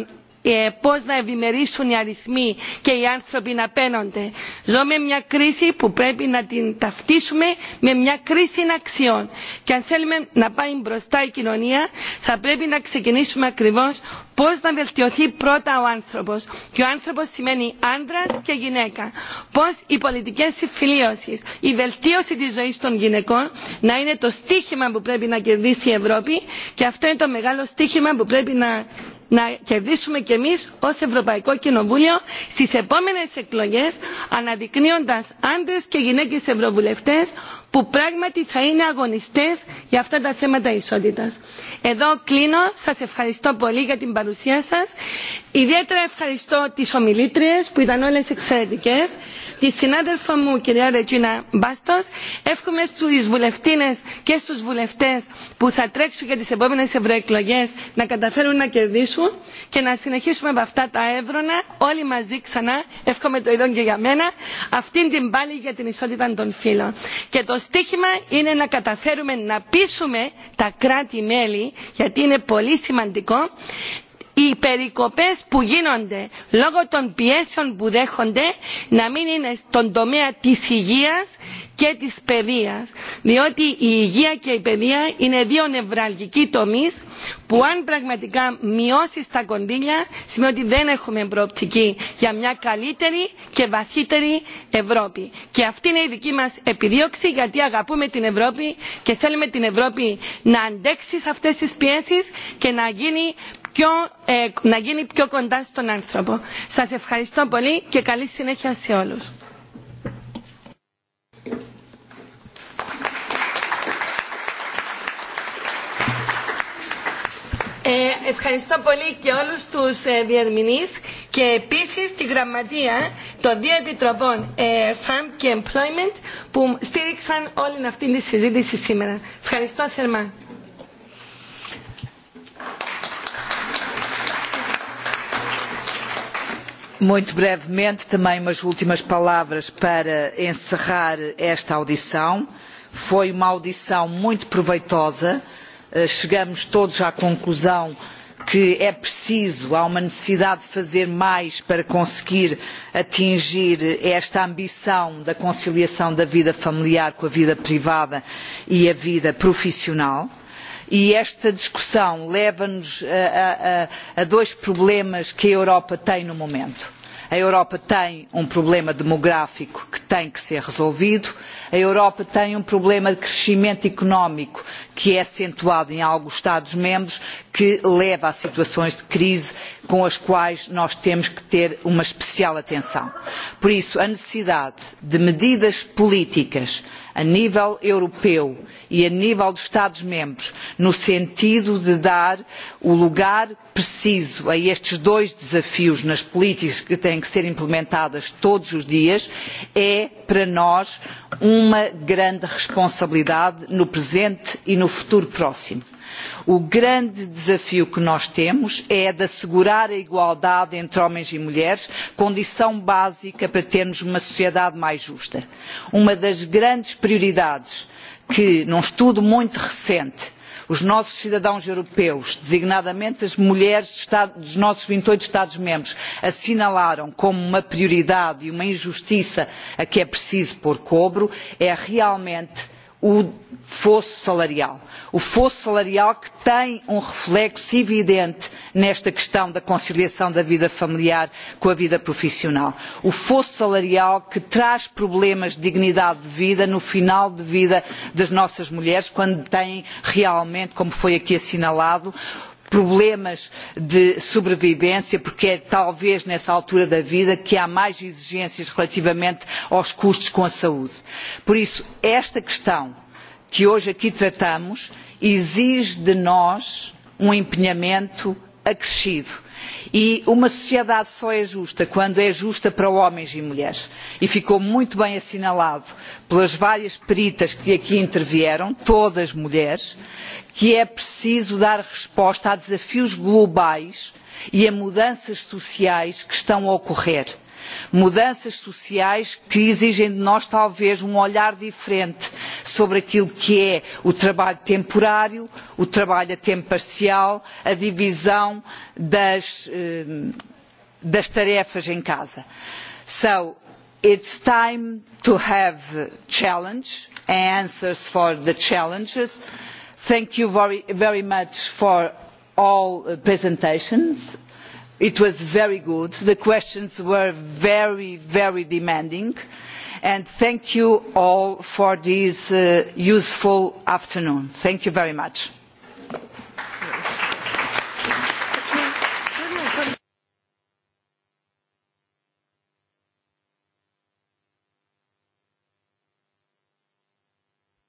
πώ να ευημερήσουν οι αριθμοί και οι άνθρωποι να παίρνονται. Ζούμε μια κρίση που πρέπει να την ταυτίσουμε με μια κρίση αξιών. Και αν θέλουμε να πάει μπροστά η κοινωνία, θα πρέπει να ξεκινήσουμε ακριβώ πώ να βελτιωθεί πρώτα ο άνθρωπο. Και ο άνθρωπο σημαίνει άντρα και γυναίκα. Πώ οι πολιτικέ συμφιλίωση, η βελτίωση τη ζωή των γυναικών να είναι το στίχημα που πρέπει να κερδίσει η Ευρώπη και αυτό είναι το μεγάλο στίχημα που πρέπει να να κερδίσουμε κι εμεί ω ευρωπαϊκό κοινοβούλιο στι επόμενε εκλογέ αναδεικνύοντα άντρε και γυναίκε ευρωβουλευτέ που πράγματι θα είναι αγωνιστέ για αυτά τα θέματα ισότητα. εδώ κλείνω. σα ευχαριστώ πολύ για την παρουσία σα. ιδιαίτερα ευχαριστώ τι ομιλήτριε που ήταν όλε εξαιρετικέ. τη συνάδελφο μου κυρία Ρετζίνα Μπάστο. Εύχομαι στου βουλευτίνε και στου βουλευτέ που θα τρέξουν για τι επόμενε ευρωεκλογέ να καταφέρουν να κερδίσουν και να συνεχίσουμε από αυτά τα εύρωνα όλοι μαζί ξανά. Εύχομαι το ίδιο και για μένα. Αυτή την πάλι για την ισότητα των φίλων. Και το στίχημα είναι να καταφέρουμε να πείσουμε τα κράτη-μέλη, γιατί είναι πολύ σημαντικό, οι περικοπές που γίνονται λόγω των πιέσεων που δέχονται να μην είναι στον τομέα της υγείας και τη παιδεία. Διότι η υγεία και η παιδεία είναι δύο νευραλγικοί τομεί που αν πραγματικά μειώσει τα κονδύλια, σημαίνει ότι δεν έχουμε προοπτική για μια καλύτερη και βαθύτερη Ευρώπη. Και αυτή είναι η δική μα επιδίωξη, γιατί αγαπούμε την Ευρώπη και θέλουμε την Ευρώπη να αντέξει σε αυτέ τι πιέσει και να γίνει, πιο, ε, να γίνει πιο κοντά στον άνθρωπο. Σα ευχαριστώ πολύ και καλή συνέχεια σε όλου. Ε, ευχαριστώ πολύ και όλους τους ε, διερμηνείς και επίσης τη γραμματεία των δύο επιτροπών ε, Farm και Employment που στήριξαν όλη αυτή τη συζήτηση σήμερα. Ευχαριστώ θερμά. Muito brevemente, também umas últimas palavras para encerrar esta audição. Foi uma audição muito proveitosa. Eh, chegamos todos à conclusão que é preciso há uma necessidade de fazer mais para conseguir atingir esta ambição da conciliação da vida familiar com a vida privada e a vida profissional e esta discussão leva nos a dois problemas que a europa tem no momento a europa tem um problema demográfico que tem que ser resolvido a europa tem um problema de crescimento económico que é acentuado em alguns estados membros que leva a situações de crise com as quais nós temos que ter uma especial atenção. por isso a necessidade de medidas políticas a nível europeu e a nível dos estados membros no sentido de dar o lugar preciso a estes dois desafios nas políticas que têm que ser implementadas todos os dias é para nós uma grande responsabilidade no presente e no futuro próximo o grande desafio que nós temos é de assegurar a igualdade entre homens e mulheres condição básica para termos uma sociedade mais justa. uma das grandes prioridades que num estudo muito recente os nossos cidadãos europeus, designadamente as mulheres dos nossos 28 e Estados-membros, assinalaram como uma prioridade e uma injustiça a que é preciso pôr cobro, é realmente o fosso salarial. o fosso salarial que tem um reflexo evidente nesta questão da conciliação da vida familiar com a vida profissional. o fosso salarial que traz problemas de dignidade de vida no final de vida das nossas mulheres quando têm realmente como foi aqui assinalado problemas de sobrevivência porque é talvez nessa altura da vida que há mais exigências relativamente aos custos com a saúde. por isso esta questão que hoje aqui tratamos exige de nós um empenhamento acrescido e uma sociedade só é justa quando é justa para homens e mulheres e ficou muito bem assinalado pelas várias peritas que aqui intervieram todas mulheres que é preciso dar resposta a desafios globais e a mudanças sociais que estão a ocorrer mudanças sociais que exigem de nós talvez um olhar diferente sobre aquilo que é o trabalho temporário o trabalho a tempo parcial a divisão das, eh, das tarefas em casa. so it's time to have challenge answers for the challenges. thank you very, very much for all presentations it was very good the questions were very very demanding and thank you all for this uh, useful afternoon. thank you very much. applause